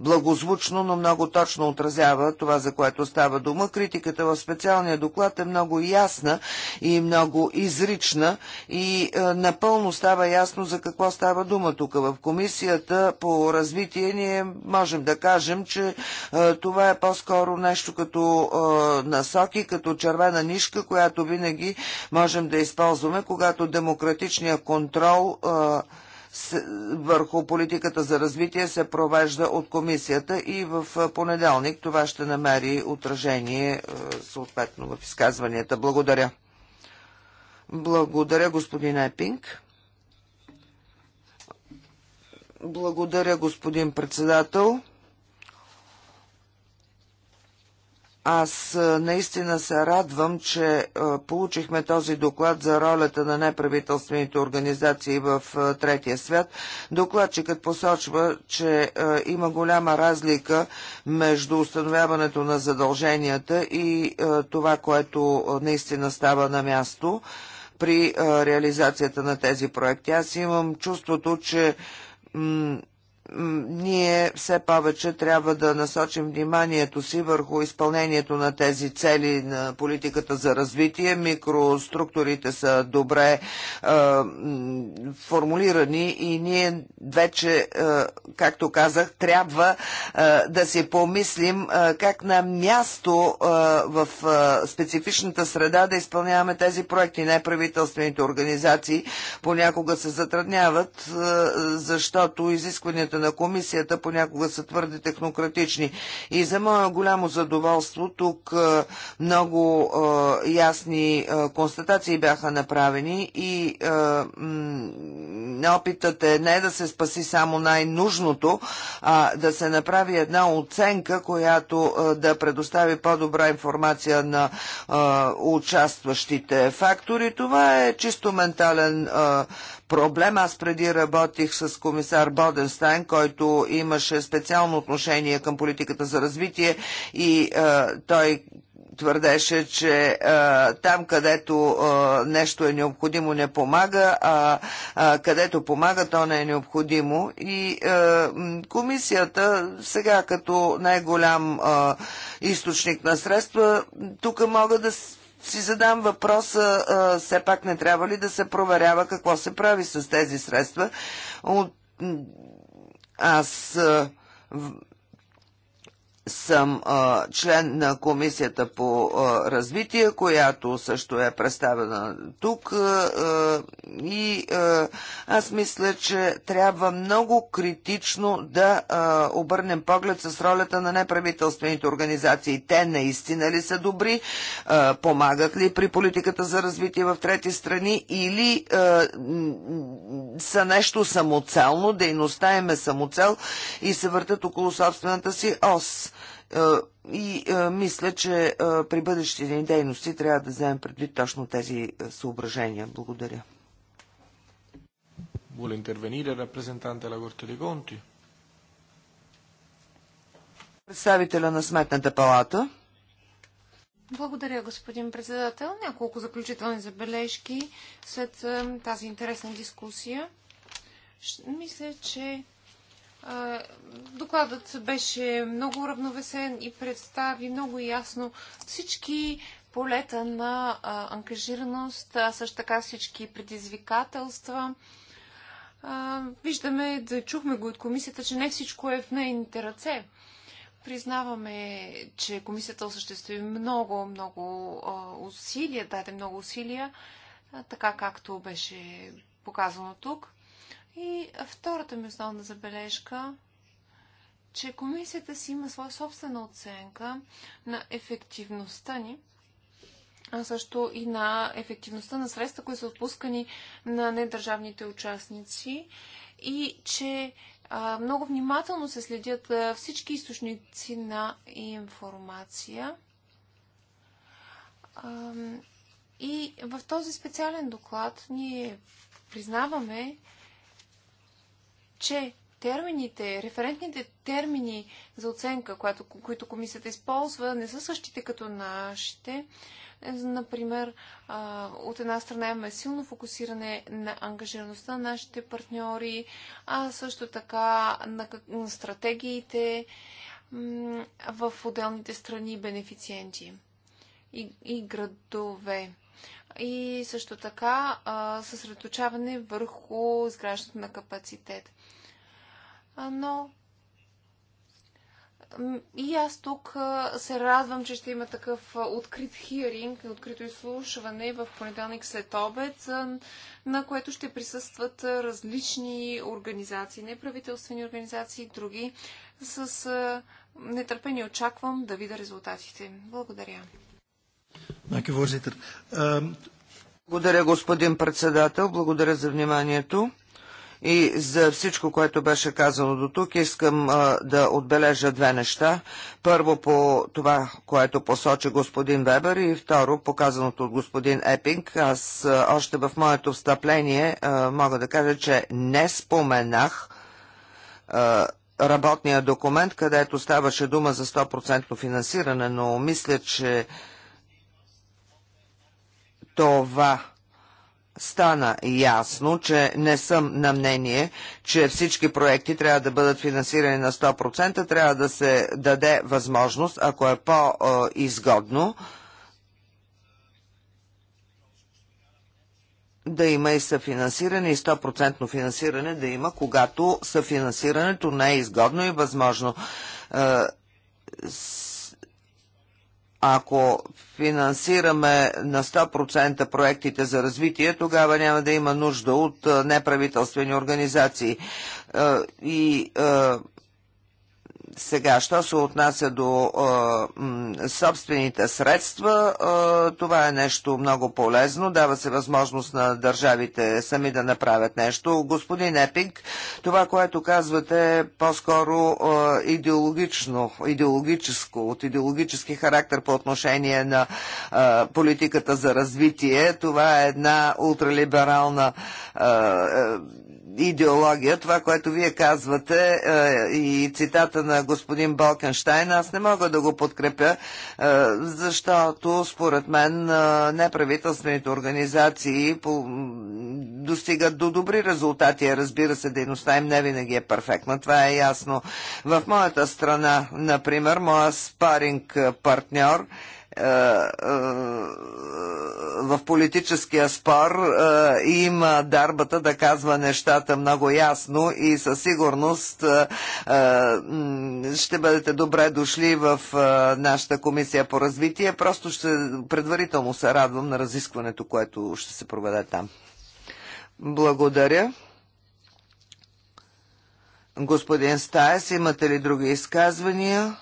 благозвучно, но много точно отразява това, за което става дума. Критиката в специалния доклад е много ясна и много изрична и напълно става ясно за какво става дума тук. В комисията по развитие ние можем да кажем, че това е по-скоро нещо като насоки, като червена нишка, която винаги можем да използваме, когато демократичният контрол контрол върху политиката за развитие се провежда от комисията и в понеделник това ще намери отражение съответно в изказванията. Благодаря. Благодаря, господин Епинг. Благодаря, господин председател. Аз е, наистина се радвам, че е, получихме този доклад за ролята на неправителствените организации в е, Третия свят. Докладчикът посочва, че има голяма разлика между установяването на задълженията и това, което наистина става на място при реализацията на тези проекти. Аз имам чувството, че ние все повече трябва да насочим вниманието си върху изпълнението на тези цели на политиката за развитие. Микроструктурите са добре е, формулирани и ние вече, е, както казах, трябва е, да си помислим е, как на място е, в е, специфичната среда да изпълняваме тези проекти. Неправителствените организации понякога се затрудняват, е, защото изискванията на комисията понякога са твърде технократични. И за мое голямо задоволство тук е, много е, ясни е, констатации бяха направени и опитът е не да се спаси само най-нужното, а да се направи една оценка, която да предостави по-добра информация на участващите фактори. Това е чисто ментален проблем. Аз преди работих с комисар Боденстайн, който имаше специално отношение към политиката за развитие и а, е, той твърдеше, че а, е, там, където а, е, нещо е необходимо, не помага, а, а където помага, то не е необходимо. И а, комисията, сега като най-голям източник на средства, тук мога да си задам въпроса, а, все пак не трябва ли да се проверява какво се прави с тези средства. От, аз а, съм а, член на Комисията по а, развитие, която също е представена тук а, и а, аз мисля, че трябва много критично да а, обърнем поглед с ролята на неправителствените организации. Те наистина ли са добри, а, помагат ли при политиката за развитие в трети страни или а, са нещо самоцелно, дейността им е самоцел и се въртат около собствената си ос. Е, и е, мисля, че е, при бъдещите ни дейности трябва да вземем предвид точно тези съображения. Благодаря. Vuole intervenire il rappresentante della Corte dei Conti? Представителя на Сметната палата. Благодаря, господин председател. Няколко заключителни забележки след тази интересна дискусия. Мисля, че Докладът беше много равновесен и представи много ясно всички полета на ангажираност, а също така всички предизвикателства. Виждаме, да чухме го от комисията, че не всичко е в нейните ръце. Признаваме, че комисията осъществи много, много усилия, даде много усилия, така както беше показано тук. И втората ми основна забележка, че комисията си има своя собствена оценка на ефективността ни, а също и на ефективността на средства, които са отпускани на недържавните участници и че а, много внимателно се следят а, всички източници на информация. А, и в този специален доклад ние признаваме, че термините, референтните термини за оценка, която, които комисията използва, не са същите като нашите. Например, от една страна имаме силно фокусиране на ангажираността на нашите партньори, а също така на, стратегиите в отделните страни бенефициенти и, и градове и също така съсредоточаване върху изграждането на капацитет но и аз тук се радвам, че ще има такъв открит хиринг, открито изслушване в понеделник след обед, на което ще присъстват различни организации, неправителствени организации и други. С нетърпение очаквам да видя резултатите. Благодаря. Ehm, Благодаря, господин председател. Благодаря за вниманието и за всичко, което беше казано до тук. Искам а, да отбележа две неща. Първо по това, което посочи господин Вебер и второ по казаното от господин Епинг. Аз а, още в моето встъпление а, мога да кажа, че не споменах а, работния документ, където ставаше дума за 100% финансиране, но мисля, че това стана ясно, че не съм на мнение, че всички проекти трябва да бъдат финансирани на 100%, трябва да се даде възможност, ако е по-изгодно, да има и съфинансиране и 100% финансиране да има, когато съфинансирането не е изгодно и възможно. Е, ако финансираме на 100% проектите за развитие, тогава няма да има нужда от неправителствени организации. И сега, що се отнася до собствените средства, това е нещо много полезно. Дава се възможност на държавите сами да направят нещо. Господин Епинг, това, което казвате е по-скоро идеологично, идеологическо, от идеологически характер по отношение на политиката за развитие. Това е една ултралиберална е, идеология, това, което вие казвате е, и цитата на господин Балкенштайн, аз не мога да го подкрепя, е, защото според мен е, неправителствените организации по, достигат до добри резултати. Разбира се, дейността им не винаги е перфектна, това е ясно. В моята страна, например, моя спаринг партньор е е, е, в политическия спор е, има дарбата да казва нещата много ясно и със сигурност ще бъдете добре дошли в нашата комисия по развитие. Просто ще предварително се радвам на разискването, което ще се проведе там. Благодаря. Господин Стаес, имате ли други изказвания?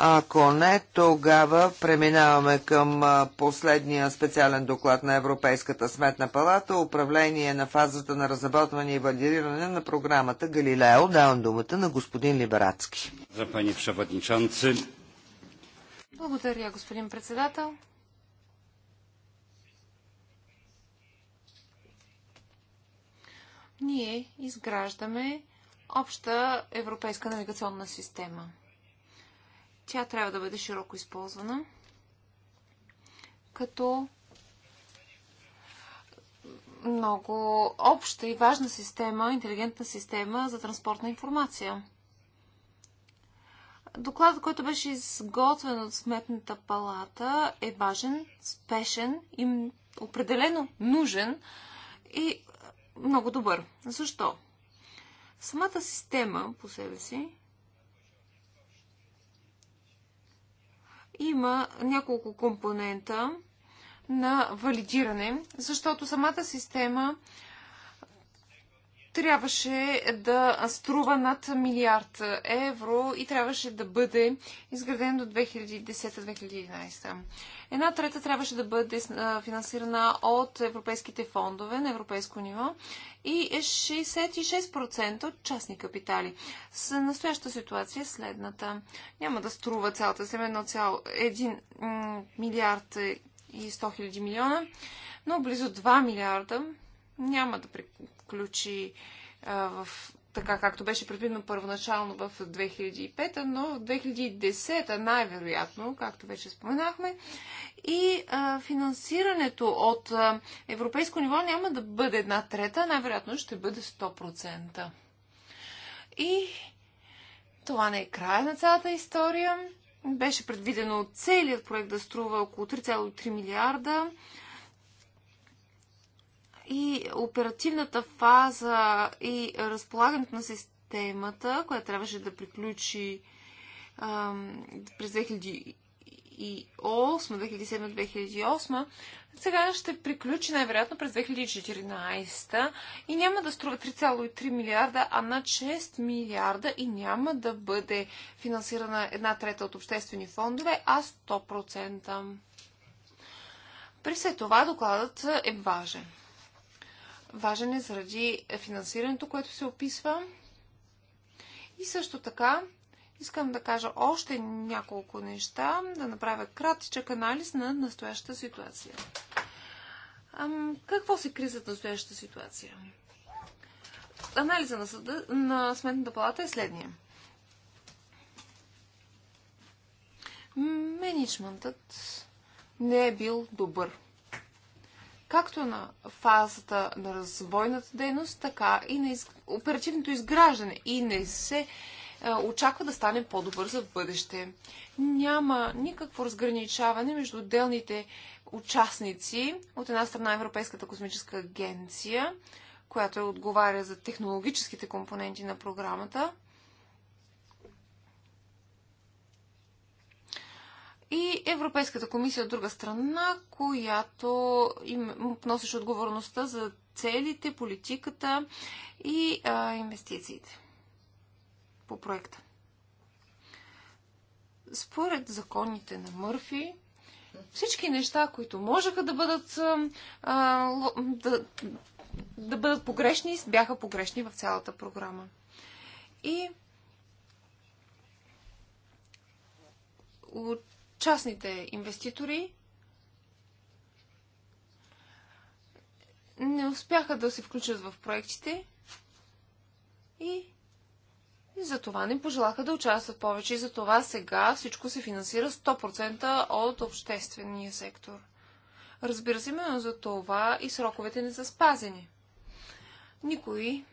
Ако не, тогава преминаваме към последния специален доклад на Европейската сметна палата, управление на фазата на разработване и валидиране на програмата Галилео. Давам думата на господин Либерацки. За пани Благодаря, господин председател. Ние изграждаме обща европейска навигационна система – тя трябва да бъде широко използвана, като много обща и важна система, интелигентна система за транспортна информация. Докладът, който беше изготвен от Сметната палата, е важен, спешен и определено нужен и много добър. Защо? Самата система по себе си Има няколко компонента на валидиране, защото самата система трябваше да струва над милиард евро и трябваше да бъде изграден до 2010-2011. Една трета трябваше да бъде финансирана от европейските фондове на европейско ниво и 66% от частни капитали. С настояща ситуация е следната. Няма да струва цялата земя 1,1 милиард и 100 хиляди милиона, но близо 2 милиарда няма да включи а, в така както беше предвидено първоначално в 2005, но в 2010 най-вероятно, както вече споменахме. И а, финансирането от а, европейско ниво няма да бъде една трета, най-вероятно ще бъде 100%. И това не е края на цялата история. Беше предвидено целият проект да струва около 3,3 милиарда и оперативната фаза и разполагането на системата, която трябваше да приключи ам, през 2007-2008, сега ще приключи най-вероятно през 2014 и няма да струва 3,3 милиарда, а на 6 милиарда и няма да бъде финансирана една трета от обществени фондове, а 100%. При все това докладът е важен. Важен е заради финансирането, което се описва. И също така, искам да кажа още няколко неща, да направя кратичък анализ на настоящата ситуация. Ам, какво се кризат зад настоящата ситуация? Анализа на, съда, на Сметната палата е следния. Менеджментът не е бил добър както на фазата на развойната дейност, така и на из... оперативното изграждане. И не се а, е, очаква да стане по-добър за бъдеще. Няма никакво разграничаване между отделните участници. От една страна Европейската космическа агенция, която е отговаря за технологическите компоненти на програмата, и Европейската комисия от друга страна, която им носиш отговорността за целите, политиката и а, инвестициите по проекта. Според законите на Мърфи, всички неща, които можеха да бъдат, а, да, да бъдат погрешни, бяха погрешни в цялата програма. И от частните инвеститори не успяха да се включат в проектите и, за това не пожелаха да участват повече. И за това сега всичко се финансира 100% от обществения сектор. Разбира се, именно за това и сроковете не са спазени. Никой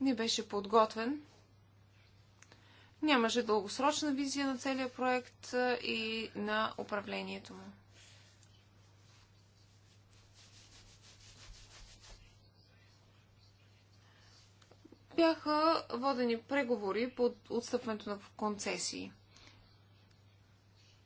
не беше подготвен нямаше дългосрочна визия на целия проект и на управлението му. Бяха водени преговори под отстъпването на концесии.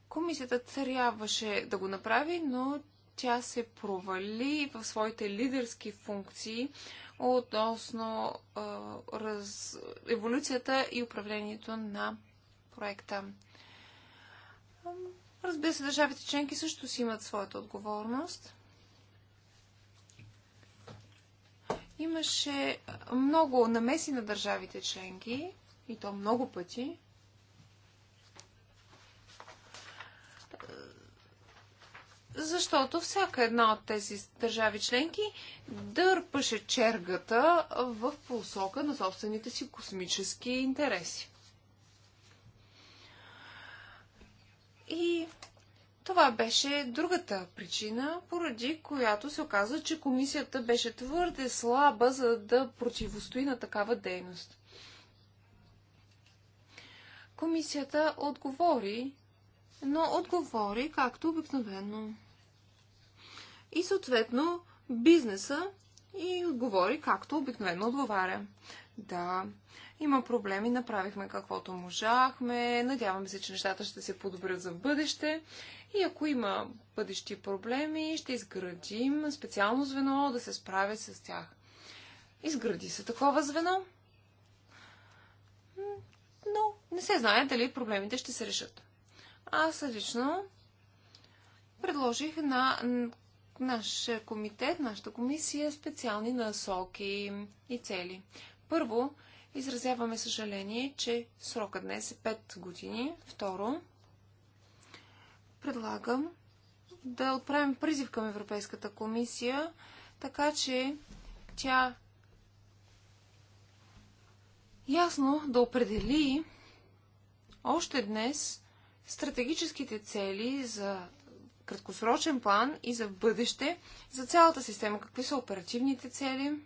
Комисията трябваше да го направи, но тя се провали в своите лидерски функции относно а, раз, еволюцията и управлението на проекта. Разбира се, държавите членки също си имат своята отговорност. Имаше много намеси на държавите членки, и то много пъти, защото всяка една от тези държави членки дърпаше чергата в посока на собствените си космически интереси. И това беше другата причина, поради която се оказа, че комисията беше твърде слаба, за да противостои на такава дейност. Комисията отговори, но отговори както обикновено и съответно бизнеса и отговори както обикновено отговаря. Да, има проблеми, направихме каквото можахме, надяваме се, че нещата ще се подобрят за бъдеще и ако има бъдещи проблеми, ще изградим специално звено да се справя с тях. Изгради се такова звено, но не се знае дали проблемите ще се решат. Аз лично предложих на нашия комитет, нашата комисия специални насоки и цели. Първо, изразяваме съжаление, че срока днес е 5 години. Второ, предлагам да отправим призив към Европейската комисия, така че тя ясно да определи още днес стратегическите цели за краткосрочен план и за бъдеще, за цялата система, какви са оперативните цели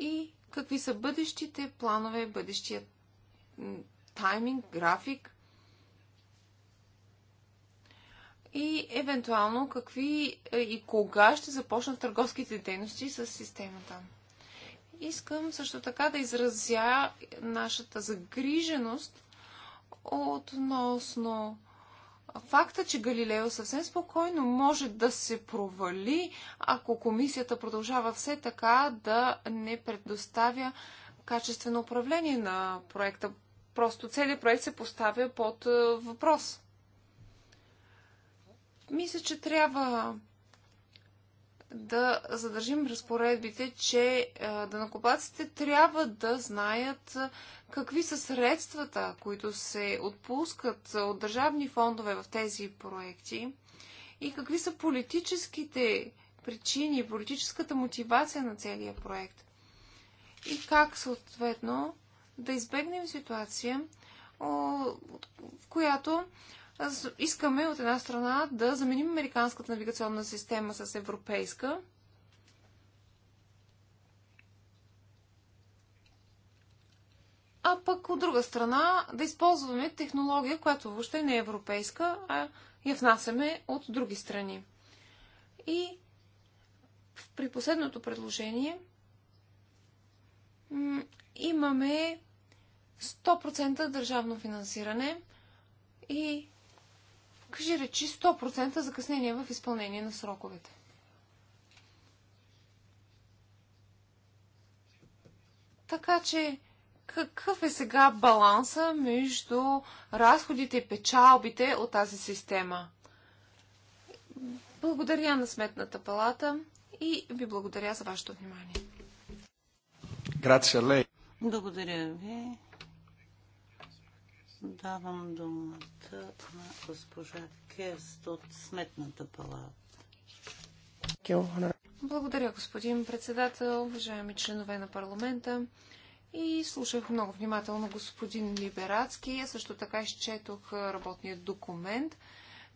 и какви са бъдещите планове, бъдещия тайминг, график и евентуално какви е, и кога ще започнат търговските дейности с системата. Искам също така да изразя нашата загриженост относно факта, че Галилео съвсем спокойно може да се провали, ако комисията продължава все така да не предоставя качествено управление на проекта. Просто целият проект се поставя под е, въпрос. Мисля, че трябва да задържим разпоредбите, че е, данакопаците трябва да знаят Какви са средствата, които се отпускат от държавни фондове в тези проекти? И какви са политическите причини, политическата мотивация на целия проект? И как съответно да избегнем ситуация, в която искаме от една страна да заменим американската навигационна система с европейска, а пък от друга страна да използваме технология, която въобще не е европейска, а я внасяме от други страни. И при последното предложение имаме 100% държавно финансиране и, кажи речи, 100% закъснение в изпълнение на сроковете. Така че какъв е сега баланса между разходите и печалбите от тази система? Благодаря на Сметната палата и ви благодаря за вашето внимание. Благодаря ви. Давам думата на госпожа Керст от Сметната палата. Благодаря, господин председател, уважаеми членове на парламента и слушах много внимателно господин Либерацки. Я също така изчетох работният документ.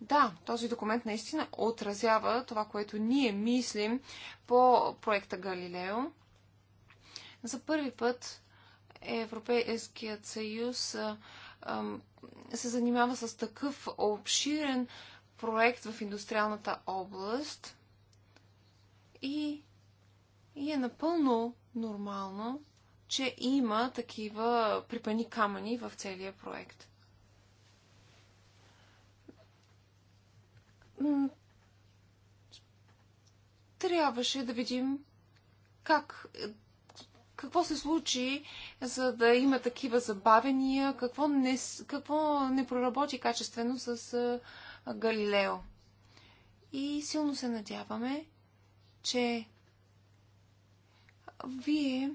Да, този документ наистина отразява това, което ние мислим по проекта Галилео. За първи път Европейският съюз се занимава с такъв обширен проект в индустриалната област и, и е напълно нормално че има такива припани камъни в целия проект. Трябваше да видим как, е, какво се случи, за да има такива забавения, какво не, какво не проработи качествено с е, Галилео. И силно се надяваме, че вие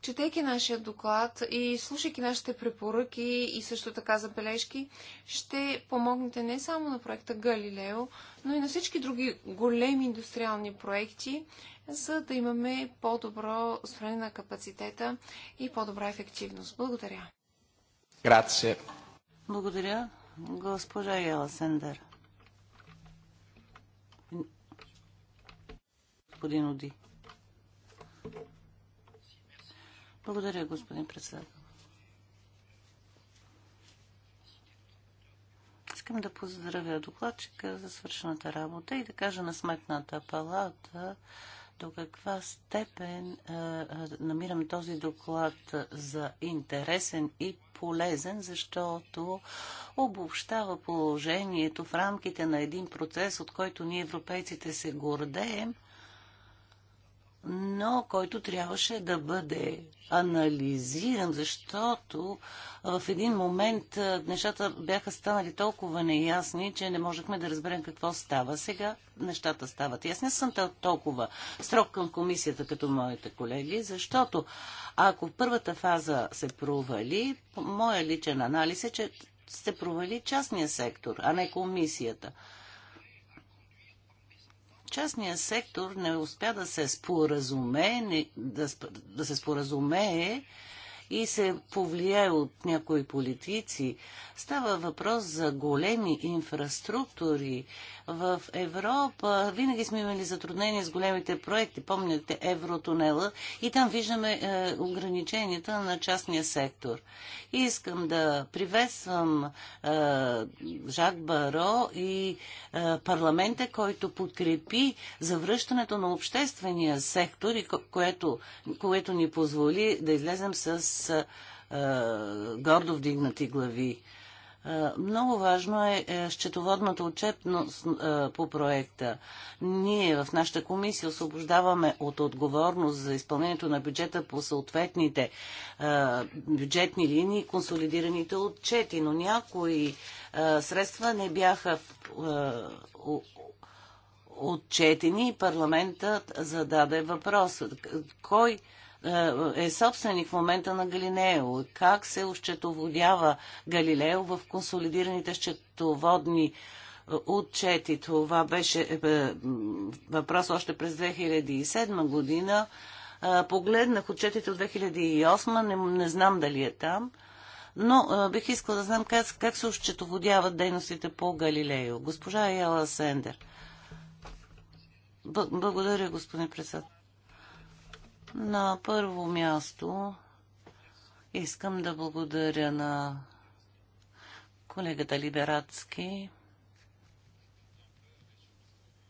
четейки нашия доклад и слушайки нашите препоръки и също така забележки, ще помогнете не само на проекта Галилео, но и на всички други големи индустриални проекти, за да имаме по-добро строение на капацитета и по-добра ефективност. Благодаря. Грация. Благодаря, госпожа Сендер. Господин Оди. Благодаря, господин председател. Искам да поздравя докладчика за свършената работа и да кажа на сметната палата до каква степен е, намирам този доклад за интересен и полезен, защото обобщава положението в рамките на един процес, от който ние европейците се гордеем – но който трябваше да бъде анализиран, защото в един момент нещата бяха станали толкова неясни, че не можехме да разберем какво става. Сега нещата стават. ясни. аз не съм толкова строг към комисията, като моите колеги, защото ако първата фаза се провали, моя личен анализ е, че се провали частния сектор, а не комисията частният сектор не успя да се споразумее, да, да се споразумее и се повлияе от някои политици. Става въпрос за големи инфраструктури. В Европа винаги сме имали затруднения с големите проекти. Помняте Евротунела и там виждаме е, ограниченията на частния сектор. И искам да приветствам е, Жак Баро и е, парламента, който подкрепи завръщането на обществения сектор, и което, което ни позволи да излезем с а, е, гордо вдигнати глави. Е, много важно е, е счетоводната отчетност по проекта. Ние в нашата комисия освобождаваме от отговорност за изпълнението на бюджета по съответните бюджетни линии консолидираните отчети, но някои средства не бяха отчетени и парламентът зададе въпрос. Кой е, е собственик в момента на Галилео. Как се ощетоводява Галилео в консолидираните счетоводни е, отчети? Това беше е, въпрос още през 2007 година. Погледнах отчетите от 2008, не, не знам дали е там, но бих искала да знам как, как се ощетоводяват дейностите по Галилео. Госпожа Ела Сендер. Благодаря, господин председател. На първо място искам да благодаря на колегата Либерацки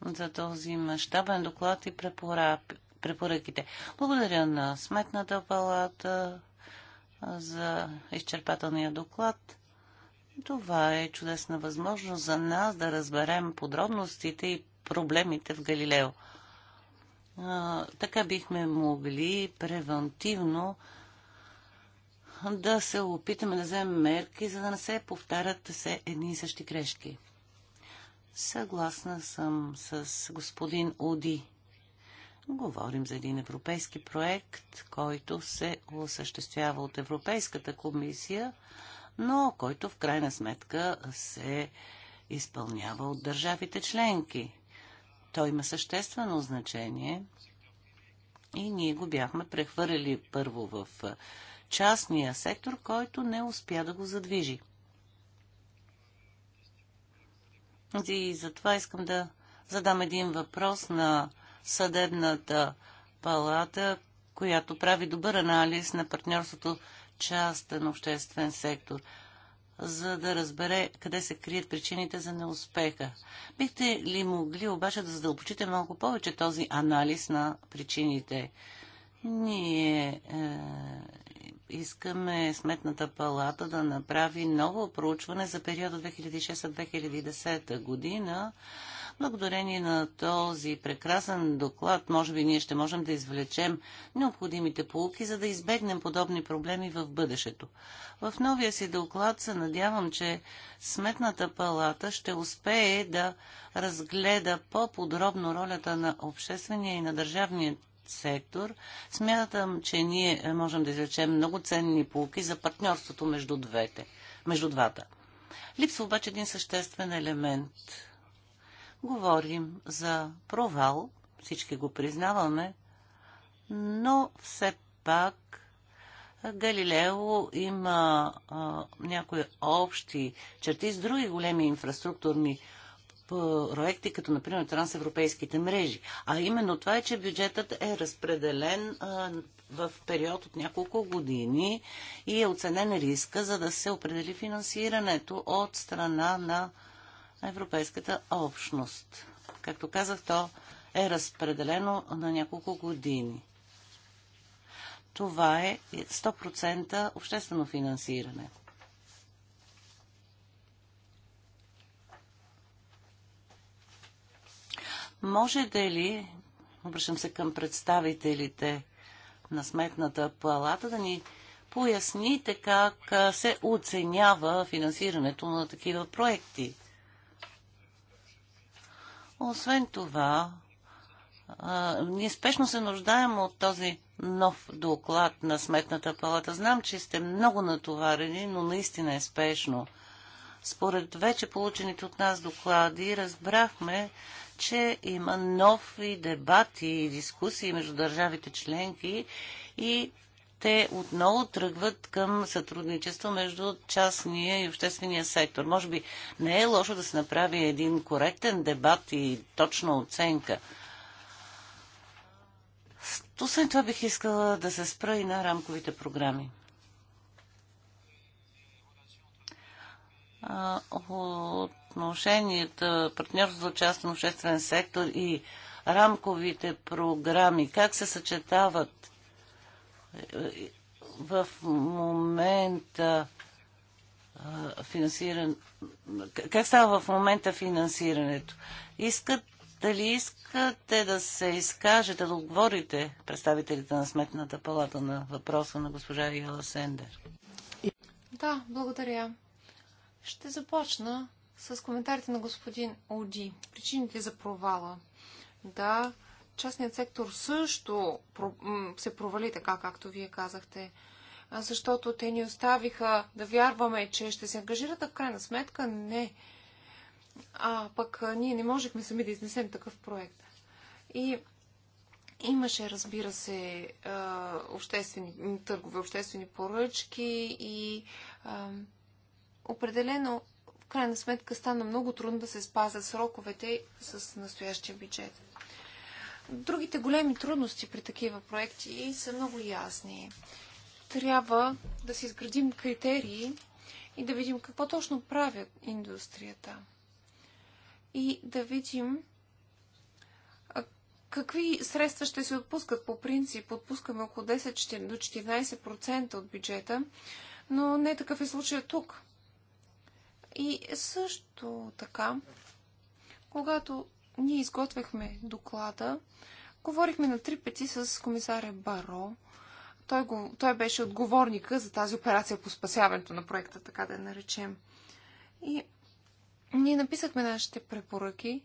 за този мащабен доклад и препоръките. Благодаря на Сметната палата за изчерпателния доклад. Това е чудесна възможност за нас да разберем подробностите и проблемите в Галилео така бихме могли превентивно да се опитаме да вземем мерки, за да не се повтарят се едни и същи грешки. Съгласна съм с господин Уди. Говорим за един европейски проект, който се осъществява от Европейската комисия, но който в крайна сметка се изпълнява от държавите членки. Той има съществено значение и ние го бяхме прехвърлили първо в частния сектор, който не успя да го задвижи. И затова искам да задам един въпрос на съдебната палата, която прави добър анализ на партньорството частен обществен сектор за да разбере къде се крият причините за неуспеха. Бихте ли могли обаче да задълбочите малко повече този анализ на причините? Ние е, искаме Сметната палата да направи ново проучване за периода 2006-2010 година Благодарение на този прекрасен доклад, може би ние ще можем да извлечем необходимите полуки, за да избегнем подобни проблеми в бъдещето. В новия си доклад се надявам, че Сметната палата ще успее да разгледа по-подробно ролята на обществения и на държавния сектор. Смятам, че ние можем да извлечем много ценни полуки за партньорството между, двете, между двата. Липсва обаче един съществен елемент – Говорим за провал, всички го признаваме, но все пак Галилео има а, някои общи черти с други големи инфраструктурни проекти, като например трансевропейските мрежи. А именно това е, че бюджетът е разпределен а, в период от няколко години и е оценен риска, за да се определи финансирането от страна на Европейската общност. Както казах, то е разпределено на няколко години. Това е 100% обществено финансиране. Може да ли, обръщам се към представителите на Сметната палата, да ни поясните как се оценява финансирането на такива проекти? Освен това, а, ние спешно се нуждаем от този нов доклад на Сметната палата. Знам, че сте много натоварени, но наистина е спешно. Според вече получените от нас доклади, разбрахме, че има нови дебати и дискусии между държавите членки и те отново тръгват към сътрудничество между частния и обществения сектор. Може би не е лошо да се направи един коректен дебат и точна оценка. Освен това бих искала да се спра и на рамковите програми. Отношенията, партньорството на обществен сектор и рамковите програми, как се съчетават в момента финансиран... Как става в момента финансирането? Искат, дали искате да се изкажете, да отговорите представителите на Сметната палата на въпроса на госпожа Иола Сендер? Да, благодаря. Ще започна с коментарите на господин Оди. Причините за провала. Да, частният сектор също се провали така, както вие казахте, защото те ни оставиха да вярваме, че ще се ангажират, а в крайна сметка не. А пък ние не можехме сами да изнесем такъв проект. И Имаше, разбира се, обществени търгове, обществени поръчки и определено, в крайна сметка, стана много трудно да се спазят сроковете с настоящия бюджет. Другите големи трудности при такива проекти са много ясни. Трябва да си изградим критерии и да видим какво точно правят индустрията. И да видим какви средства ще се отпускат. По принцип отпускаме около 10 до 14% от бюджета, но не такъв е случая тук. И също така, когато ние изготвяхме доклада, говорихме на три пъти с комисаря Баро. Той, го, той беше отговорника за тази операция по спасяването на проекта, така да я наречем. И ние написахме нашите препоръки.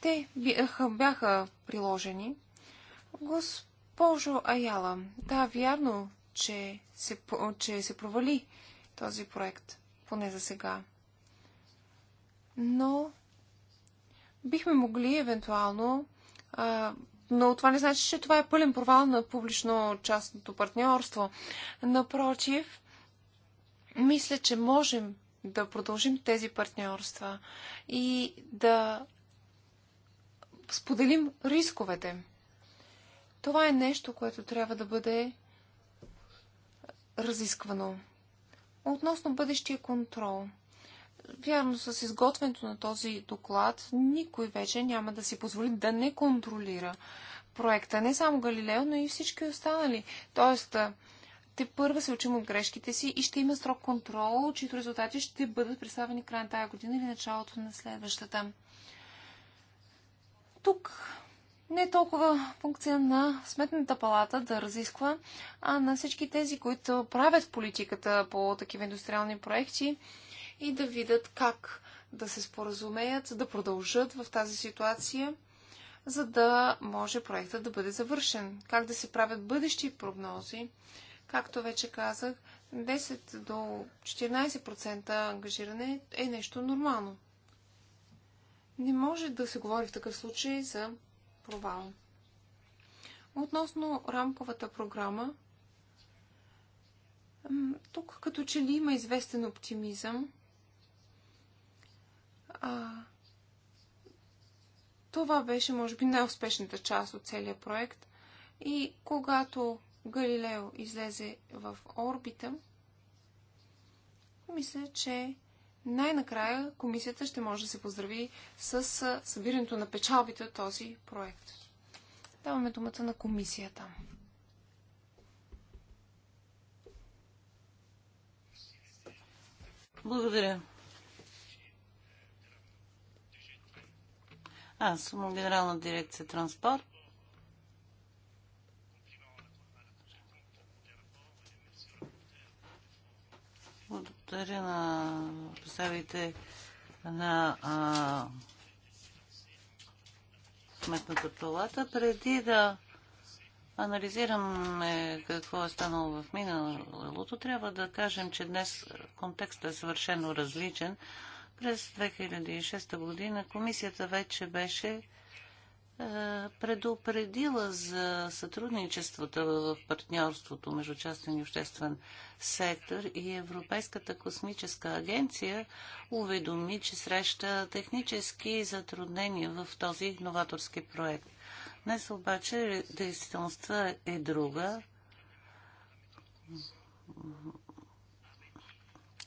Те бяха, бяха приложени. Госпожо Аяла, да, вярно, че се, че се провали този проект, поне за сега но бихме могли евентуално, а, но това не значи, че това е пълен провал на публично-частното партньорство. Напротив, мисля, че можем да продължим тези партньорства и да споделим рисковете. Това е нещо, което трябва да бъде разисквано. Относно бъдещия контрол – вярно, с изготвянето на този доклад никой вече няма да си позволи да не контролира проекта. Не само Галилео, но и всички останали. Тоест, те първа се учим от грешките си и ще има строг контрол, чието резултати ще бъдат представени края на тази година или началото на следващата. Тук не е толкова функция на Сметната палата да разисква, а на всички тези, които правят политиката по такива индустриални проекти, и да видят как да се споразумеят, да продължат в тази ситуация, за да може проектът да бъде завършен. Как да се правят бъдещи прогнози. Както вече казах, 10 до 14% ангажиране е нещо нормално. Не може да се говори в такъв случай за провал. Относно рамковата програма, тук като че ли има известен оптимизъм, а, това беше, може би, най-успешната част от целия проект. И когато Галилео излезе в орбита, мисля, че най-накрая комисията ще може да се поздрави с събирането на печалбите от този проект. Даваме думата на комисията. Благодаря. Аз съм Генерална дирекция транспорт. Благодаря на представите на Сметната палата. Преди да анализираме какво е станало в миналото, трябва да кажем, че днес контекстът е съвършено различен. През 2006 година комисията вече беше е, предупредила за сътрудничеството в партньорството между частен и обществен сектор и Европейската космическа агенция уведоми, че среща технически затруднения в този новаторски проект. Днес обаче действителността е друга.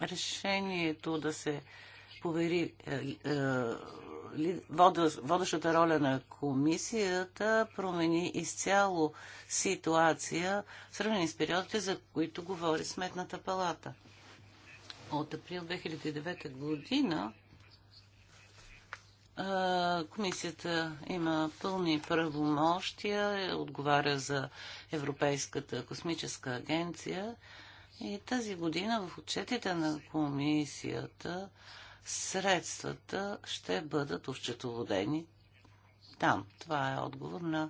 Решението да се повери е, е, водещата роля на комисията промени изцяло ситуация в сравнение с периодите, за които говори Сметната палата. От април 2009 година е, комисията има пълни правомощия, отговаря за Европейската космическа агенция и тази година в отчетите на комисията средствата ще бъдат овчетоводени там. Това е отговор на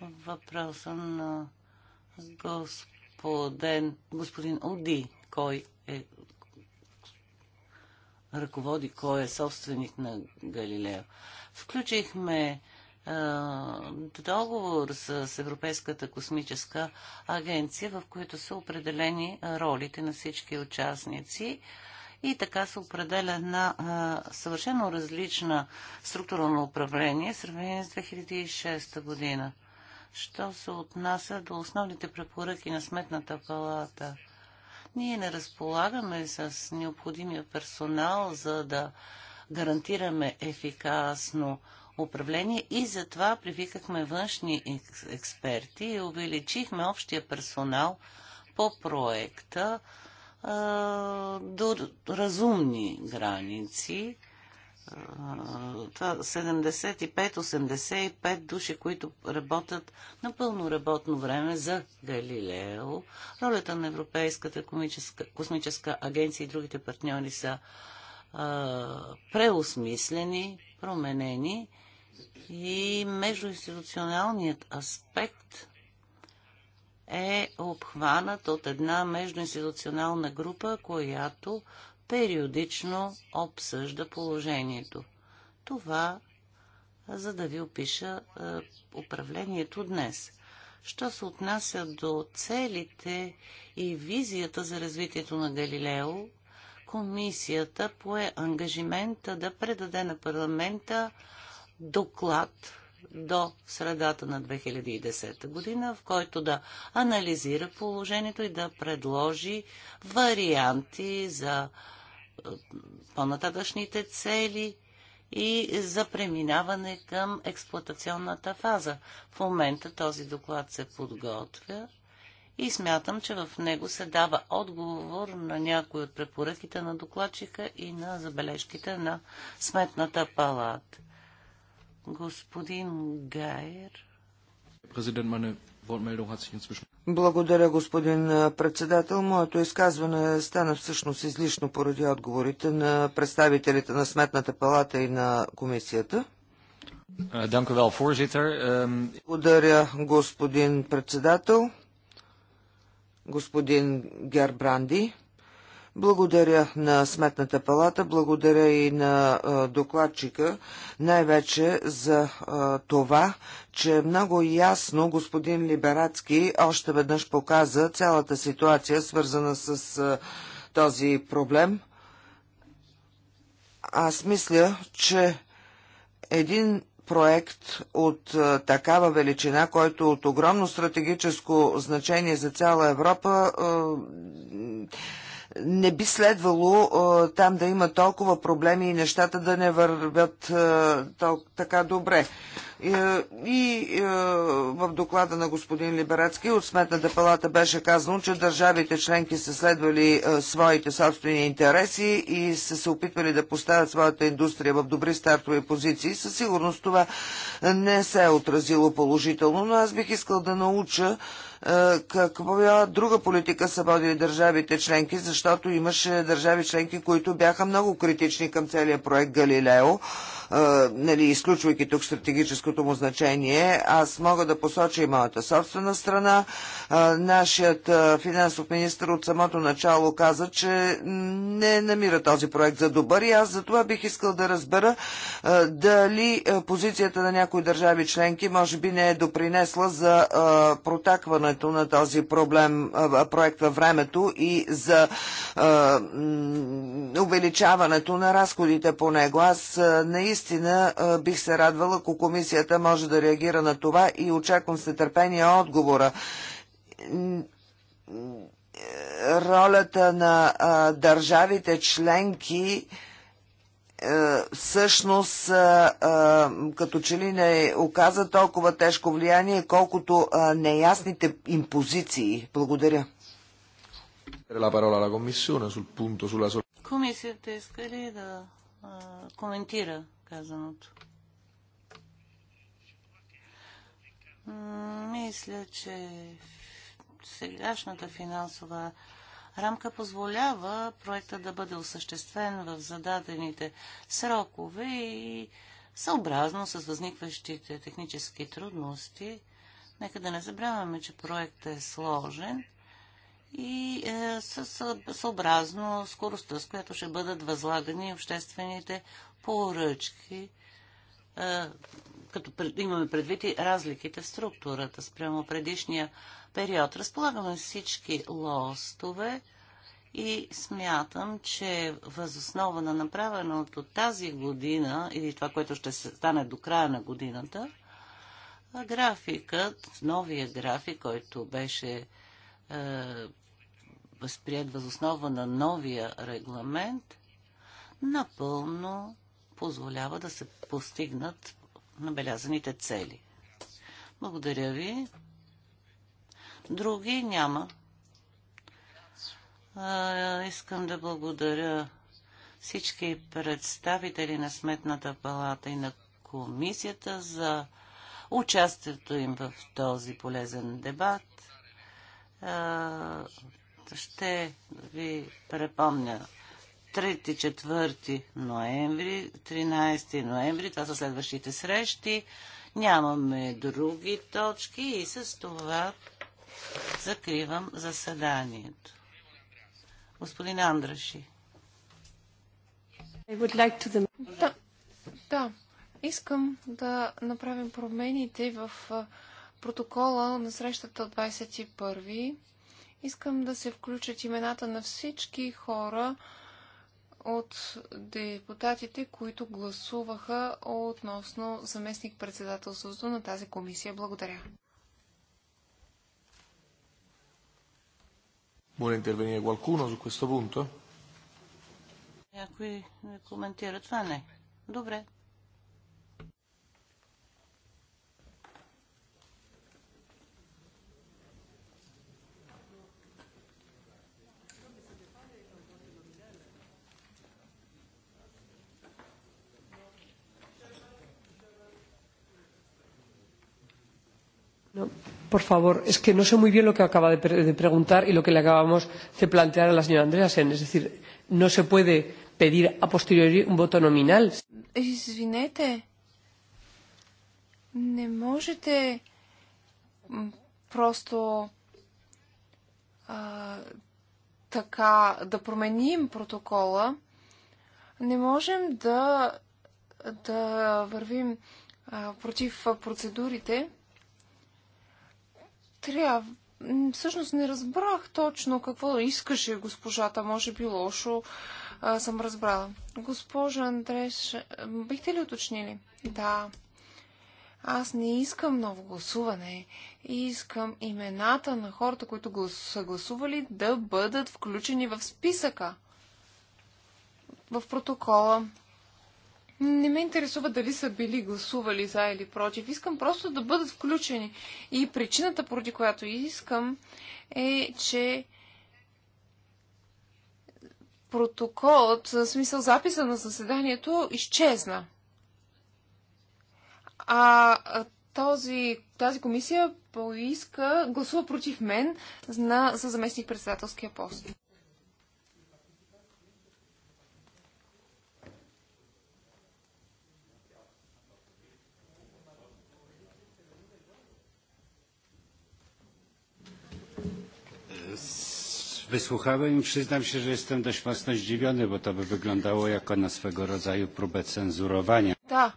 въпроса на господин, господин Оди, кой е ръководи, кой е собственик на Галилео. Включихме договор с Европейската космическа агенция, в които са определени ролите на всички участници и така се определя една а, съвършено различна структура на управление в сравнение с 2006 година. Що се отнася до основните препоръки на Сметната палата? Ние не разполагаме с необходимия персонал, за да гарантираме ефикасно управление и затова привикахме външни експерти и увеличихме общия персонал по проекта а, до разумни граници. 75-85 души, които работят на пълно работно време за Галилео. Ролята на Европейската космическа агенция и другите партньори са а, преосмислени, променени и междуинституционалният аспект е обхванат от една междуинституционална група, която периодично обсъжда положението. Това, за да ви опиша е, управлението днес. Що се отнася до целите и визията за развитието на Галилео, комисията пое ангажимента да предаде на парламента доклад до средата на 2010 година, в който да анализира положението и да предложи варианти за е, по-нататъчните цели и за преминаване към експлуатационната фаза. В момента този доклад се подготвя и смятам, че в него се дава отговор на някои от препоръките на докладчика и на забележките на Сметната палата. Господин Гайер. Президент, мане благодаря, господин председател. Моето изказване стана всъщност излишно поради отговорите на представителите на Сметната палата и на комисията. Благодаря, господин председател. Господин Гербранди. Благодаря на Сметната палата, благодаря и на докладчика, най-вече за това, че много ясно господин Либерацки още веднъж показа цялата ситуация, свързана с този проблем. Аз мисля, че един проект от такава величина, който е от огромно стратегическо значение за цяла Европа, не би следвало там да има толкова проблеми и нещата да не вървят така добре. И в доклада на господин Либерацки от Сметната палата беше казано, че държавите членки са следвали своите собствени интереси и са се опитвали да поставят своята индустрия в добри стартови позиции. Със сигурност това не се е отразило положително, но аз бих искал да науча е, каква друга политика са водили държавите членки, защото имаше държави членки, които бяха много критични към целия проект Галилео, е, нали, изключвайки тук стратегическото му значение. Аз мога да посоча и моята собствена страна. Е, нашият финансов министр от самото начало каза, че не намира този проект за добър и аз за това бих искал да разбера дали позицията на някои държави членки може би не е допринесла за протакване решаването на този проблем, проект във времето и за увеличаването на разходите по него. Аз наистина бих се радвала, ако комисията може да реагира на това и очаквам с нетърпение отговора ролята на а, държавите членки е, всъщност е, е, като че ли не оказа толкова тежко влияние, колкото неясните им позиции. Благодаря. Комисията иска ли да коментира казаното? Мисля, че сегашната финансова рамка позволява проекта да бъде осъществен в зададените срокове и съобразно с възникващите технически трудности. Нека да не забравяме, че проектът е сложен и е, съобразно скоростта, с която ще бъдат възлагани обществените поръчки, е, като имаме предвид и разликите в структурата спрямо предишния период. Разполагаме всички лостове и смятам, че възоснова на направеното тази година или това, което ще се стане до края на годината, графикът, новия график, който беше е, възприят възоснова на новия регламент, напълно позволява да се постигнат набелязаните цели. Благодаря ви. Други няма. искам да благодаря всички представители на Сметната палата и на комисията за участието им в този полезен дебат. ще ви препомня 3-4 ноември, 13 ноември, това са следващите срещи. Нямаме други точки и с това Закривам заседанието. Господин Андраши. Like to... Да, да, искам да направим промените в протокола на срещата 21 21. Искам да се включат имената на всички хора от депутатите, които гласуваха относно заместник председателството на тази комисия. Благодаря. Vuole intervenire qualcuno su questo punto? qui commentare това? Не. Dobre. Por favor, es que no sé muy bien lo que acaba de, preguntar y lo que le acabamos de plantear a la señora Andreasen. Es decir, no se puede pedir a posteriori un voto nominal. Извинете, не можете просто а, така да променим протокола. Не можем да, да вървим а, против процедурите трябва. Всъщност не разбрах точно какво искаше госпожата. Може би лошо а, съм разбрала. Госпожа Андреш, бихте ли уточнили? Да. Аз не искам ново гласуване. Искам имената на хората, които са гласували, да бъдат включени в списъка. В протокола. Не ме интересува дали са били гласували за или против. Искам просто да бъдат включени. И причината, поради която искам, е, че протоколът, в смисъл записа на заседанието, изчезна. А този, тази комисия поиска, гласува против мен на, за заместник председателския пост. wysłuchałem i przyznam się, że jestem dość mocno zdziwiony, bo to by wyglądało jako na swego rodzaju próbę cenzurowania. Да.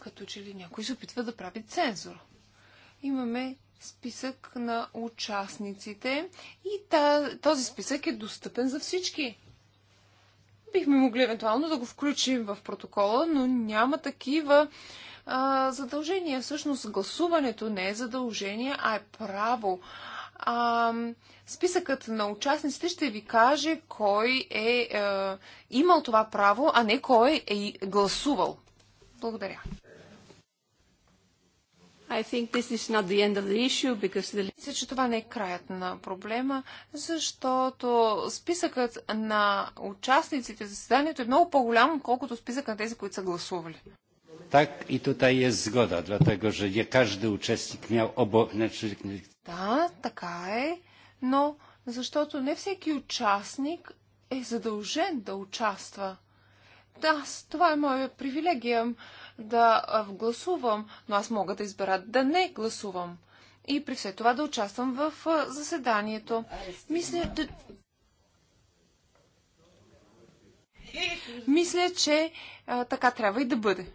Като че ли някой се опитва да прави цензур. Имаме списък на участниците и този списък е достъпен за всички. Бихме могли евентуално да го включим в протокола, но няма такива а, задължения. Всъщност гласуването не е задължение, а е право а, списъкът на участниците ще ви каже кой е, е имал това право, а не кой е гласувал. Благодаря. Мисля, че това не е краят на проблема, защото списъкът на участниците в заседанието е много по-голям, колкото списък на тези, които са гласували. Tak, i tutaj jest zgoda, dlatego że nie każdy участник miał Znaczy... Да, така е, но защото не всеки участник е задължен да участва. Да, това е моя привилегия да гласувам, но аз мога да избера да не гласувам. И при все това да участвам в заседанието. Мисля, да... Мисля, че а, така трябва и да бъде.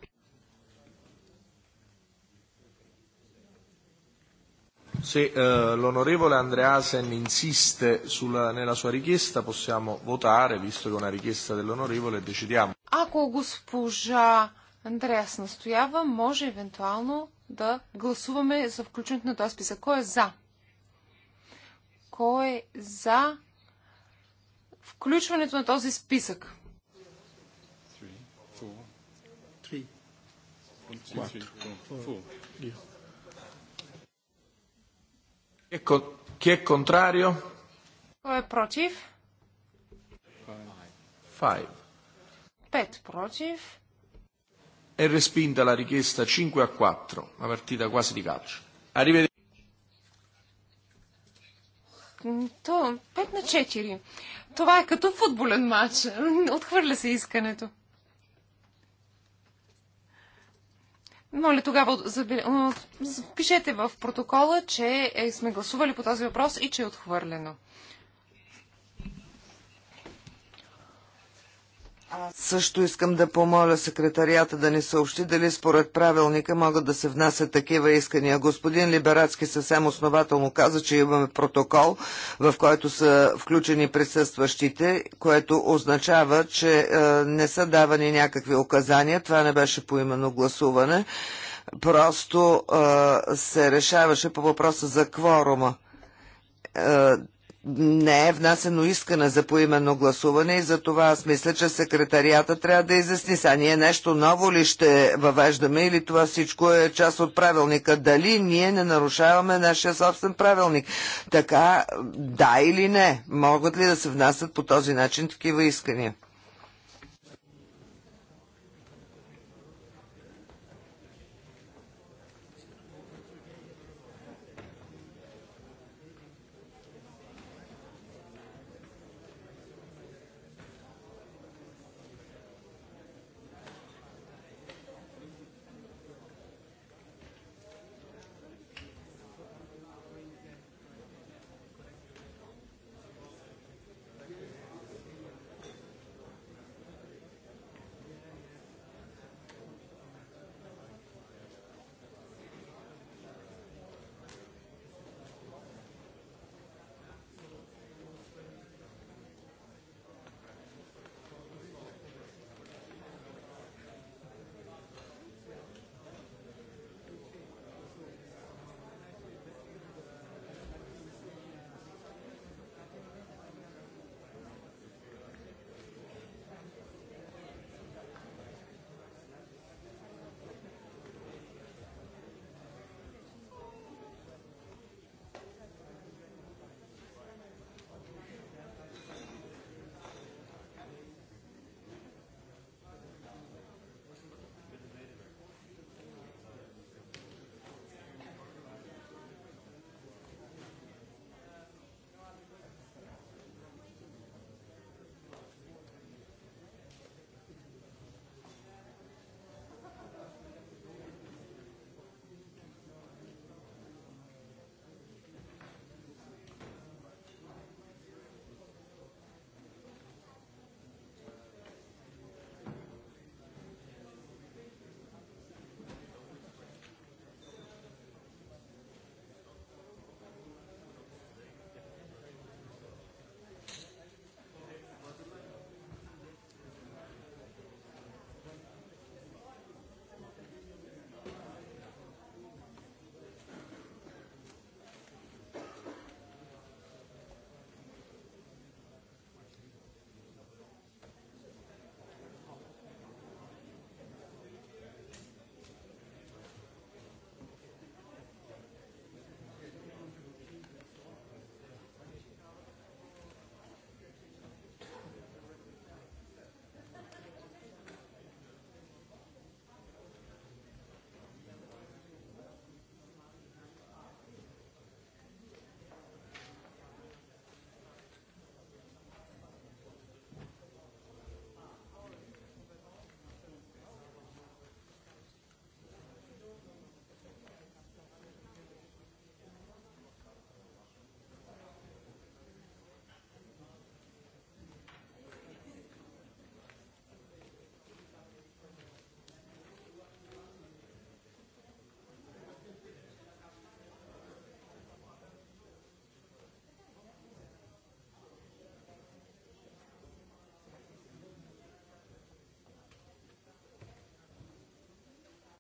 Se eh, l'onorevole Andreasen insiste sulla, nella sua richiesta possiamo votare, visto che è una richiesta dell'onorevole, decidiamo. Ако госпожа Андреас настоява, може евентуално да гласуваме за включването на този списък. Кой е за? Кой е за включването на този списък? Three, four, three, four, four, four, four. Chi è contrario? Кой е против? Five. Пет против. È respinta la richiesta 5 a 4, una partita quasi di calcio. Arrivederci. То, 5 на 4. Това е като футболен матч. Отхвърля се искането. Моля тогава, заби... пишете в протокола, че е- сме гласували по този въпрос и че е отхвърлено. Аз също искам да помоля секретарията да ни съобщи дали според правилника могат да се внасят такива искания. Господин Либерацки съвсем основателно каза, че имаме протокол, в който са включени присъстващите, което означава, че е, не са давани някакви указания. Това не беше именно гласуване. Просто е, се решаваше по въпроса за кворума е, не е внасено искане за поименно гласуване и за това аз мисля, че секретарията трябва да изясни. Сега ние нещо ново ли ще въвеждаме или това всичко е част от правилника? Дали ние не нарушаваме нашия собствен правилник? Така, да или не? Могат ли да се внасят по този начин такива искания?